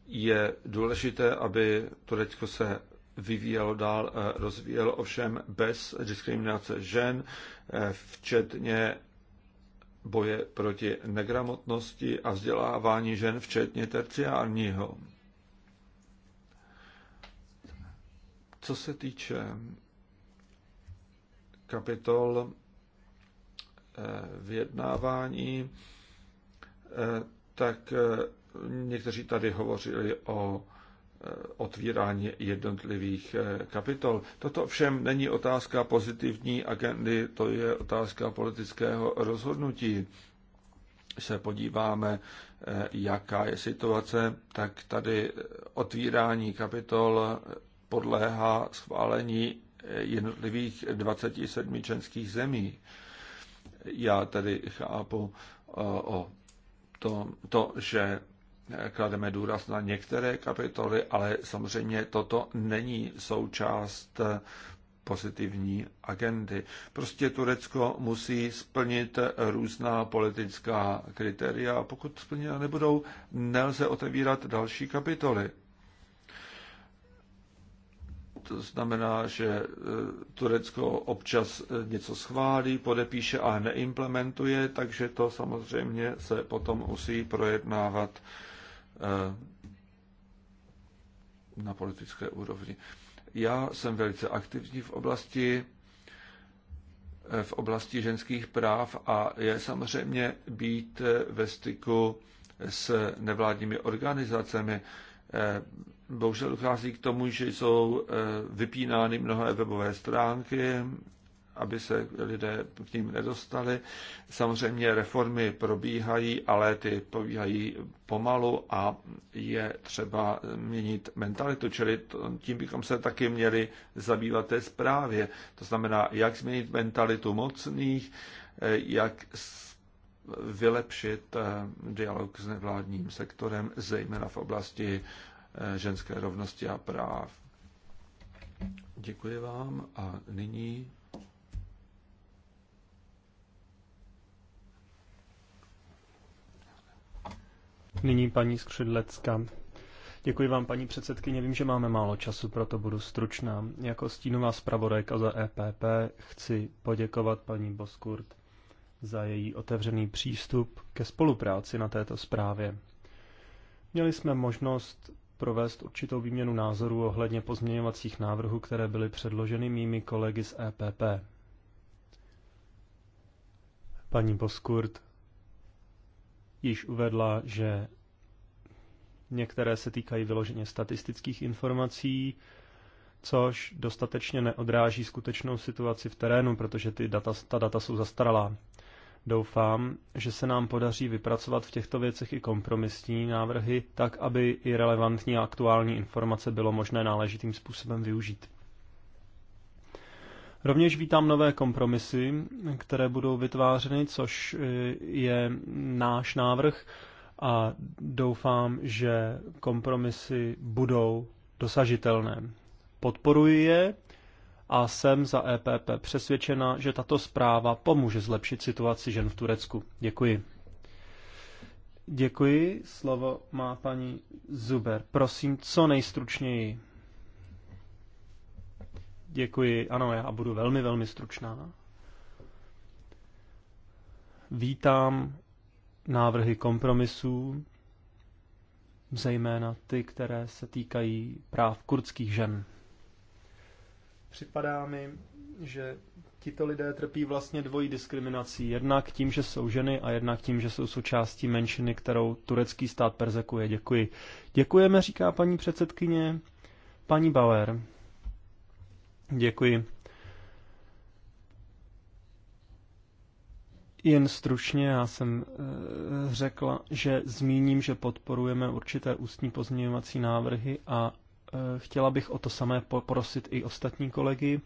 E: je důležité, aby Turecko se vyvíjelo dál, eh, rozvíjelo ovšem bez diskriminace žen, eh, včetně boje proti negramotnosti a vzdělávání žen, včetně terciárního. Co se týče kapitol eh, vyjednávání, eh, tak eh, někteří tady hovořili o otvírání jednotlivých eh, kapitol. Toto všem není otázka pozitivní agendy, to je otázka politického rozhodnutí. Se podíváme, eh, jaká je situace, tak tady eh, otvírání kapitol podléhá schválení jednotlivých 27 členských zemí. Já tady chápu o to, to že klademe důraz na některé kapitoly, ale samozřejmě toto není součást pozitivní agendy. Prostě Turecko musí splnit různá politická kritéria a pokud splněna nebudou, nelze otevírat další kapitoly. To znamená, že e, Turecko občas e, něco schválí, podepíše a neimplementuje, takže to samozřejmě se potom musí projednávat Eh, na politické úrovni. Já jsem velice aktivní v oblasti eh, v oblasti ženských práv a je samozřejmě být eh, ve styku s nevládními organizacemi. Bohužel dochází k tomu, že jsou vypínány mnohé webové stránky, aby se lidé k ním nedostali. Samozřejmě reformy probíhají, ale ty probíhají pomalu a je třeba měnit mentalitu, čili tím bychom se taky měli zabývat té zprávě. To znamená, jak změnit mentalitu mocných, eh, jak vylepšit eh, dialog s nevládním sektorem, zejména v oblasti eh, ženské rovnosti a práv. Děkuji vám a nyní
F: Nyní paní Skřidlecka. Děkuji vám, paní předsedkyně. Vím, že máme málo času, proto budu stručná. Jako stínová zpravodajka za EPP chci poděkovat paní Boskurt za její otevřený přístup ke spolupráci na této zprávě. Měli jsme možnost provést určitou výměnu názorů ohledně pozměňovacích návrhů, které byly předloženy mými kolegy z EPP. Paní Boskurt již uvedla, že některé se týkají vyloženě statistických informací, což dostatečně neodráží skutečnou situaci v terénu, protože ty data, ta data jsou zastaralá. Doufám, že se nám podaří vypracovat v těchto věcech i kompromisní návrhy, tak aby i relevantní a aktuální informace bylo možné náležitým způsobem využít. Rovněž vítám nové kompromisy, které budou vytvářeny, což e, je náš návrh a doufám, že kompromisy budou dosažitelné. Podporuji je a jsem za EPP přesvědčena, že tato zpráva pomůže zlepšit situaci žen v Turecku. Děkuji. Děkuji. Slovo má paní Zuber. Prosím, co nejstručněji. Děkuji. Ano, já budu velmi, velmi stručná. Vítám návrhy kompromisů, zejména ty, které se týkají práv kurdských žen. Připadá mi, že tito lidé trpí vlastně dvojí diskriminací. Jednak tím, že jsou ženy a jednak tím, že jsou součástí menšiny, kterou turecký stát persekuje. Děkuji. Děkujeme, říká paní předsedkyně. Paní Bauer. Děkuji. Jen stručně já jsem eh, řekla, že zmíním, že podporujeme určité ústní pozměňovací návrhy a eh, chtěla bych o to samé poprosit i ostatní kolegy.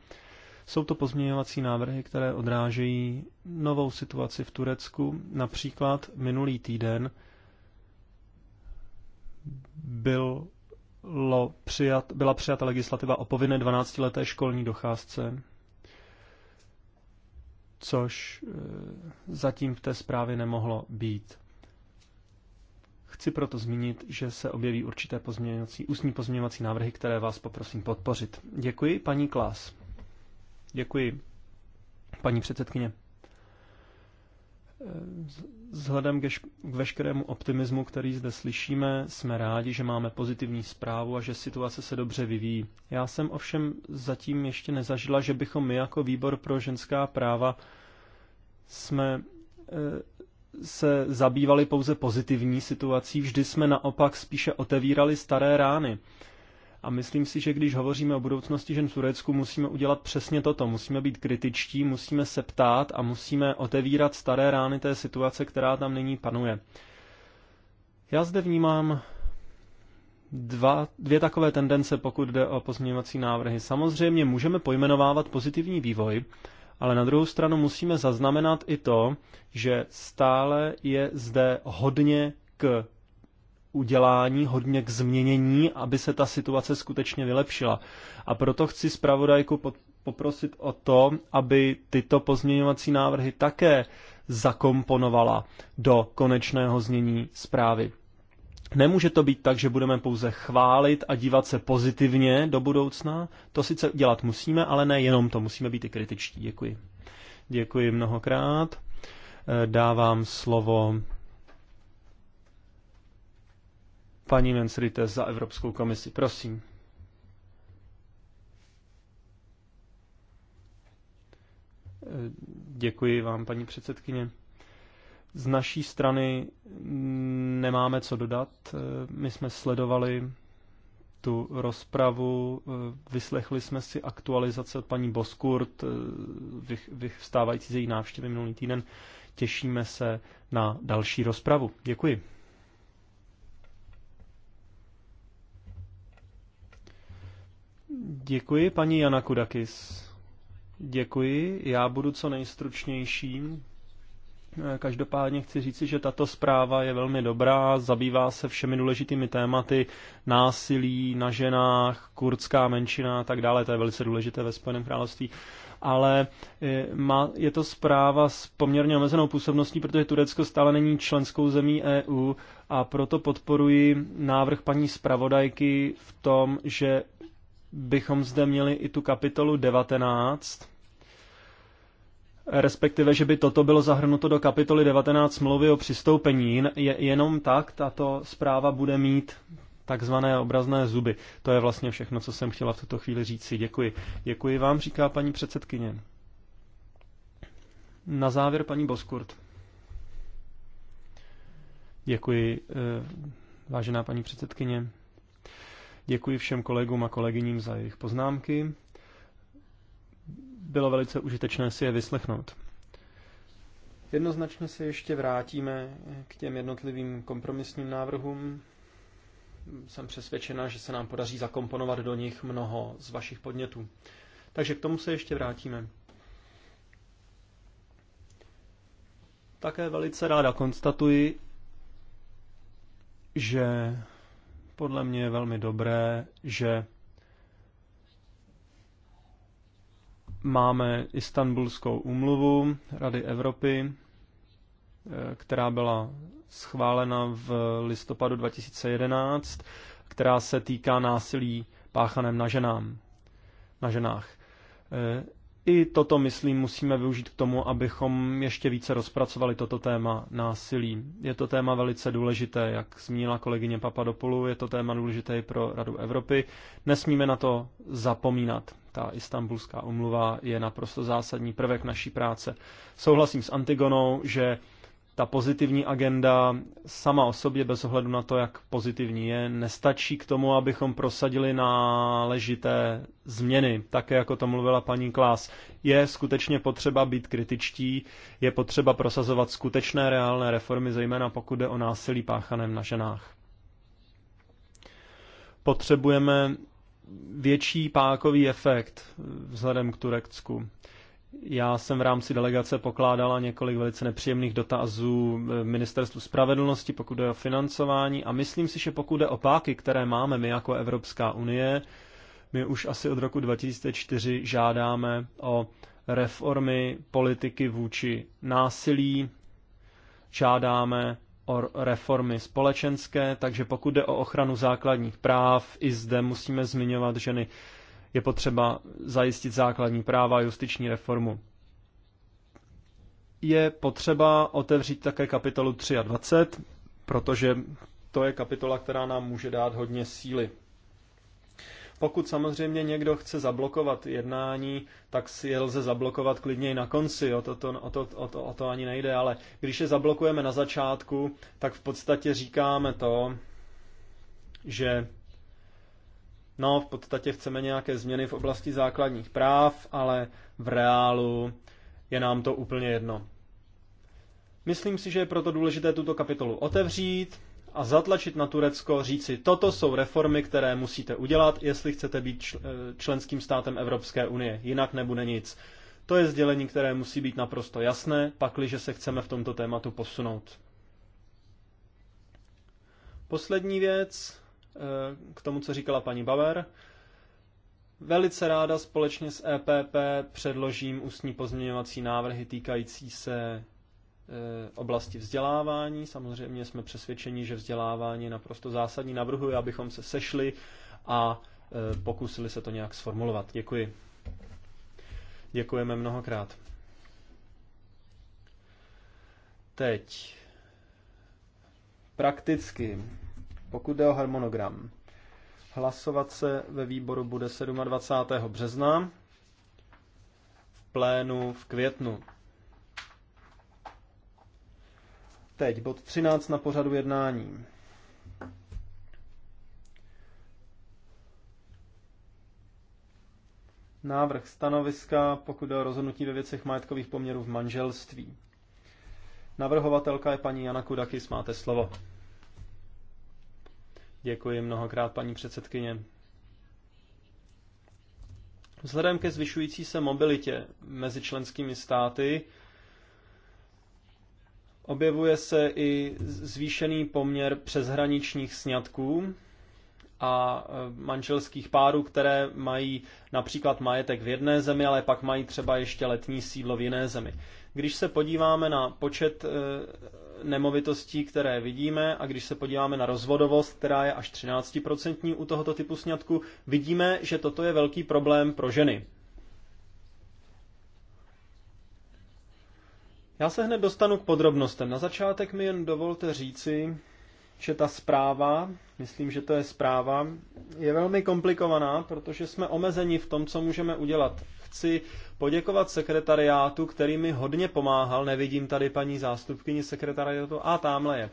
F: Jsou to pozměňovací návrhy, které odrážejí novou situaci v Turecku. Například minulý týden byl bylo přijat, byla přijata legislativa o povinné 12-leté školní docházce, což eh, zatím v té zprávě nemohlo být. Chci proto zmínit, že se objeví určité pozměňovací, ústní pozměňovací návrhy, které vás poprosím podpořit. Děkuji, paní Klás. Děkuji, paní předsedkyně. Eh, vzhledem k veškerému optimismu, který zde slyšíme, jsme rádi, že máme pozitivní zprávu a že situace se dobře vyvíjí. Já jsem ovšem zatím ještě nezažila, že bychom my jako výbor pro ženská práva jsme eh, se zabývali pouze pozitivní situací, vždy jsme naopak spíše otevírali staré rány. A myslím si, že když hovoříme o budoucnosti žen v Turecku, musíme udělat přesně toto. Musíme být kritičtí, musíme se ptát a musíme otevírat staré rány té situace, která tam nyní panuje. Já zde vnímám dva, dvě takové tendence, pokud jde o pozměňovací návrhy. Samozřejmě můžeme pojmenovávat pozitivní vývoj, ale na druhou stranu musíme zaznamenat i to, že stále je zde hodně k udělání, hodně k změnění, aby se ta situace skutečně vylepšila. A proto chci zpravodajku poprosit o to, aby tyto pozměňovací návrhy také zakomponovala do konečného znění zprávy. Nemůže to být tak, že budeme pouze chválit a dívat se pozitivně do budoucna. To sice dělat musíme, ale ne jenom to, musíme být i kritičtí. Děkuji. Děkuji mnohokrát. E, dávám slovo Paní Mensrites za Evropskou komisi, prosím. Děkuji vám, paní předsedkyně. Z naší strany nemáme co dodat. My jsme sledovali tu rozpravu, vyslechli jsme si aktualizace od paní Boskurt, vyvstávající z její návštěvy minulý týden. Těšíme se na další rozpravu. Děkuji. Děkuji, paní Jana Kudakis. Děkuji, já budu co nejstručnější. Každopádně chci říci, že tato zpráva je velmi dobrá, zabývá se všemi důležitými tématy, násilí na ženách, kurdská menšina a tak dále, to je velice důležité ve Spojeném království. Ale eh, je to zpráva s poměrně omezenou působností, protože Turecko stále není členskou zemí EU a proto podporuji návrh paní zpravodajky v tom, že bychom zde měli i tu kapitolu 19, respektive, že by toto bylo zahrnuto do kapitoly 19 smlouvy o přistoupení. Je, jenom tak tato zpráva bude mít takzvané obrazné zuby. To je vlastně všechno, co jsem chtěla v tuto chvíli říci. Děkuji. Děkuji vám, říká paní předsedkyně. Na závěr paní Boskurt. Děkuji, eh, vážená paní předsedkyně. Děkuji všem kolegům a kolegyním za jejich poznámky. Bylo velice užitečné si je vyslechnout. Jednoznačně se ještě vrátíme k těm jednotlivým kompromisním návrhům. Jsem přesvědčena, že se nám podaří zakomponovat do nich mnoho z vašich podnětů. Takže k tomu se ještě vrátíme. Také velice ráda konstatuji, že podle mě je velmi dobré, že máme Istanbulskou umluvu Rady Evropy, eh, která byla schválena v listopadu 2011, která se týká násilí páchaném na ženám, na ženách. Eh, i toto, myslím, musíme využít k tomu, abychom ještě více rozpracovali toto téma násilí. Je to téma velice důležité, jak zmínila kolegyně Papadopoulou, je to téma důležité i pro Radu Evropy. Nesmíme na to zapomínat. Ta istambulská umluva je naprosto zásadní prvek naší práce. Souhlasím s Antigonou, že ta pozitivní agenda sama o sobě, bez ohledu na to, jak pozitivní je, nestačí k tomu, abychom prosadili náležité změny. Také jako to mluvila paní Klás, je skutečně potřeba být kritičtí, je potřeba prosazovat skutečné reálné reformy, zejména pokud jde o násilí páchaném na ženách. Potřebujeme větší pákový efekt vzhledem k Turecku. Já jsem v rámci delegace pokládala několik velice nepříjemných dotazů eh, Ministerstvu spravedlnosti, pokud je o financování a myslím si, že pokud je o páky, které máme my jako Evropská unie, my už asi od roku 2004 žádáme o reformy politiky vůči násilí, žádáme o reformy společenské, takže pokud jde o ochranu základních práv, i zde musíme zmiňovat ženy. Je potřeba zajistit základní práva a justiční reformu. Je potřeba otevřít také kapitolu 23, protože to je kapitola, která nám může dát hodně síly. Pokud samozřejmě někdo chce zablokovat jednání, tak si je lze zablokovat i na konci, o to, to, o, to, o, to, o to ani nejde, ale když je zablokujeme na začátku, tak v podstatě říkáme to, že no v podstatě chceme nějaké změny v oblasti základních práv, ale v reálu je nám to úplně jedno. Myslím si, že je proto důležité tuto kapitolu otevřít a zatlačit na Turecko, říci, toto jsou reformy, které musíte udělat, jestli chcete být eh, členským státem Evropské unie, jinak nebude nic. To je sdělení, které musí být naprosto jasné, pakliže se chceme v tomto tématu posunout. Poslední věc, Eh, k tomu, co říkala paní Bauer. Velice ráda společně s EPP předložím ústní pozměňovací návrhy týkající se eh, oblasti vzdělávání. Samozřejmě jsme přesvědčeni, že vzdělávání je naprosto zásadní. Navrhuji, abychom se sešli a eh, pokusili se to nějak sformulovat. Děkuji. Děkujeme mnohokrát. Teď prakticky pokud jde o harmonogram, hlasovat se ve výboru bude 27. března, v plénu v květnu. Teď bod 13 na pořadu jednání. Návrh stanoviska, pokud jde o rozhodnutí ve věcech majetkových poměrů v manželství. Navrhovatelka je paní Jana Kudakis, máte slovo. Děkuji mnohokrát, paní předsedkyně. Vzhledem ke zvyšující se mobilitě mezi členskými státy, objevuje se i zvýšený poměr přeshraničních sňatků a e, manželských párů, které mají například majetek v jedné zemi, ale pak mají třeba ještě letní sídlo v jiné zemi. Když se podíváme na počet e, nemovitostí, které vidíme a když se podíváme na rozvodovost, která je až 13% u tohoto typu sňatku, vidíme, že toto je velký problém pro ženy. Já se hned dostanu k podrobnostem. Na začátek mi jen dovolte říci, že ta zpráva, myslím, že to je zpráva, je velmi komplikovaná, protože jsme omezeni v tom, co můžeme udělat chci poděkovat sekretariátu, který mi hodně pomáhal. Nevidím tady paní zástupkyni sekretariátu. A tamhle je.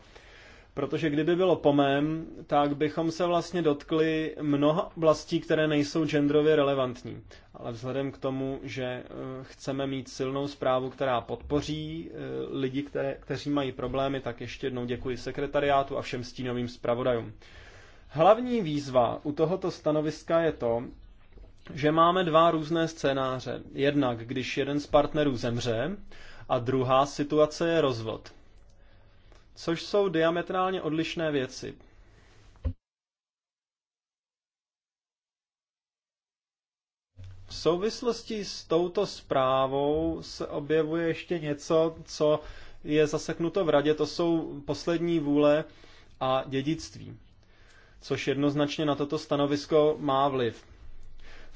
F: Protože kdyby bylo po mém, tak bychom se vlastně dotkli mnoha oblastí, které nejsou genderově relevantní. Ale vzhledem k tomu, že eh, chceme mít silnou zprávu, která podpoří eh, lidi, které, kteří mají problémy, tak ještě jednou děkuji sekretariátu a všem stínovým zpravodajům. Hlavní výzva u tohoto stanoviska je to, že máme dva různé scénáře. Jednak, když jeden z partnerů zemře a druhá situace je rozvod. Což jsou diametrálně odlišné věci. V souvislosti s touto zprávou se objevuje ještě něco, co je zaseknuto v radě, to jsou poslední vůle a dědictví, což jednoznačně na toto stanovisko má vliv.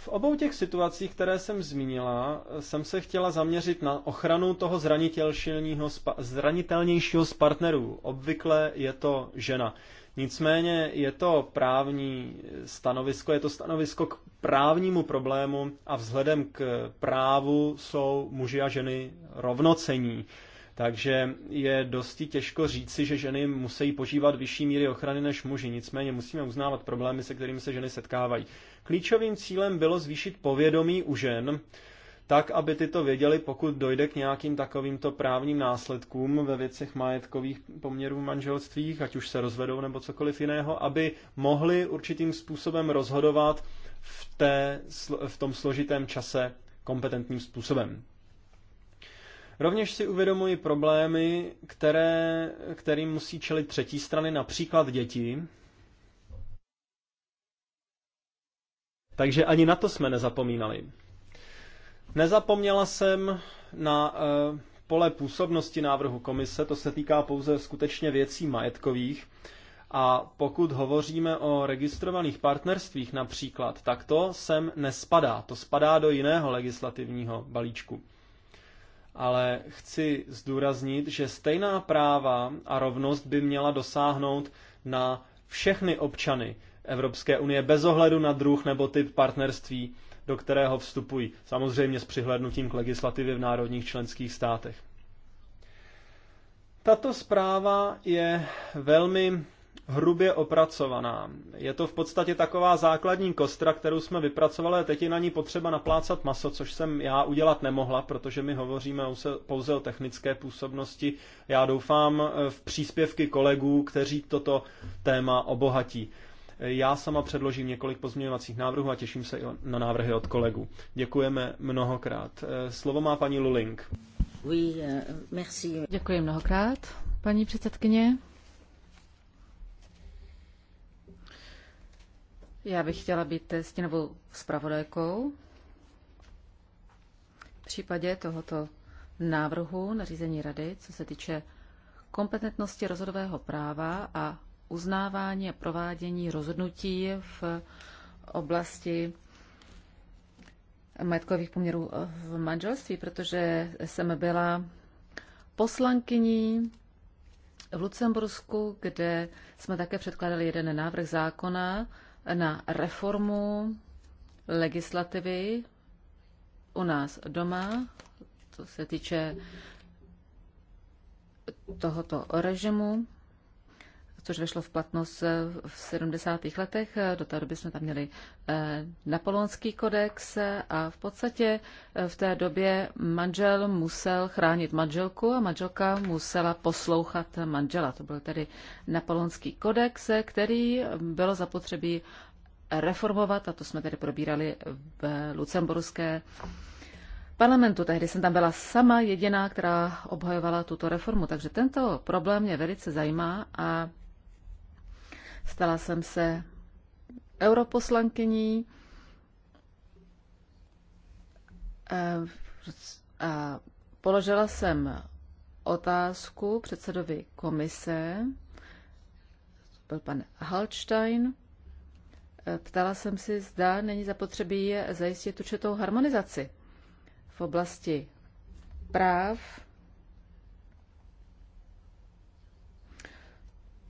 F: V obou těch situacích, které jsem zmínila, jsem se chtěla zaměřit na ochranu toho zranitelnějšího z partnerů. Obvykle je to žena. Nicméně je to právní stanovisko, je to stanovisko k právnímu problému a vzhledem k právu jsou muži a ženy rovnocení. Takže je dosti těžko říci, že ženy musí požívat vyšší míry ochrany než muži. Nicméně musíme uznávat problémy, se kterými se ženy setkávají. Klíčovým cílem bylo zvýšit povědomí u žen, tak, aby tyto věděli, pokud dojde k nějakým takovýmto právním následkům ve věcech majetkových poměrů v manželstvích, ať už se rozvedou nebo cokoliv jiného, aby mohli určitým způsobem rozhodovat v, té, v tom složitém čase kompetentním způsobem. Rovněž si uvědomuji problémy, které, kterým musí čelit třetí strany, například děti, Takže ani na to jsme nezapomínali. Nezapomněla jsem na eh, pole působnosti návrhu komise, to se týká pouze skutečně věcí majetkových. A pokud hovoříme o registrovaných partnerstvích například, tak to sem nespadá. To spadá do jiného legislativního balíčku. Ale chci zdůraznit, že stejná práva a rovnost by měla dosáhnout na všechny občany, Evropské unie bez ohledu na druh nebo typ partnerství, do kterého vstupují, samozřejmě s přihlednutím k legislativě v národních členských státech. Tato zpráva je velmi hrubě opracovaná. Je to v podstatě taková základní kostra, kterou jsme vypracovali a teď je na ní potřeba naplácat maso, což jsem já udělat nemohla, protože my hovoříme pouze o technické působnosti. Já doufám eh, v příspěvky kolegů, kteří toto téma obohatí. Já sama předložím několik pozměňovacích návrhů a těším se i na návrhy od kolegů. Děkujeme mnohokrát. Eh, slovo má paní Luling.
B: Eh, Děkuji mnohokrát, paní předsedkyně. Já bych chtěla být stěnovou zpravodajkou v případě tohoto návrhu na řízení rady, co se týče kompetentnosti rozhodového práva a uznávání a provádění rozhodnutí v oblasti majetkových poměrů v manželství, protože jsem byla poslankyní v Lucembursku, kde jsme také předkládali jeden návrh zákona na reformu legislativy u nás doma, co se týče tohoto režimu což vešlo v platnost eh, v 70. letech. Eh, do té doby jsme tam měli eh, napoleonský kodex a v podstatě v té době manžel musel chránit manželku a manželka musela poslouchat manžela. To byl tedy napoleonský kodex, který bylo zapotřebí reformovat a to jsme tedy probírali v lucemburské parlamentu. Tehdy jsem tam byla sama jediná, která obhajovala tuto reformu, takže tento problém mě velice zajímá a Stala jsem se europoslankyní eh, a položila jsem otázku předsedovi komise, byl pan Halstein. Eh, ptala jsem si, zda není zapotřebí zajistit určitou harmonizaci v oblasti práv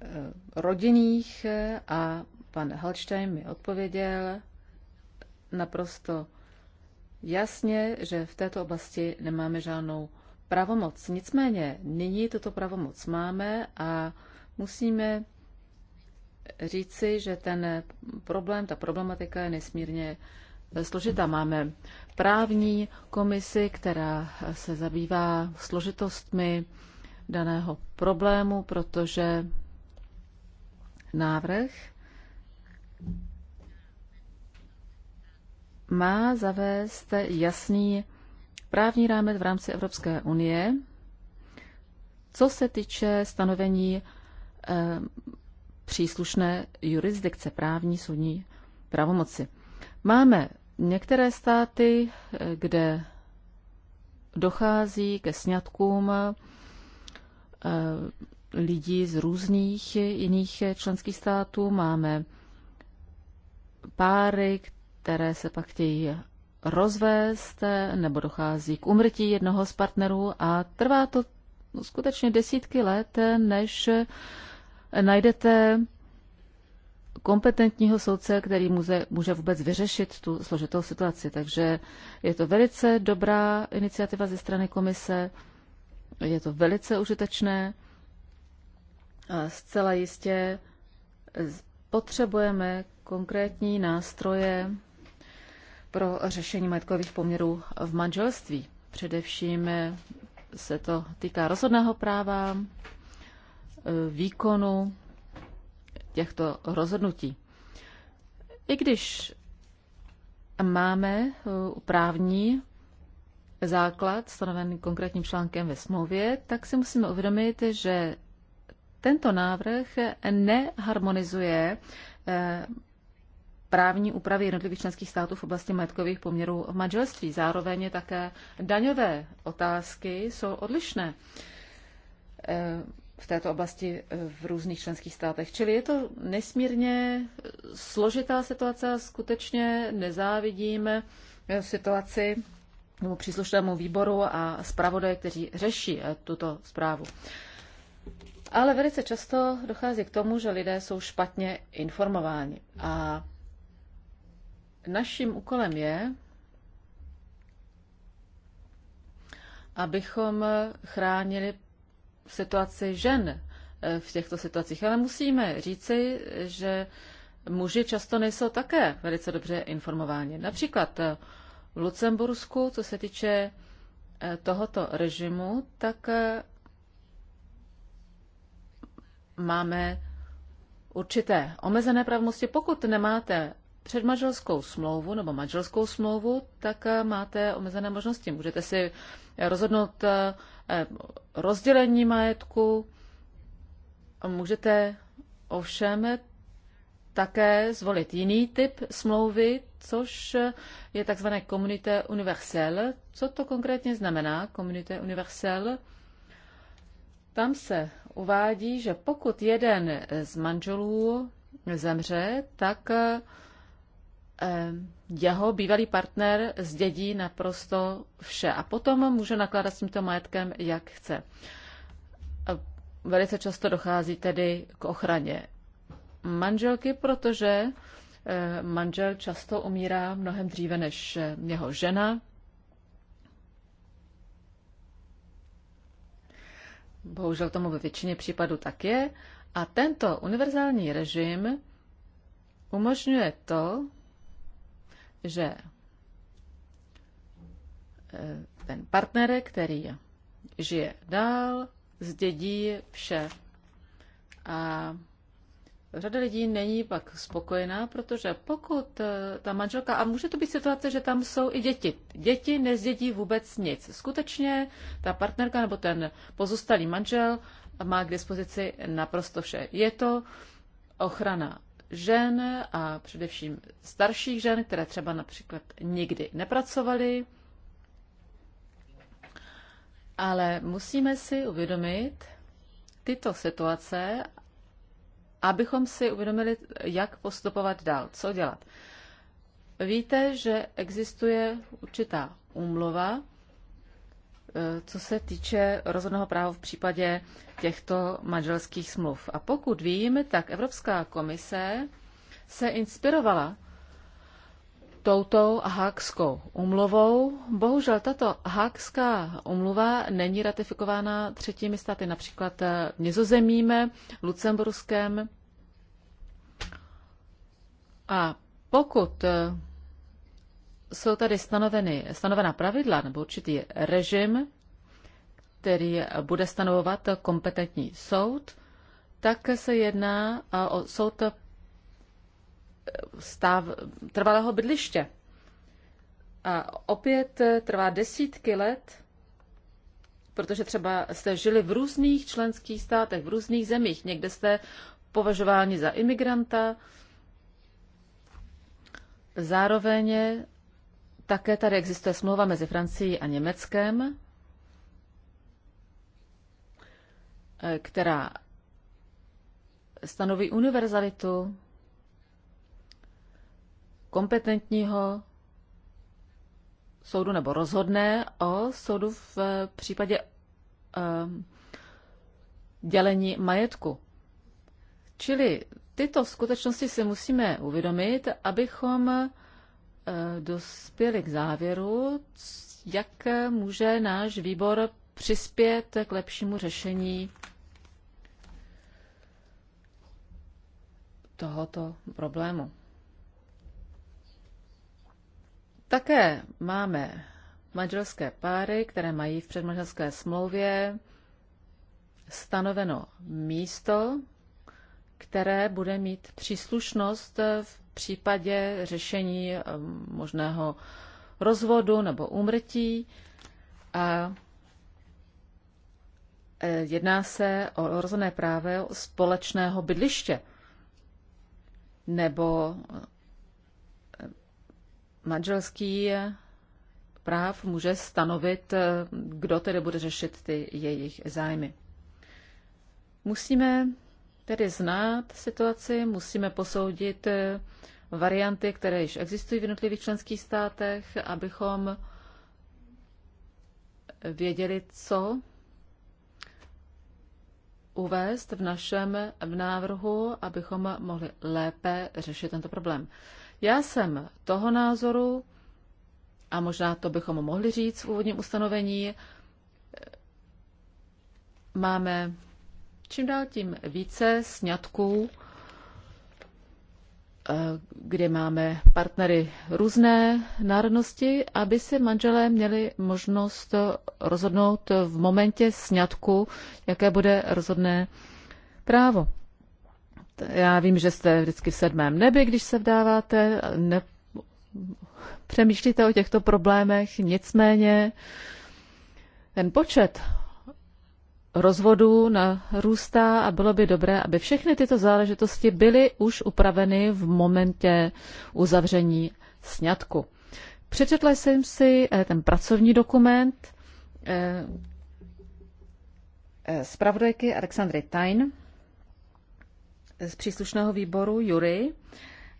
B: Eh, rodinných eh, a pan Halstein mi odpověděl naprosto jasně, že v této oblasti nemáme žádnou pravomoc. Nicméně nyní tuto pravomoc máme a musíme říci, že ten problém, ta problematika je nesmírně eh, složitá. Máme právní komisi, která se zabývá složitostmi daného problému, protože návrh má zavést jasný právní rámec v rámci Evropské unie, co se týče stanovení e, příslušné jurisdikce právní soudní pravomoci. Máme některé státy, eh, kde dochází ke sňatkům eh, lidí z různých jiných členských států. Máme páry, které se pak chtějí rozvést nebo dochází k umrtí jednoho z partnerů a trvá to skutečně desítky let, než najdete kompetentního soudce, který může, může vůbec vyřešit tu složitou situaci. Takže je to velice dobrá iniciativa ze strany komise, je to velice užitečné Zcela jistě potřebujeme konkrétní nástroje pro řešení majetkových poměrů v manželství. Především se to týká rozhodného práva, e, výkonu těchto rozhodnutí. I když máme e, právní základ stanovený konkrétním článkem ve smlouvě, tak si musíme uvědomit, že tento návrh neharmonizuje eh, právní úpravy jednotlivých členských států v oblasti majetkových poměrů v manželství. Zároveň také daňové otázky jsou odlišné eh, v této oblasti eh, v různých členských státech. Čili je to nesmírně složitá situace a skutečně nezávidím situaci nebo příslušnému výboru a zpravodaje, kteří řeší tuto zprávu. Ale velice často dochází k tomu, že lidé jsou špatně informováni. A naším úkolem je, abychom chránili situaci žen eh, v těchto situacích. Ale musíme říci, že muži často nejsou také velice dobře informováni. Například eh, v Lucembursku, co se týče eh, tohoto režimu, tak máme určité omezené pravomosti. Pokud nemáte předmaželskou smlouvu nebo manželskou smlouvu, tak eh, máte omezené možnosti. Můžete si rozhodnout eh, eh, rozdělení majetku, můžete ovšem také zvolit jiný typ smlouvy, což je tzv. komunité universel. Co to konkrétně znamená, komunité universel? Tam se uvádí, že pokud jeden z manželů zemře, tak eh, jeho bývalý partner zdědí naprosto vše a potom může nakládat s tímto majetkem, jak chce. Velice často dochází tedy k ochraně manželky, protože eh, manžel často umírá mnohem dříve než eh, jeho žena. Bohužel tomu ve většině případů tak je. A tento univerzální režim umožňuje to, že eh, ten partner, který žije dál, zdědí vše. A Řada lidí není pak spokojená, protože pokud eh, ta manželka, a může to být situace, že tam jsou i děti. Děti nezdědí vůbec nic. Skutečně ta partnerka nebo ten pozůstalý manžel má k dispozici naprosto vše. Je to ochrana žen a především starších žen, které třeba například nikdy nepracovaly. Ale musíme si uvědomit tyto situace abychom si uvědomili, jak postupovat dál, co dělat. Víte, že existuje určitá úmluva, e, co se týče rozhodného práva v případě těchto manželských smluv. A pokud vím, tak Evropská komise se inspirovala touto hákskou umluvou. Bohužel tato hákská umluva není ratifikována třetími státy, například eh, Nizozemím, Lucemburskem. A pokud eh, jsou tady stanoveny, stanovena pravidla nebo určitý režim, který bude stanovovat kompetentní soud, tak se jedná eh, o soud stav trvalého bydliště. A opět eh, trvá desítky let, protože třeba jste žili v různých členských státech, v různých zemích. Někde jste považováni za imigranta. Zároveň také tady existuje smlouva mezi Francií a Německem, eh, která stanoví univerzalitu kompetentního soudu nebo rozhodne o soudu v případě ehm, dělení majetku. Čili tyto skutečnosti si musíme uvědomit, abychom eh, dospěli k závěru, jak může náš výbor přispět k lepšímu řešení tohoto problému. Také máme manželské páry, které mají v předmanželské smlouvě stanoveno místo, které bude mít příslušnost v případě řešení ehm, možného rozvodu nebo úmrtí. A e, jedná se o rozhodné právo společného bydliště nebo manželský práv může stanovit, eh, kdo tedy bude řešit ty jejich zájmy. Musíme tedy znát situaci, musíme posoudit eh, varianty, které již existují v jednotlivých členských státech, abychom věděli, co uvést v našem v návrhu, abychom mohli lépe řešit tento problém. Já jsem toho názoru, a možná to bychom mohli říct v úvodním ustanovení, máme čím dál tím více sňatků, eh, kde máme partnery různé národnosti, aby si manželé měli možnost rozhodnout v momentě sňatku, jaké bude rozhodné právo. Já vím, že jste vždycky v sedmém nebi, když se vdáváte, ne, přemýšlíte o těchto problémech, nicméně ten počet rozvodů narůstá a bylo by dobré, aby všechny tyto záležitosti byly už upraveny v momentě uzavření sňatku. Přečetla jsem si eh, ten pracovní dokument eh, eh, zpravodajky Alexandry Tain z příslušného výboru Jury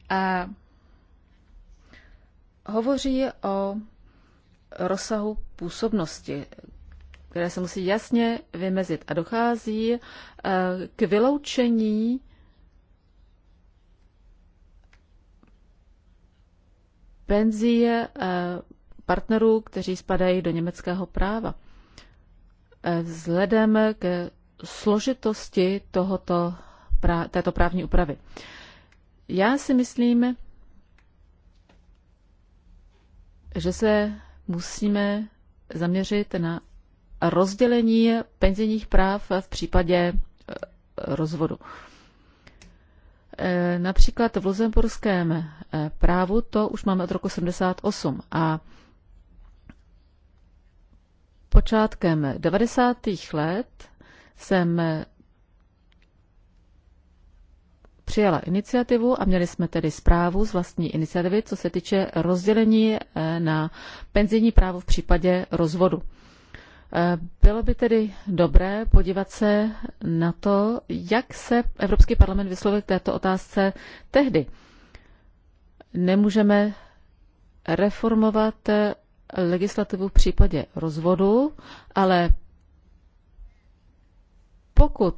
B: a hovoří o rozsahu působnosti, které se musí jasně vymezit. A dochází eh, k vyloučení penzí eh, partnerů, kteří spadají do německého práva. Eh, vzhledem ke složitosti tohoto pra, této právní úpravy. Já si myslím, že se musíme zaměřit na rozdělení penzijních práv v případě e, rozvodu. E, například v luzemburském e, právu to už máme od roku 78 a počátkem 90. let jsem přijala iniciativu a měli jsme tedy zprávu z vlastní iniciativy, co se týče rozdělení eh, na penzijní právo v případě rozvodu. Eh, bylo by tedy dobré podívat se na to, jak se Evropský parlament vyslovil k této otázce tehdy. Nemůžeme reformovat eh, legislativu v případě rozvodu, ale pokud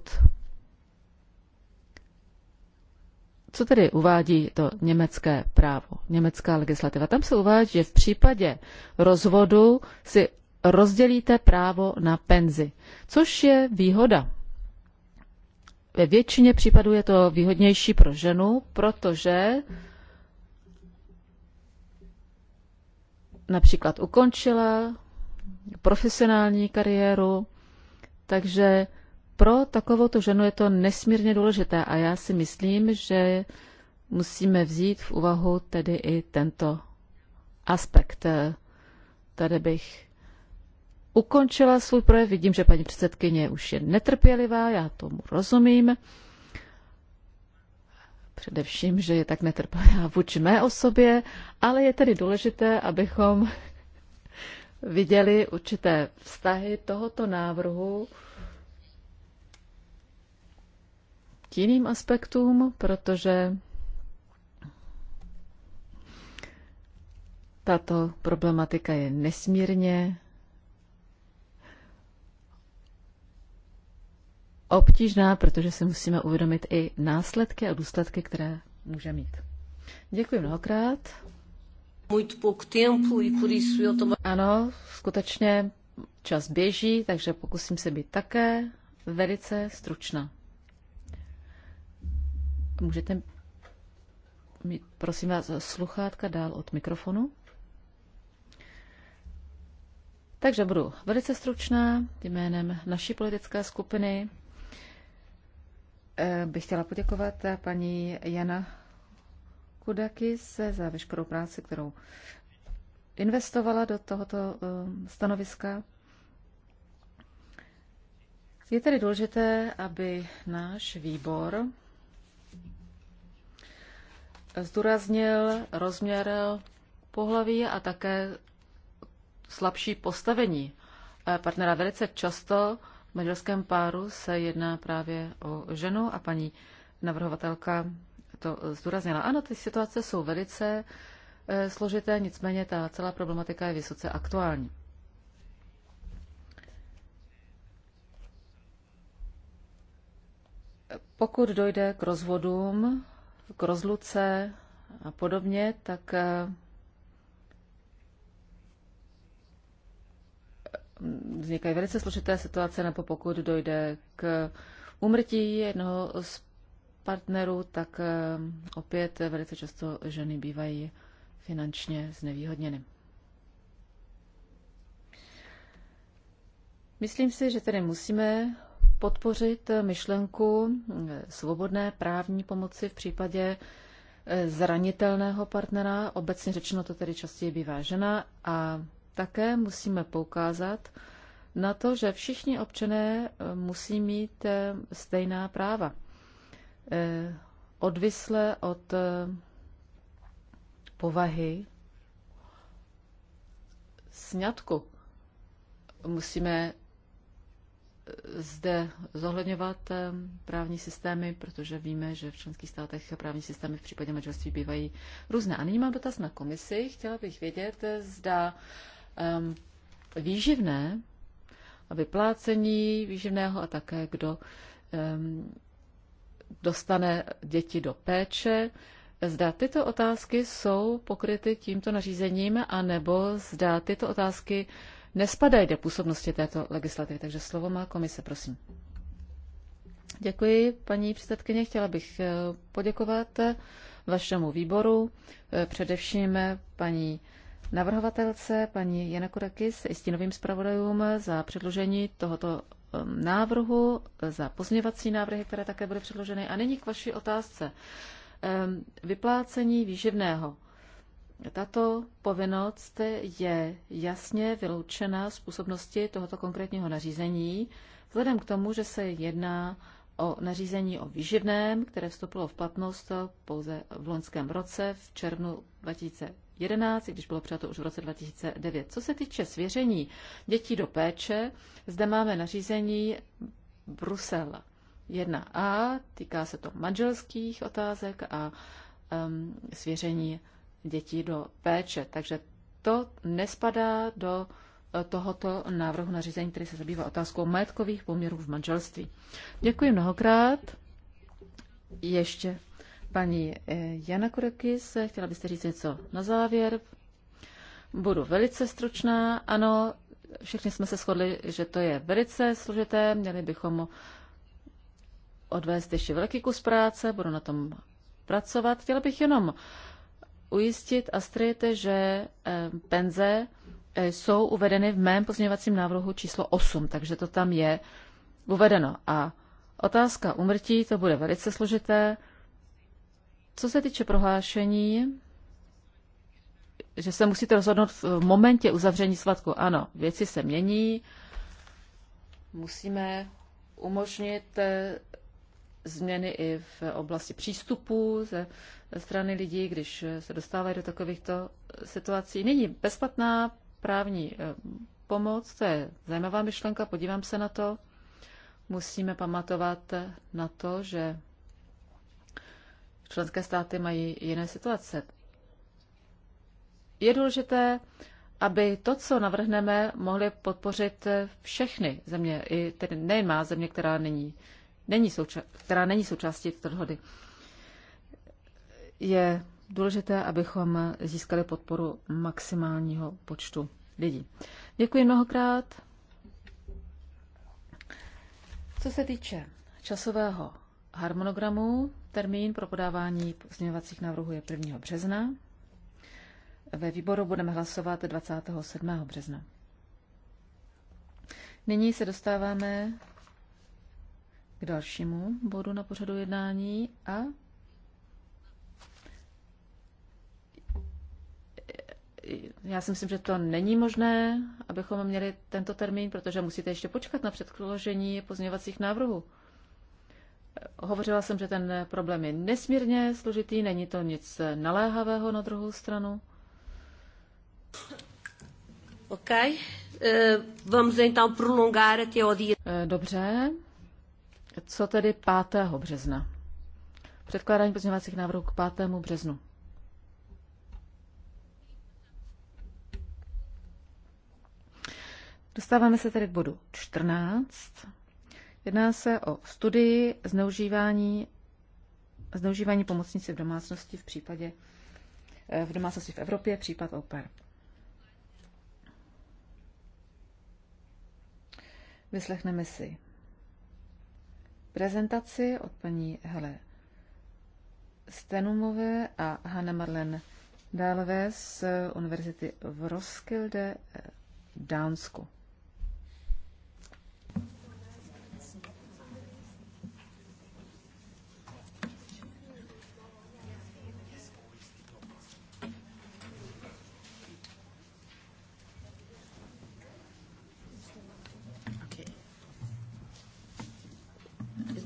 B: Co tedy uvádí to německé právo, německá legislativa? Tam se uvádí, že v případě rozvodu si rozdělíte právo na penzi, což je výhoda. Ve většině případů je to výhodnější pro ženu, protože například ukončila profesionální kariéru, takže pro takovou tu ženu je to nesmírně důležité a já si myslím, že musíme vzít v úvahu tedy i tento aspekt. Tady bych ukončila svůj projev. Vidím, že paní předsedkyně už je netrpělivá, já tomu rozumím. Především, že je tak netrpělivá vůči mé osobě, ale je tedy důležité, abychom (laughs) viděli určité vztahy tohoto návrhu k jiným aspektům, protože tato problematika je nesmírně obtížná, protože si musíme uvědomit i následky a důsledky, které může mít. Děkuji mnohokrát. E ano, skutečně čas běží, takže pokusím se být také velice stručná. Můžete mít, prosím vás, sluchátka dál od mikrofonu. Takže budu velice stručná jménem naší politické skupiny. Eh, bych chtěla poděkovat paní Jana Kudakis za veškerou práci, kterou investovala do tohoto eh, stanoviska. Je tedy důležité, aby náš výbor zdůraznil rozměr pohlaví a také slabší postavení eh, partnera. Velice často v manželském páru se jedná právě o ženu a paní navrhovatelka to zdůraznila. Ano, ty situace jsou velice eh, složité, nicméně ta celá problematika je vysoce aktuální. Pokud dojde k rozvodům, k rozluce a podobně, tak eh, vznikají velice složité situace, nebo pokud dojde k úmrtí jednoho z partnerů, tak eh, opět velice často ženy bývají finančně znevýhodněny. Myslím si, že tedy musíme podpořit myšlenku svobodné právní pomoci v případě eh, zranitelného partnera, obecně řečeno to tedy častěji bývá žena, a také musíme poukázat na to, že všichni občané eh, musí mít eh, stejná práva, odvisle od povahy sňatku. Musíme zde zohledňovat eh, právní systémy, protože víme, že v členských státech právní systémy v případě manželství bývají různé. A nyní mám dotaz na komisi. Chtěla bych vědět, eh, zda um, výživné a vyplácení výživného a také kdo um, dostane děti do péče, Zda tyto otázky jsou pokryty tímto nařízením, anebo zda tyto otázky nespadají do působnosti této legislativy. Takže slovo má komise, prosím. Děkuji, paní předsedkyně. Chtěla bych eh, poděkovat eh, vašemu výboru, eh, především paní navrhovatelce, paní Jana Kurakis, i stínovým zpravodajům za předložení tohoto ehm, návrhu, za pozměvací návrhy, které také byly předloženy. A nyní k vaší otázce. Ehm, vyplácení výživného. Tato povinnost je jasně vyloučena z působnosti tohoto konkrétního nařízení, vzhledem k tomu, že se jedná o nařízení o výživném, které vstoupilo v platnost pouze v loňském roce, v červnu 2011, i když bylo přijato už v roce 2009. Co se týče svěření dětí do péče, zde máme nařízení Brusel 1a, týká se to manželských otázek a um, svěření dětí do péče. Takže to nespadá do eh, tohoto návrhu nařízení, který se zabývá otázkou majetkových poměrů v manželství. Děkuji mnohokrát. Ještě paní eh, Jana Kurekis, chtěla byste říct něco na závěr? Budu velice stručná. Ano, všichni jsme se shodli, že to je velice složité. Měli bychom odvést ještě velký kus práce, budu na tom pracovat. Chtěla bych jenom ujistit Astrid, že eh, penze eh, jsou uvedeny v mém pozměňovacím návrhu číslo 8, takže to tam je uvedeno. A otázka umrtí, to bude velice složité. Co se týče prohlášení, že se musíte rozhodnout v momentě uzavření svatku. Ano, věci se mění, musíme umožnit eh, změny i v oblasti přístupu ze strany lidí, když se dostávají do takovýchto situací. Není bezplatná právní eh, pomoc, to je zajímavá myšlenka, podívám se na to. Musíme pamatovat na to, že členské státy mají jiné situace. Je důležité, aby to, co navrhneme, mohly podpořit všechny země, i tedy nejen má země, která není není souča- která není součástí této dohody. Je důležité, abychom získali podporu maximálního počtu lidí. Děkuji mnohokrát. Co se týče časového harmonogramu, termín pro podávání pozměňovacích návrhů je 1. března. Ve výboru budeme hlasovat 27. března. Nyní se dostáváme k dalšímu bodu na pořadu jednání a já si myslím, že to není možné, abychom měli tento termín, protože musíte ještě počkat na předložení pozměňovacích návrhů. Hovořila jsem, že ten problém je nesmírně složitý, není to nic naléhavého
A: na druhou stranu. OK. Eh, vamos então prolongar até o dia. Eh, dobře, co tedy
B: 5. března? Předkládání pozměňovacích návrhů k 5. březnu. Dostáváme se tedy k bodu 14. Jedná se o studii zneužívání, zneužívání pomocnice v domácnosti v případě eh, v domácnosti v Evropě, případ OPER. Vyslechneme si prezentaci od paní Hele Stenumové a Hanna Marlen Dálové z Univerzity v Roskilde, eh, Dánsku.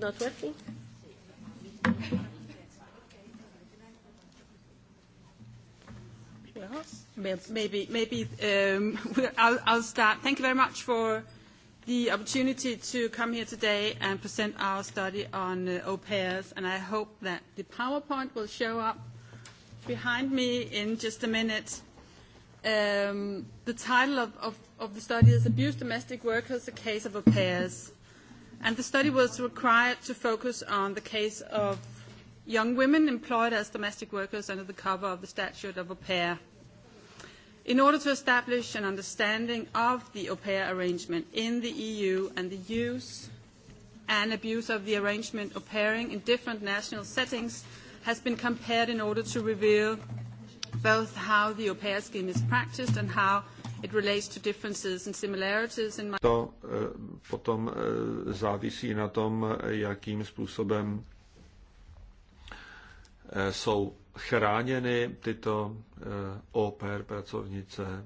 D: not working? maybe, maybe um, (laughs) I'll, I'll start. Thank you very much for the opportunity to come here today and present our study on uh, au pairs, and I hope that the PowerPoint will show up behind me in just a minute. Um, the title of, of, of the study is Abuse Domestic Workers, a Case of Au Pairs and the study was required to focus on the case of young women employed as domestic workers under the cover of the statute of au pair. In order to establish an understanding of the au pair arrangement in the EU and the use and abuse of the arrangement of pairing in different national settings has been compared in order to reveal both how the au pair scheme is practiced and how
E: to eh, potom eh, závisí na tom, eh, jakým způsobem jsou chráněny tyto OPR pracovnice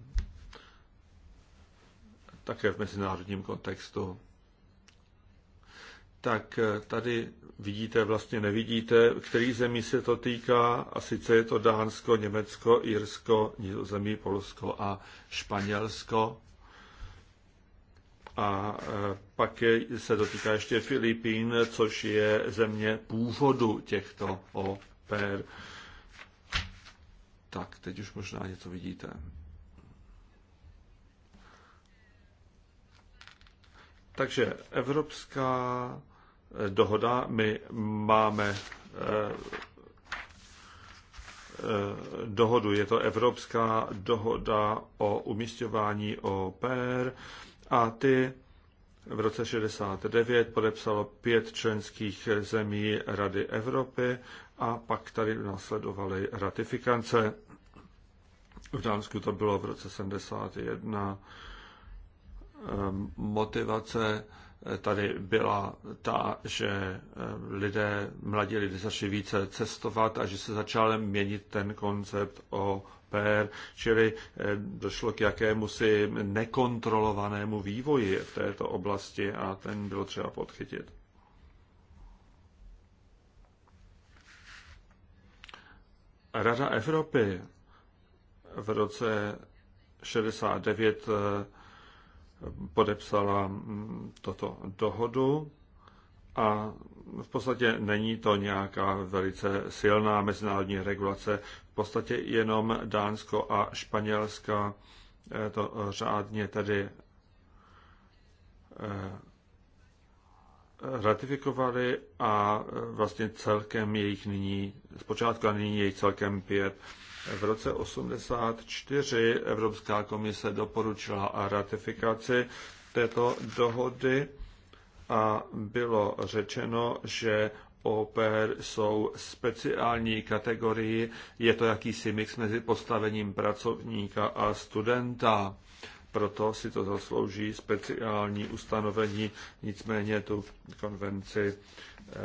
E: také v mezinárodním kontextu tak eh, tady vidíte, vlastně nevidíte, který zemí se to týká, a sice je to Dánsko, Německo, Irsko, Nizozemí, Polsko a Španělsko. A eh, pak je, se dotýká ještě Filipín, což je země původu těchto oper. Tak, teď už možná něco vidíte. Takže evropská eh, dohoda, my máme eh, eh, dohodu. Je to Evropská dohoda o umístěvání OPR a ty v roce 69 podepsalo pět členských zemí Rady Evropy a pak tady následovaly ratifikance. V Dánsku to bylo v roce 71 Ehm, motivace eh, tady byla ta, že ehm, lidé, mladí lidé začali více cestovat a že se začal měnit ten koncept o pér, čili ehm, došlo k jakému si nekontrolovanému vývoji v této oblasti a ten bylo třeba podchytit. Rada Evropy v roce 69 podepsala mm, toto dohodu a v podstatě není to nějaká velice silná mezinárodní regulace. V podstatě jenom Dánsko a Španělska eh, to řádně tedy eh, ratifikovali a eh, vlastně celkem jejich nyní, zpočátku a nyní jejich celkem pět. V roce 1984 Evropská komise doporučila ratifikaci této dohody a bylo řečeno, že OPR jsou speciální kategorii, je to jakýsi mix mezi postavením pracovníka a studenta. Proto si to zaslouží speciální ustanovení, nicméně tu konvenci eh,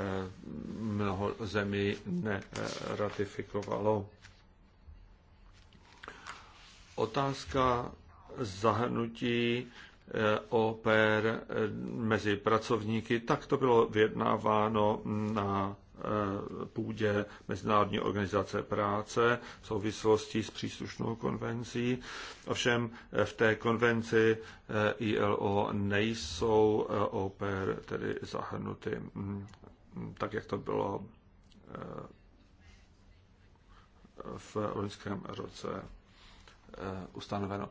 E: mnoho zemí neratifikovalo. Otázka zahrnutí eh, oper eh, mezi pracovníky, tak to bylo vyjednáváno na eh, půdě Mezinárodní organizace práce v souvislosti s příslušnou konvencí. Ovšem v té konvenci ILO nejsou oper tedy zahrnuty mm, tak, jak to bylo v loňském roce. Eh, ustanoveno.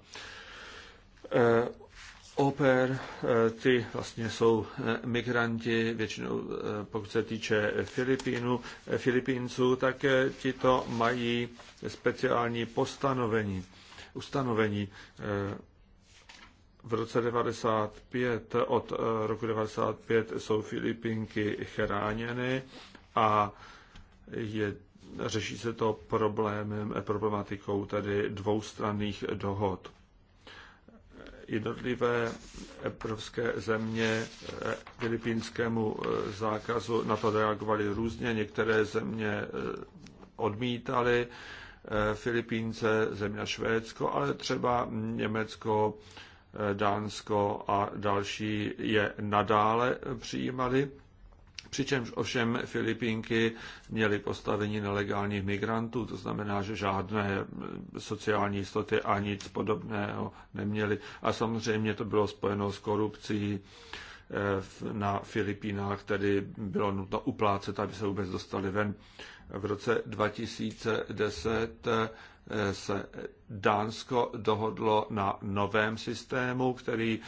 E: Oper, eh, eh, ty vlastně jsou migranti, většinou pokud se týče Filipínu, Filipínců, tak to mají speciální postanovení, ustanovení. V roce 95, od roku 95 jsou Filipínky chráněny a je řeší se to problémem, eh, problematikou tedy dvoustranných dohod. Jednotlivé evropské země eh, filipínskému eh, zákazu na to reagovaly různě. Některé země odmítaly Filipínce, země Švédsko, ale třeba Německo, Dánsko a další je nadále přijímali přičemž ovšem Filipínky měly postavení nelegálních migrantů, to znamená, že žádné sociální jistoty a nic podobného neměly. A samozřejmě to bylo spojeno s korupcí eh, na Filipínách, tedy bylo nutno uplácet, aby se vůbec dostali ven. V roce 2010 eh, se Dánsko dohodlo na novém systému, který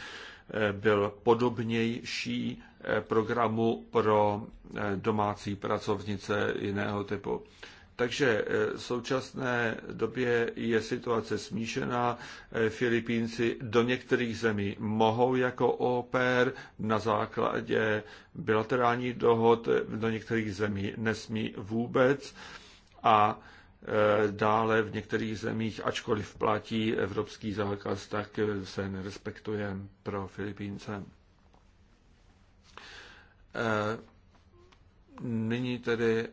E: eh, byl podobnější programu pro eh, domácí pracovnice jiného typu. Takže eh, v současné době je situace smíšená. Eh, Filipínci do některých zemí mohou jako OPR na základě bilaterálních dohod, do některých zemí nesmí vůbec a dále v některých zemích, ačkoliv platí evropský zákaz, tak se nerespektuje pro Filipínce. Eh, nyní tedy eh,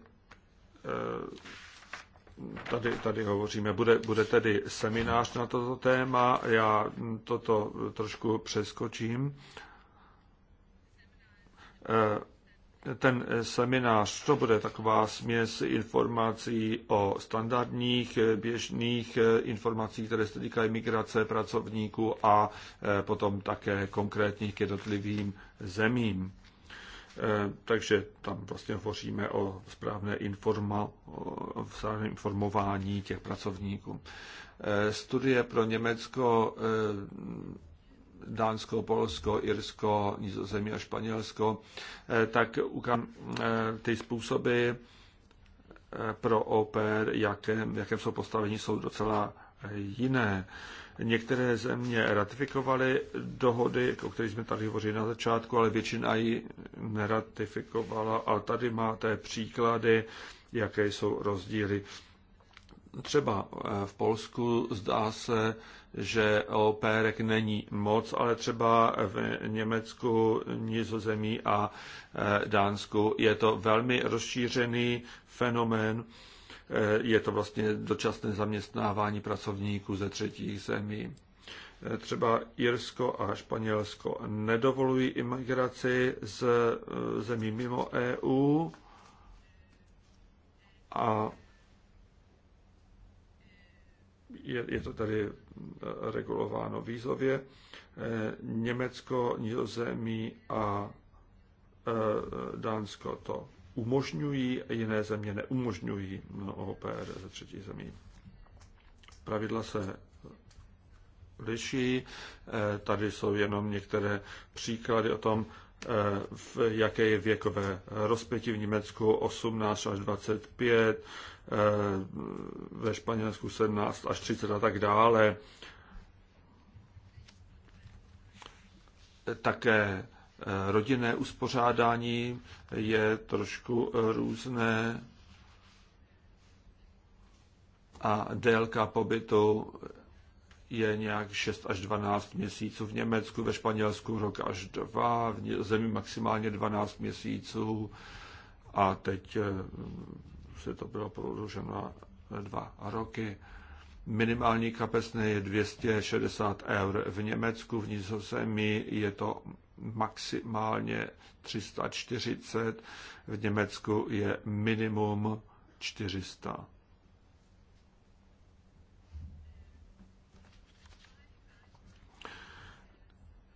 E: tady, tady hovoříme, bude, bude tedy seminář na toto téma, já toto trošku přeskočím. Eh, ten seminář, to bude taková směs informací o standardních, běžných informacích, které se týkají migrace pracovníků a potom také konkrétních k jednotlivým zemím. Eh, takže tam vlastně hovoříme o správné informa, o správném informování těch pracovníků. Eh, studie pro Německo, eh, Dánsko, Polsko, Irsko, Nizozemí a Španělsko, tak ty způsoby pro OPR, jaké, jaké jsou postavení, jsou docela jiné. Některé země ratifikovaly dohody, o kterých jsme tady hovořili na začátku, ale většina ji neratifikovala. A tady máte příklady, jaké jsou rozdíly. Třeba eh, v Polsku zdá se, že opérek není moc, ale třeba v Německu, Nizozemí a eh, Dánsku je to velmi rozšířený fenomén Eh, je to vlastně dočasné zaměstnávání pracovníků ze třetích zemí. Eh, třeba Irsko a Španělsko nedovolují imigraci z eh, zemí mimo EU a je, je to tady regulováno výzově. Německo, Nizozemí a Dánsko to umožňují, jiné země neumožňují OPR ze třetí zemí. Pravidla se liší. Eh, tady jsou jenom některé příklady o tom, eh, v jaké je věkové rozpětí v Německu 18 až 25, eh, ve Španělsku 17 až 30 a tak dále. Také rodinné uspořádání je trošku různé a délka pobytu je nějak 6 až 12 měsíců. V Německu, ve Španělsku rok až dva, v zemi maximálně 12 měsíců a teď eh, se to bylo prodlouženo na dva roky. Minimální kapesné je 260 eur v Německu, v Nizozemí je to maximálně 340, v Německu je minimum 400.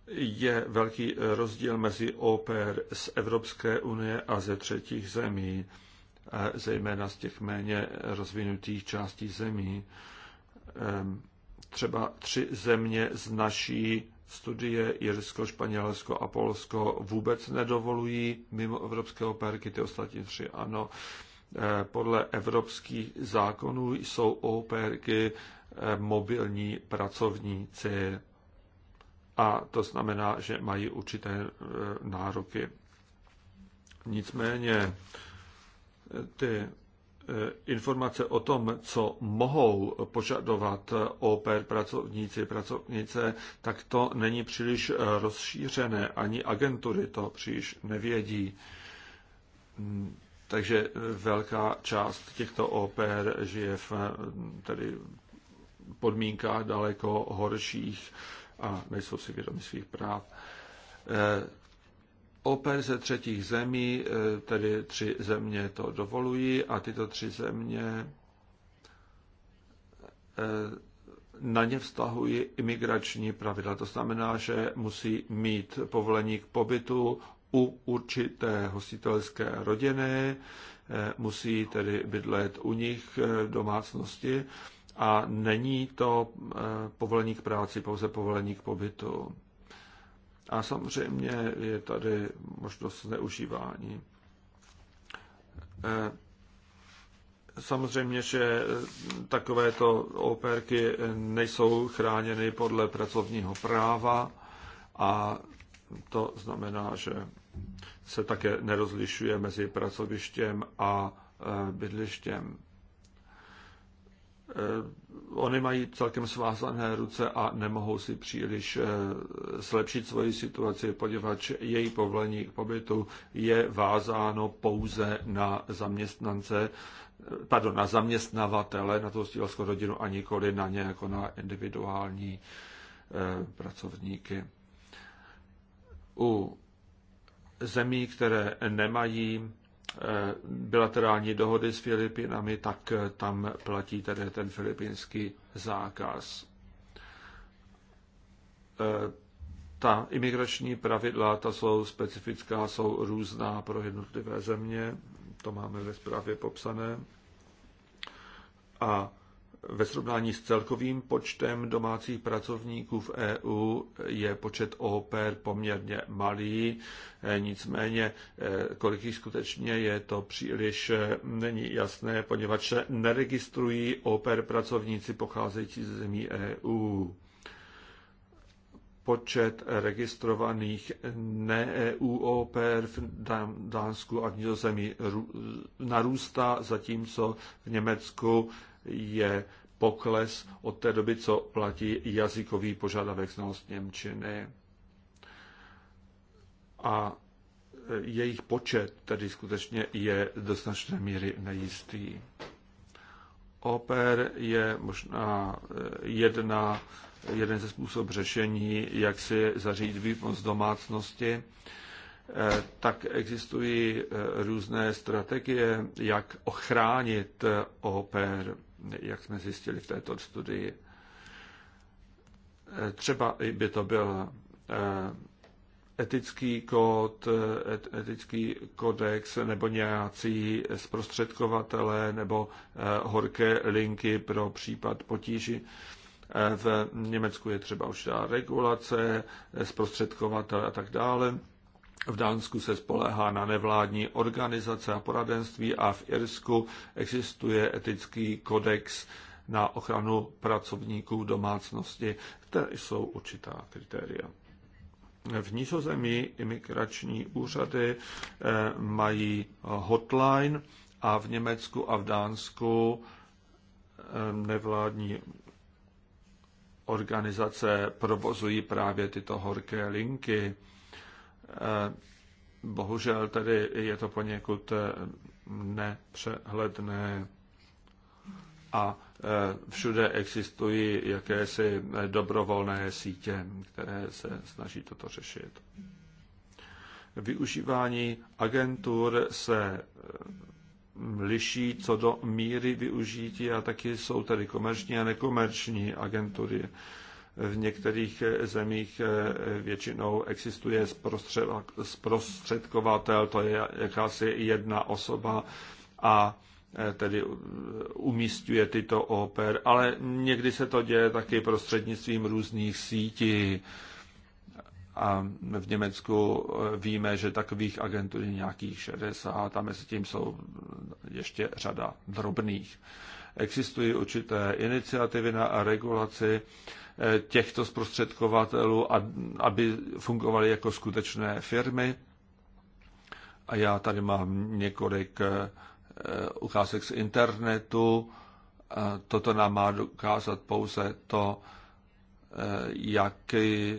E: Je velký rozdíl mezi OPR z Evropské unie a ze třetích zemí, zejména z těch méně rozvinutých částí zemí. Ehm, třeba tři země z naší studie Jirsko, Španělsko a Polsko vůbec nedovolují mimo evropské operky, ty ostatní tři ano. Eh, podle evropských zákonů jsou operky eh, mobilní pracovníci a to znamená, že mají určité eh, nároky. Nicméně ty Eh, informace o tom, co mohou požadovat OPR pracovníci, pracovnice, tak to není příliš eh, rozšířené. Ani agentury to příliš nevědí. Hmm, takže eh, velká část těchto OPR žije v tedy podmínkách daleko horších a nejsou si vědomi svých práv. Open ze třetích zemí, eh, tedy tři země to dovolují a tyto tři země eh, na ně vztahují imigrační pravidla. To znamená, že musí mít povolení k pobytu u určité hostitelské rodiny, eh, musí tedy bydlet u nich v domácnosti a není to povolení k práci, pouze povolení k pobytu. A samozřejmě je tady možnost zneužívání. Eh, samozřejmě, že takovéto operky nejsou chráněny podle pracovního práva a to znamená, že se také nerozlišuje mezi pracovištěm a eh, bydlištěm eh, Oni mají celkem svázané ruce a nemohou si příliš eh, zlepšit svoji situaci, poněvadž její povolení k pobytu je vázáno pouze na zaměstnance, eh, pardon, na zaměstnavatele, na tu stílskou rodinu a nikoli na ně jako na individuální eh, pracovníky. U zemí, které nemají Eh, bilaterální dohody s Filipinami, tak eh, tam platí tedy ten filipínský zákaz. Eh, ta imigrační pravidla, ta jsou specifická, jsou různá pro jednotlivé země, to máme ve zprávě popsané. A ve srovnání s celkovým počtem domácích pracovníků v EU je počet OPR poměrně malý, e, nicméně e, kolik jich skutečně je, to příliš e, není jasné, poněvadž se neregistrují OPR pracovníci pocházející ze zemí EU. Počet registrovaných ne-EU OPR v Dánsku a v Nizozemí narůstá, zatímco v Německu je pokles od té doby, co platí jazykový požadavek znalost Němčiny. A e, jejich počet tedy skutečně je do značné míry nejistý. Oper je možná e, jedna, jeden ze způsob řešení, jak si zařídit výpomoc domácnosti. E, tak existují různé strategie, jak ochránit oper jak jsme zjistili v této studii. E, třeba by to byl e, etický kód, e, etický kodex nebo nějací zprostředkovatele nebo horké linky pro případ potíži. V Německu je třeba určitá regulace, zprostředkovatele a tak dále. V Dánsku se spoléhá na nevládní organizace a poradenství a v Irsku existuje etický kodex na ochranu pracovníků domácnosti, které jsou určitá kritéria. V nízozemí imigrační úřady eh, mají hotline a v Německu a v Dánsku eh, nevládní organizace provozují právě tyto horké linky. Eh, bohužel tedy je to poněkud eh, nepřehledné a eh, všude existují jakési dobrovolné sítě, které se snaží toto řešit. Využívání agentur se liší co do míry využití a taky jsou tady komerční a nekomerční agentury v některých eh, zemích eh, většinou existuje zprostředkovatel, to je jakási jedna osoba a eh, tedy umístuje tyto oper, ale někdy se to děje taky prostřednictvím různých sítí. A v Německu víme, že takových agentů je nějakých 60 a mezi tím jsou ještě řada drobných. Existují určité iniciativy na regulaci eh, těchto zprostředkovatelů, aby fungovaly jako skutečné firmy. A já tady mám několik eh, eh, ukázek z internetu. Toto nám má dokázat pouze to, jaký,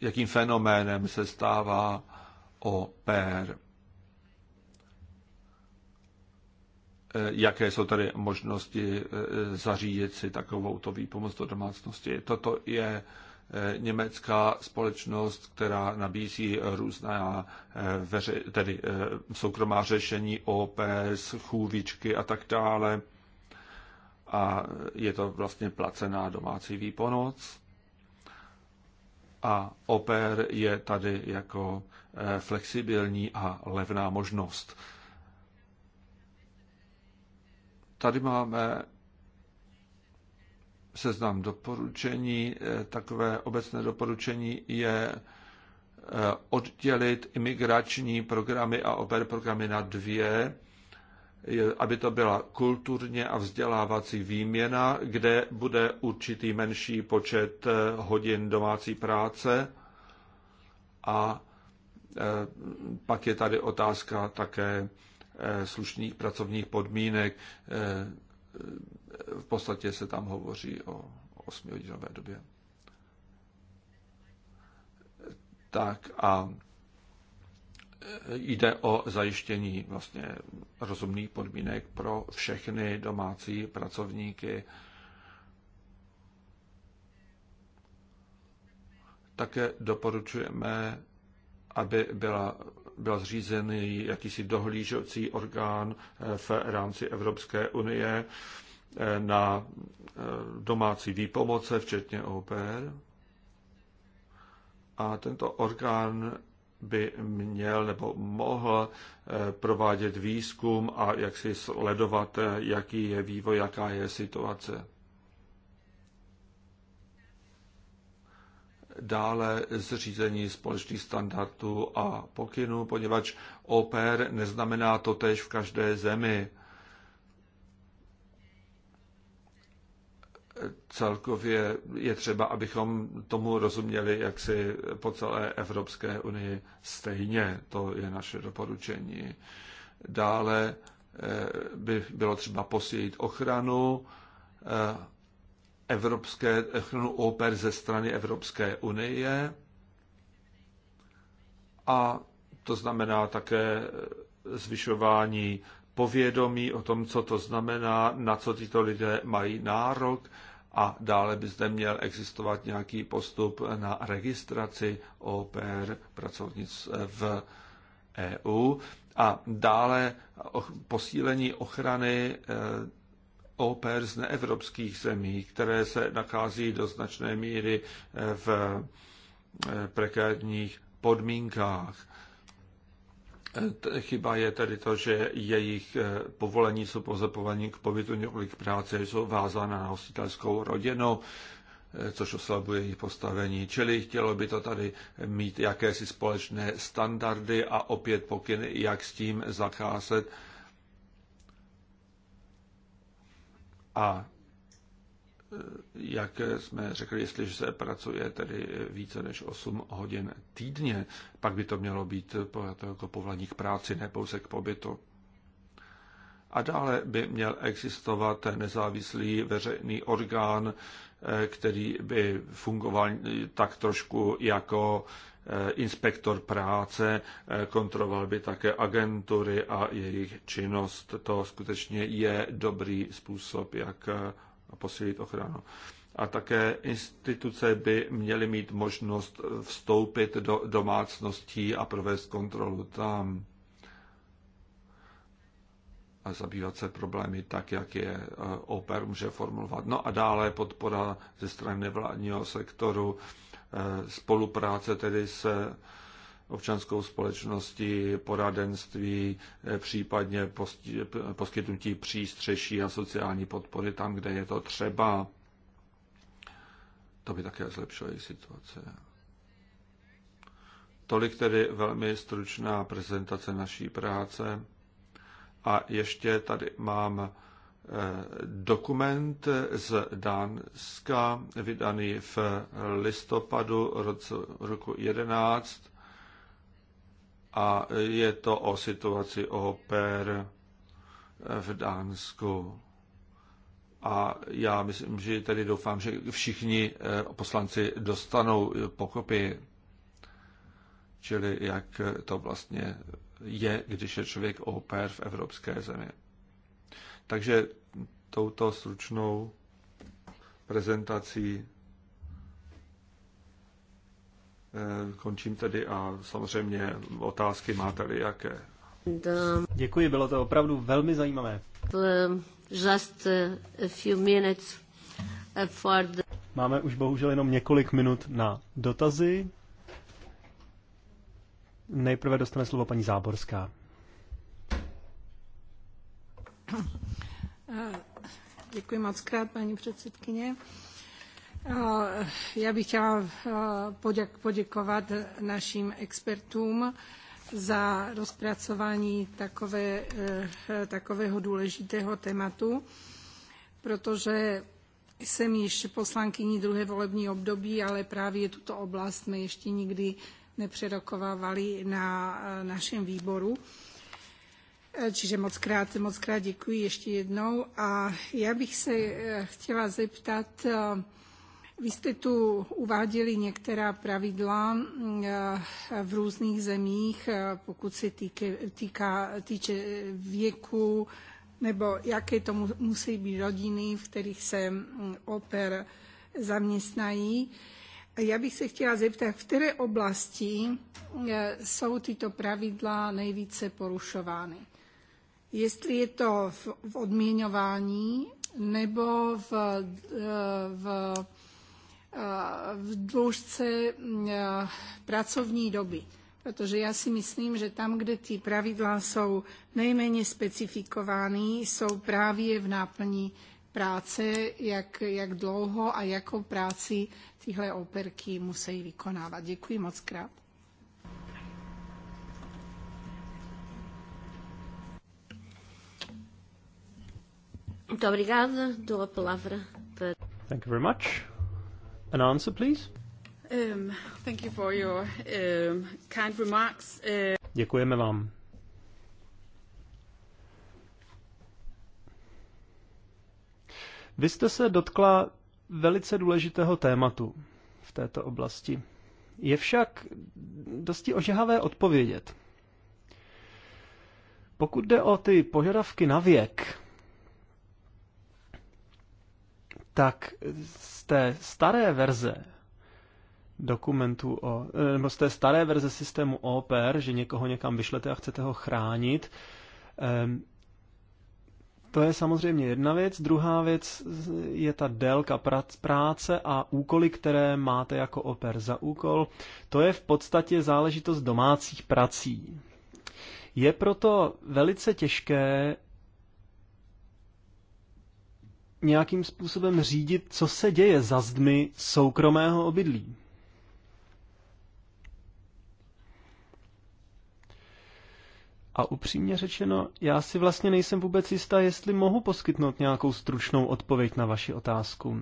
E: jakým fenoménem se stává o Eh, jaké jsou tady možnosti eh, zařídit si to výpomoc do domácnosti. Toto je eh, německá společnost, která nabízí různá veře, tedy soukromá řešení, OPS, chůvičky a tak dále. A je to vlastně placená domácí výpomoc. A OPR je tady jako flexibilní a levná možnost. Tady máme seznam doporučení. Eh, takové obecné doporučení je eh, oddělit imigrační programy a oper programy na dvě, aby to byla kulturně a vzdělávací výměna, kde bude určitý menší počet eh, hodin domácí práce. A pak je tady otázka také Eh, slušných pracovních podmínek. Eh, v podstatě se tam hovoří o osmihodinové době. Tak a eh, jde o zajištění vlastně rozumných podmínek pro všechny domácí pracovníky. Také doporučujeme, aby byla byl zřízen jakýsi dohlížecí orgán eh, v rámci Evropské unie eh, na eh, domácí výpomoce, včetně OPR. A tento orgán by měl nebo mohl provádět výzkum a jak si sledovat, jaký je vývoj, jaká je situace. dále zřízení společných standardů a pokynů, poněvadž OPR neznamená to tež v každé zemi. Celkově je třeba, abychom tomu rozuměli jaksi po celé Evropské unii stejně. To je naše doporučení. Dále eh, by bylo třeba posílit ochranu eh, evropské, ochranu eh, oper ze strany Evropské unie a to znamená také eh, zvyšování povědomí o tom, co to znamená, na co tyto lidé mají nárok a dále by zde měl existovat nějaký postup na registraci OPR pracovnic eh, v EU a dále posílení ochrany oper z neevropských zemí, které se nachází do značné míry v eh, prekérních podmínkách. Eh, chyba je tedy to, že jejich eh, povolení jsou pouze povolení k pobytu několik práce, jsou vázána na hostitelskou rodinu, což oslabuje jejich postavení. Čili chtělo by to tady mít jakési společné standardy a opět pokyny, jak s tím zacházet A e, jak jsme řekli, jestliže se pracuje tedy více než 8 hodin týdně, pak by to mělo být jako povolení k práci, ne pouze k pobytu. A dále by měl existovat nezávislý veřejný orgán, e, který by fungoval tak trošku jako Eh, inspektor práce, eh, kontroloval by také agentury a jejich činnost. To skutečně je dobrý způsob, jak eh, posílit ochranu. A také instituce by měly mít možnost vstoupit do domácností a provést kontrolu tam a zabývat se problémy tak, jak je OPER může formulovat. No a dále podpora ze strany nevládního sektoru, Eh, spolupráce tedy s eh, občanskou společností, poradenství, eh, případně poskytnutí přístřeší a sociální podpory tam, kde je to třeba. To by také zlepšilo jejich situaci. Tolik tedy velmi stručná prezentace naší práce. A ještě tady mám Eh, dokument z Dánska, vydaný v listopadu roku 11 a je to o situaci oper eh, v Dánsku. A já myslím, že tady doufám, že všichni eh, poslanci dostanou pokopy, čili jak to vlastně je, když je člověk oper v evropské zemi. Takže touto stručnou prezentací eh, končím tedy a samozřejmě otázky máte-li jaké.
F: Děkuji, bylo to opravdu velmi zajímavé.
A: Just a few minutes
F: eh, for the... Máme už bohužel jenom několik minut na dotazy. Nejprve dostane slovo paní Záborská.
D: Děkuji moc krát, paní předsedkyně. Já bych chtěla poděkovat našim expertům za rozpracování takové, e, takového důležitého tématu, protože jsem již poslankyní druhé volební období, ale právě tuto oblast jsme ještě nikdy nepřerokovávali na našem výboru. Eh, čiže moc krát, moc krát děkuji ještě jednou. A já bych se eh, chtěla zeptat, eh, vy jste tu uváděli některá pravidla mm, v různých zemích, pokud se týke, týká, týče věku, nebo jaké to musí být rodiny, v kterých se mm, oper zaměstnají. Já bych se chtěla zeptat, v které oblasti jsou tyto pravidla nejvíce porušovány? jestli je to v, v odměňování nebo v, eh, v, eh, v dloužce eh, pracovní doby. Protože já si myslím, že tam, kde ty pravidla jsou nejméně specifikovány, jsou právě v náplní práce, jak, jak dlouho a jakou práci tyhle operky musí vykonávat. Děkuji moc krát.
A: Muito obrigada. Dou a palavra para.
F: Thank you very much. An answer, please.
D: Um, thank you for your um, kind remarks. Uh...
F: Děkujeme vám. Vy jste se dotkla velice důležitého tématu v této oblasti. Je však dosti ožehavé odpovědět. Pokud jde o ty požadavky na věk, tak z té staré verze dokumentu, o, nebo z té staré verze systému OPER, že někoho někam vyšlete a chcete ho chránit, ehm, to je samozřejmě jedna věc. Druhá věc je ta délka práce a úkoly, které máte jako oper za úkol. To je v podstatě záležitost domácích prací. Je proto velice těžké nějakým způsobem řídit, co se děje za zdmi soukromého obydlí. A upřímně řečeno, já si vlastně nejsem vůbec jistá, jestli mohu poskytnout nějakou stručnou odpověď na vaši otázku.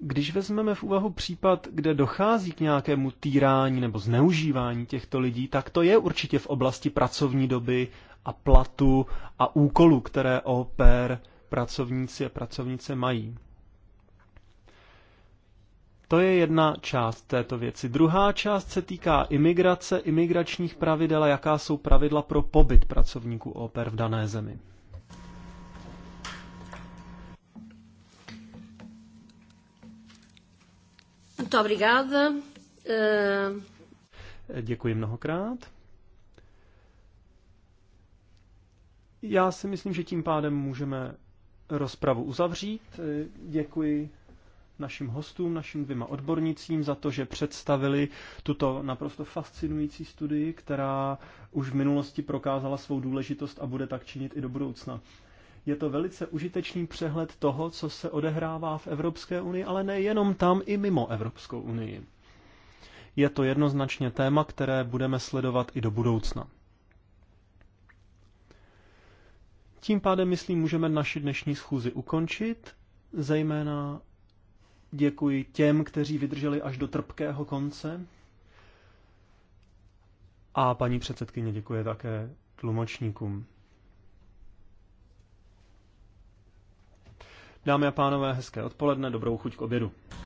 F: Když vezmeme v úvahu případ, kde dochází k nějakému týrání nebo zneužívání těchto lidí, tak to je určitě v oblasti pracovní doby a platu a úkolů, které oper pracovníci a pracovnice mají. To je jedna část této věci. Druhá část se týká imigrace, imigračních pravidel a jaká jsou pravidla pro pobyt pracovníků oper v dané zemi.
A: Muito obrigada. Eh,
F: Děkuji mnohokrát. Já si myslím, že tím pádem můžeme rozpravu uzavřít. E, děkuji našim hostům, našim dvěma odbornicím za to, že představili tuto naprosto fascinující studii, která už v minulosti prokázala svou důležitost a bude tak činit i do budoucna. Je to velice užitečný přehled toho, co se odehrává v Evropské unii, ale nejenom tam, i mimo Evropskou unii. Je to jednoznačně téma, které budeme sledovat i do budoucna. Tím pádem, myslím, můžeme naši dnešní schůzi ukončit. Zejména děkuji těm, kteří vydrželi až do trpkého konce. A paní předsedkyně děkuje také tlumočníkům. Dámy a pánové, hezké odpoledne, dobrou chuť k obědu.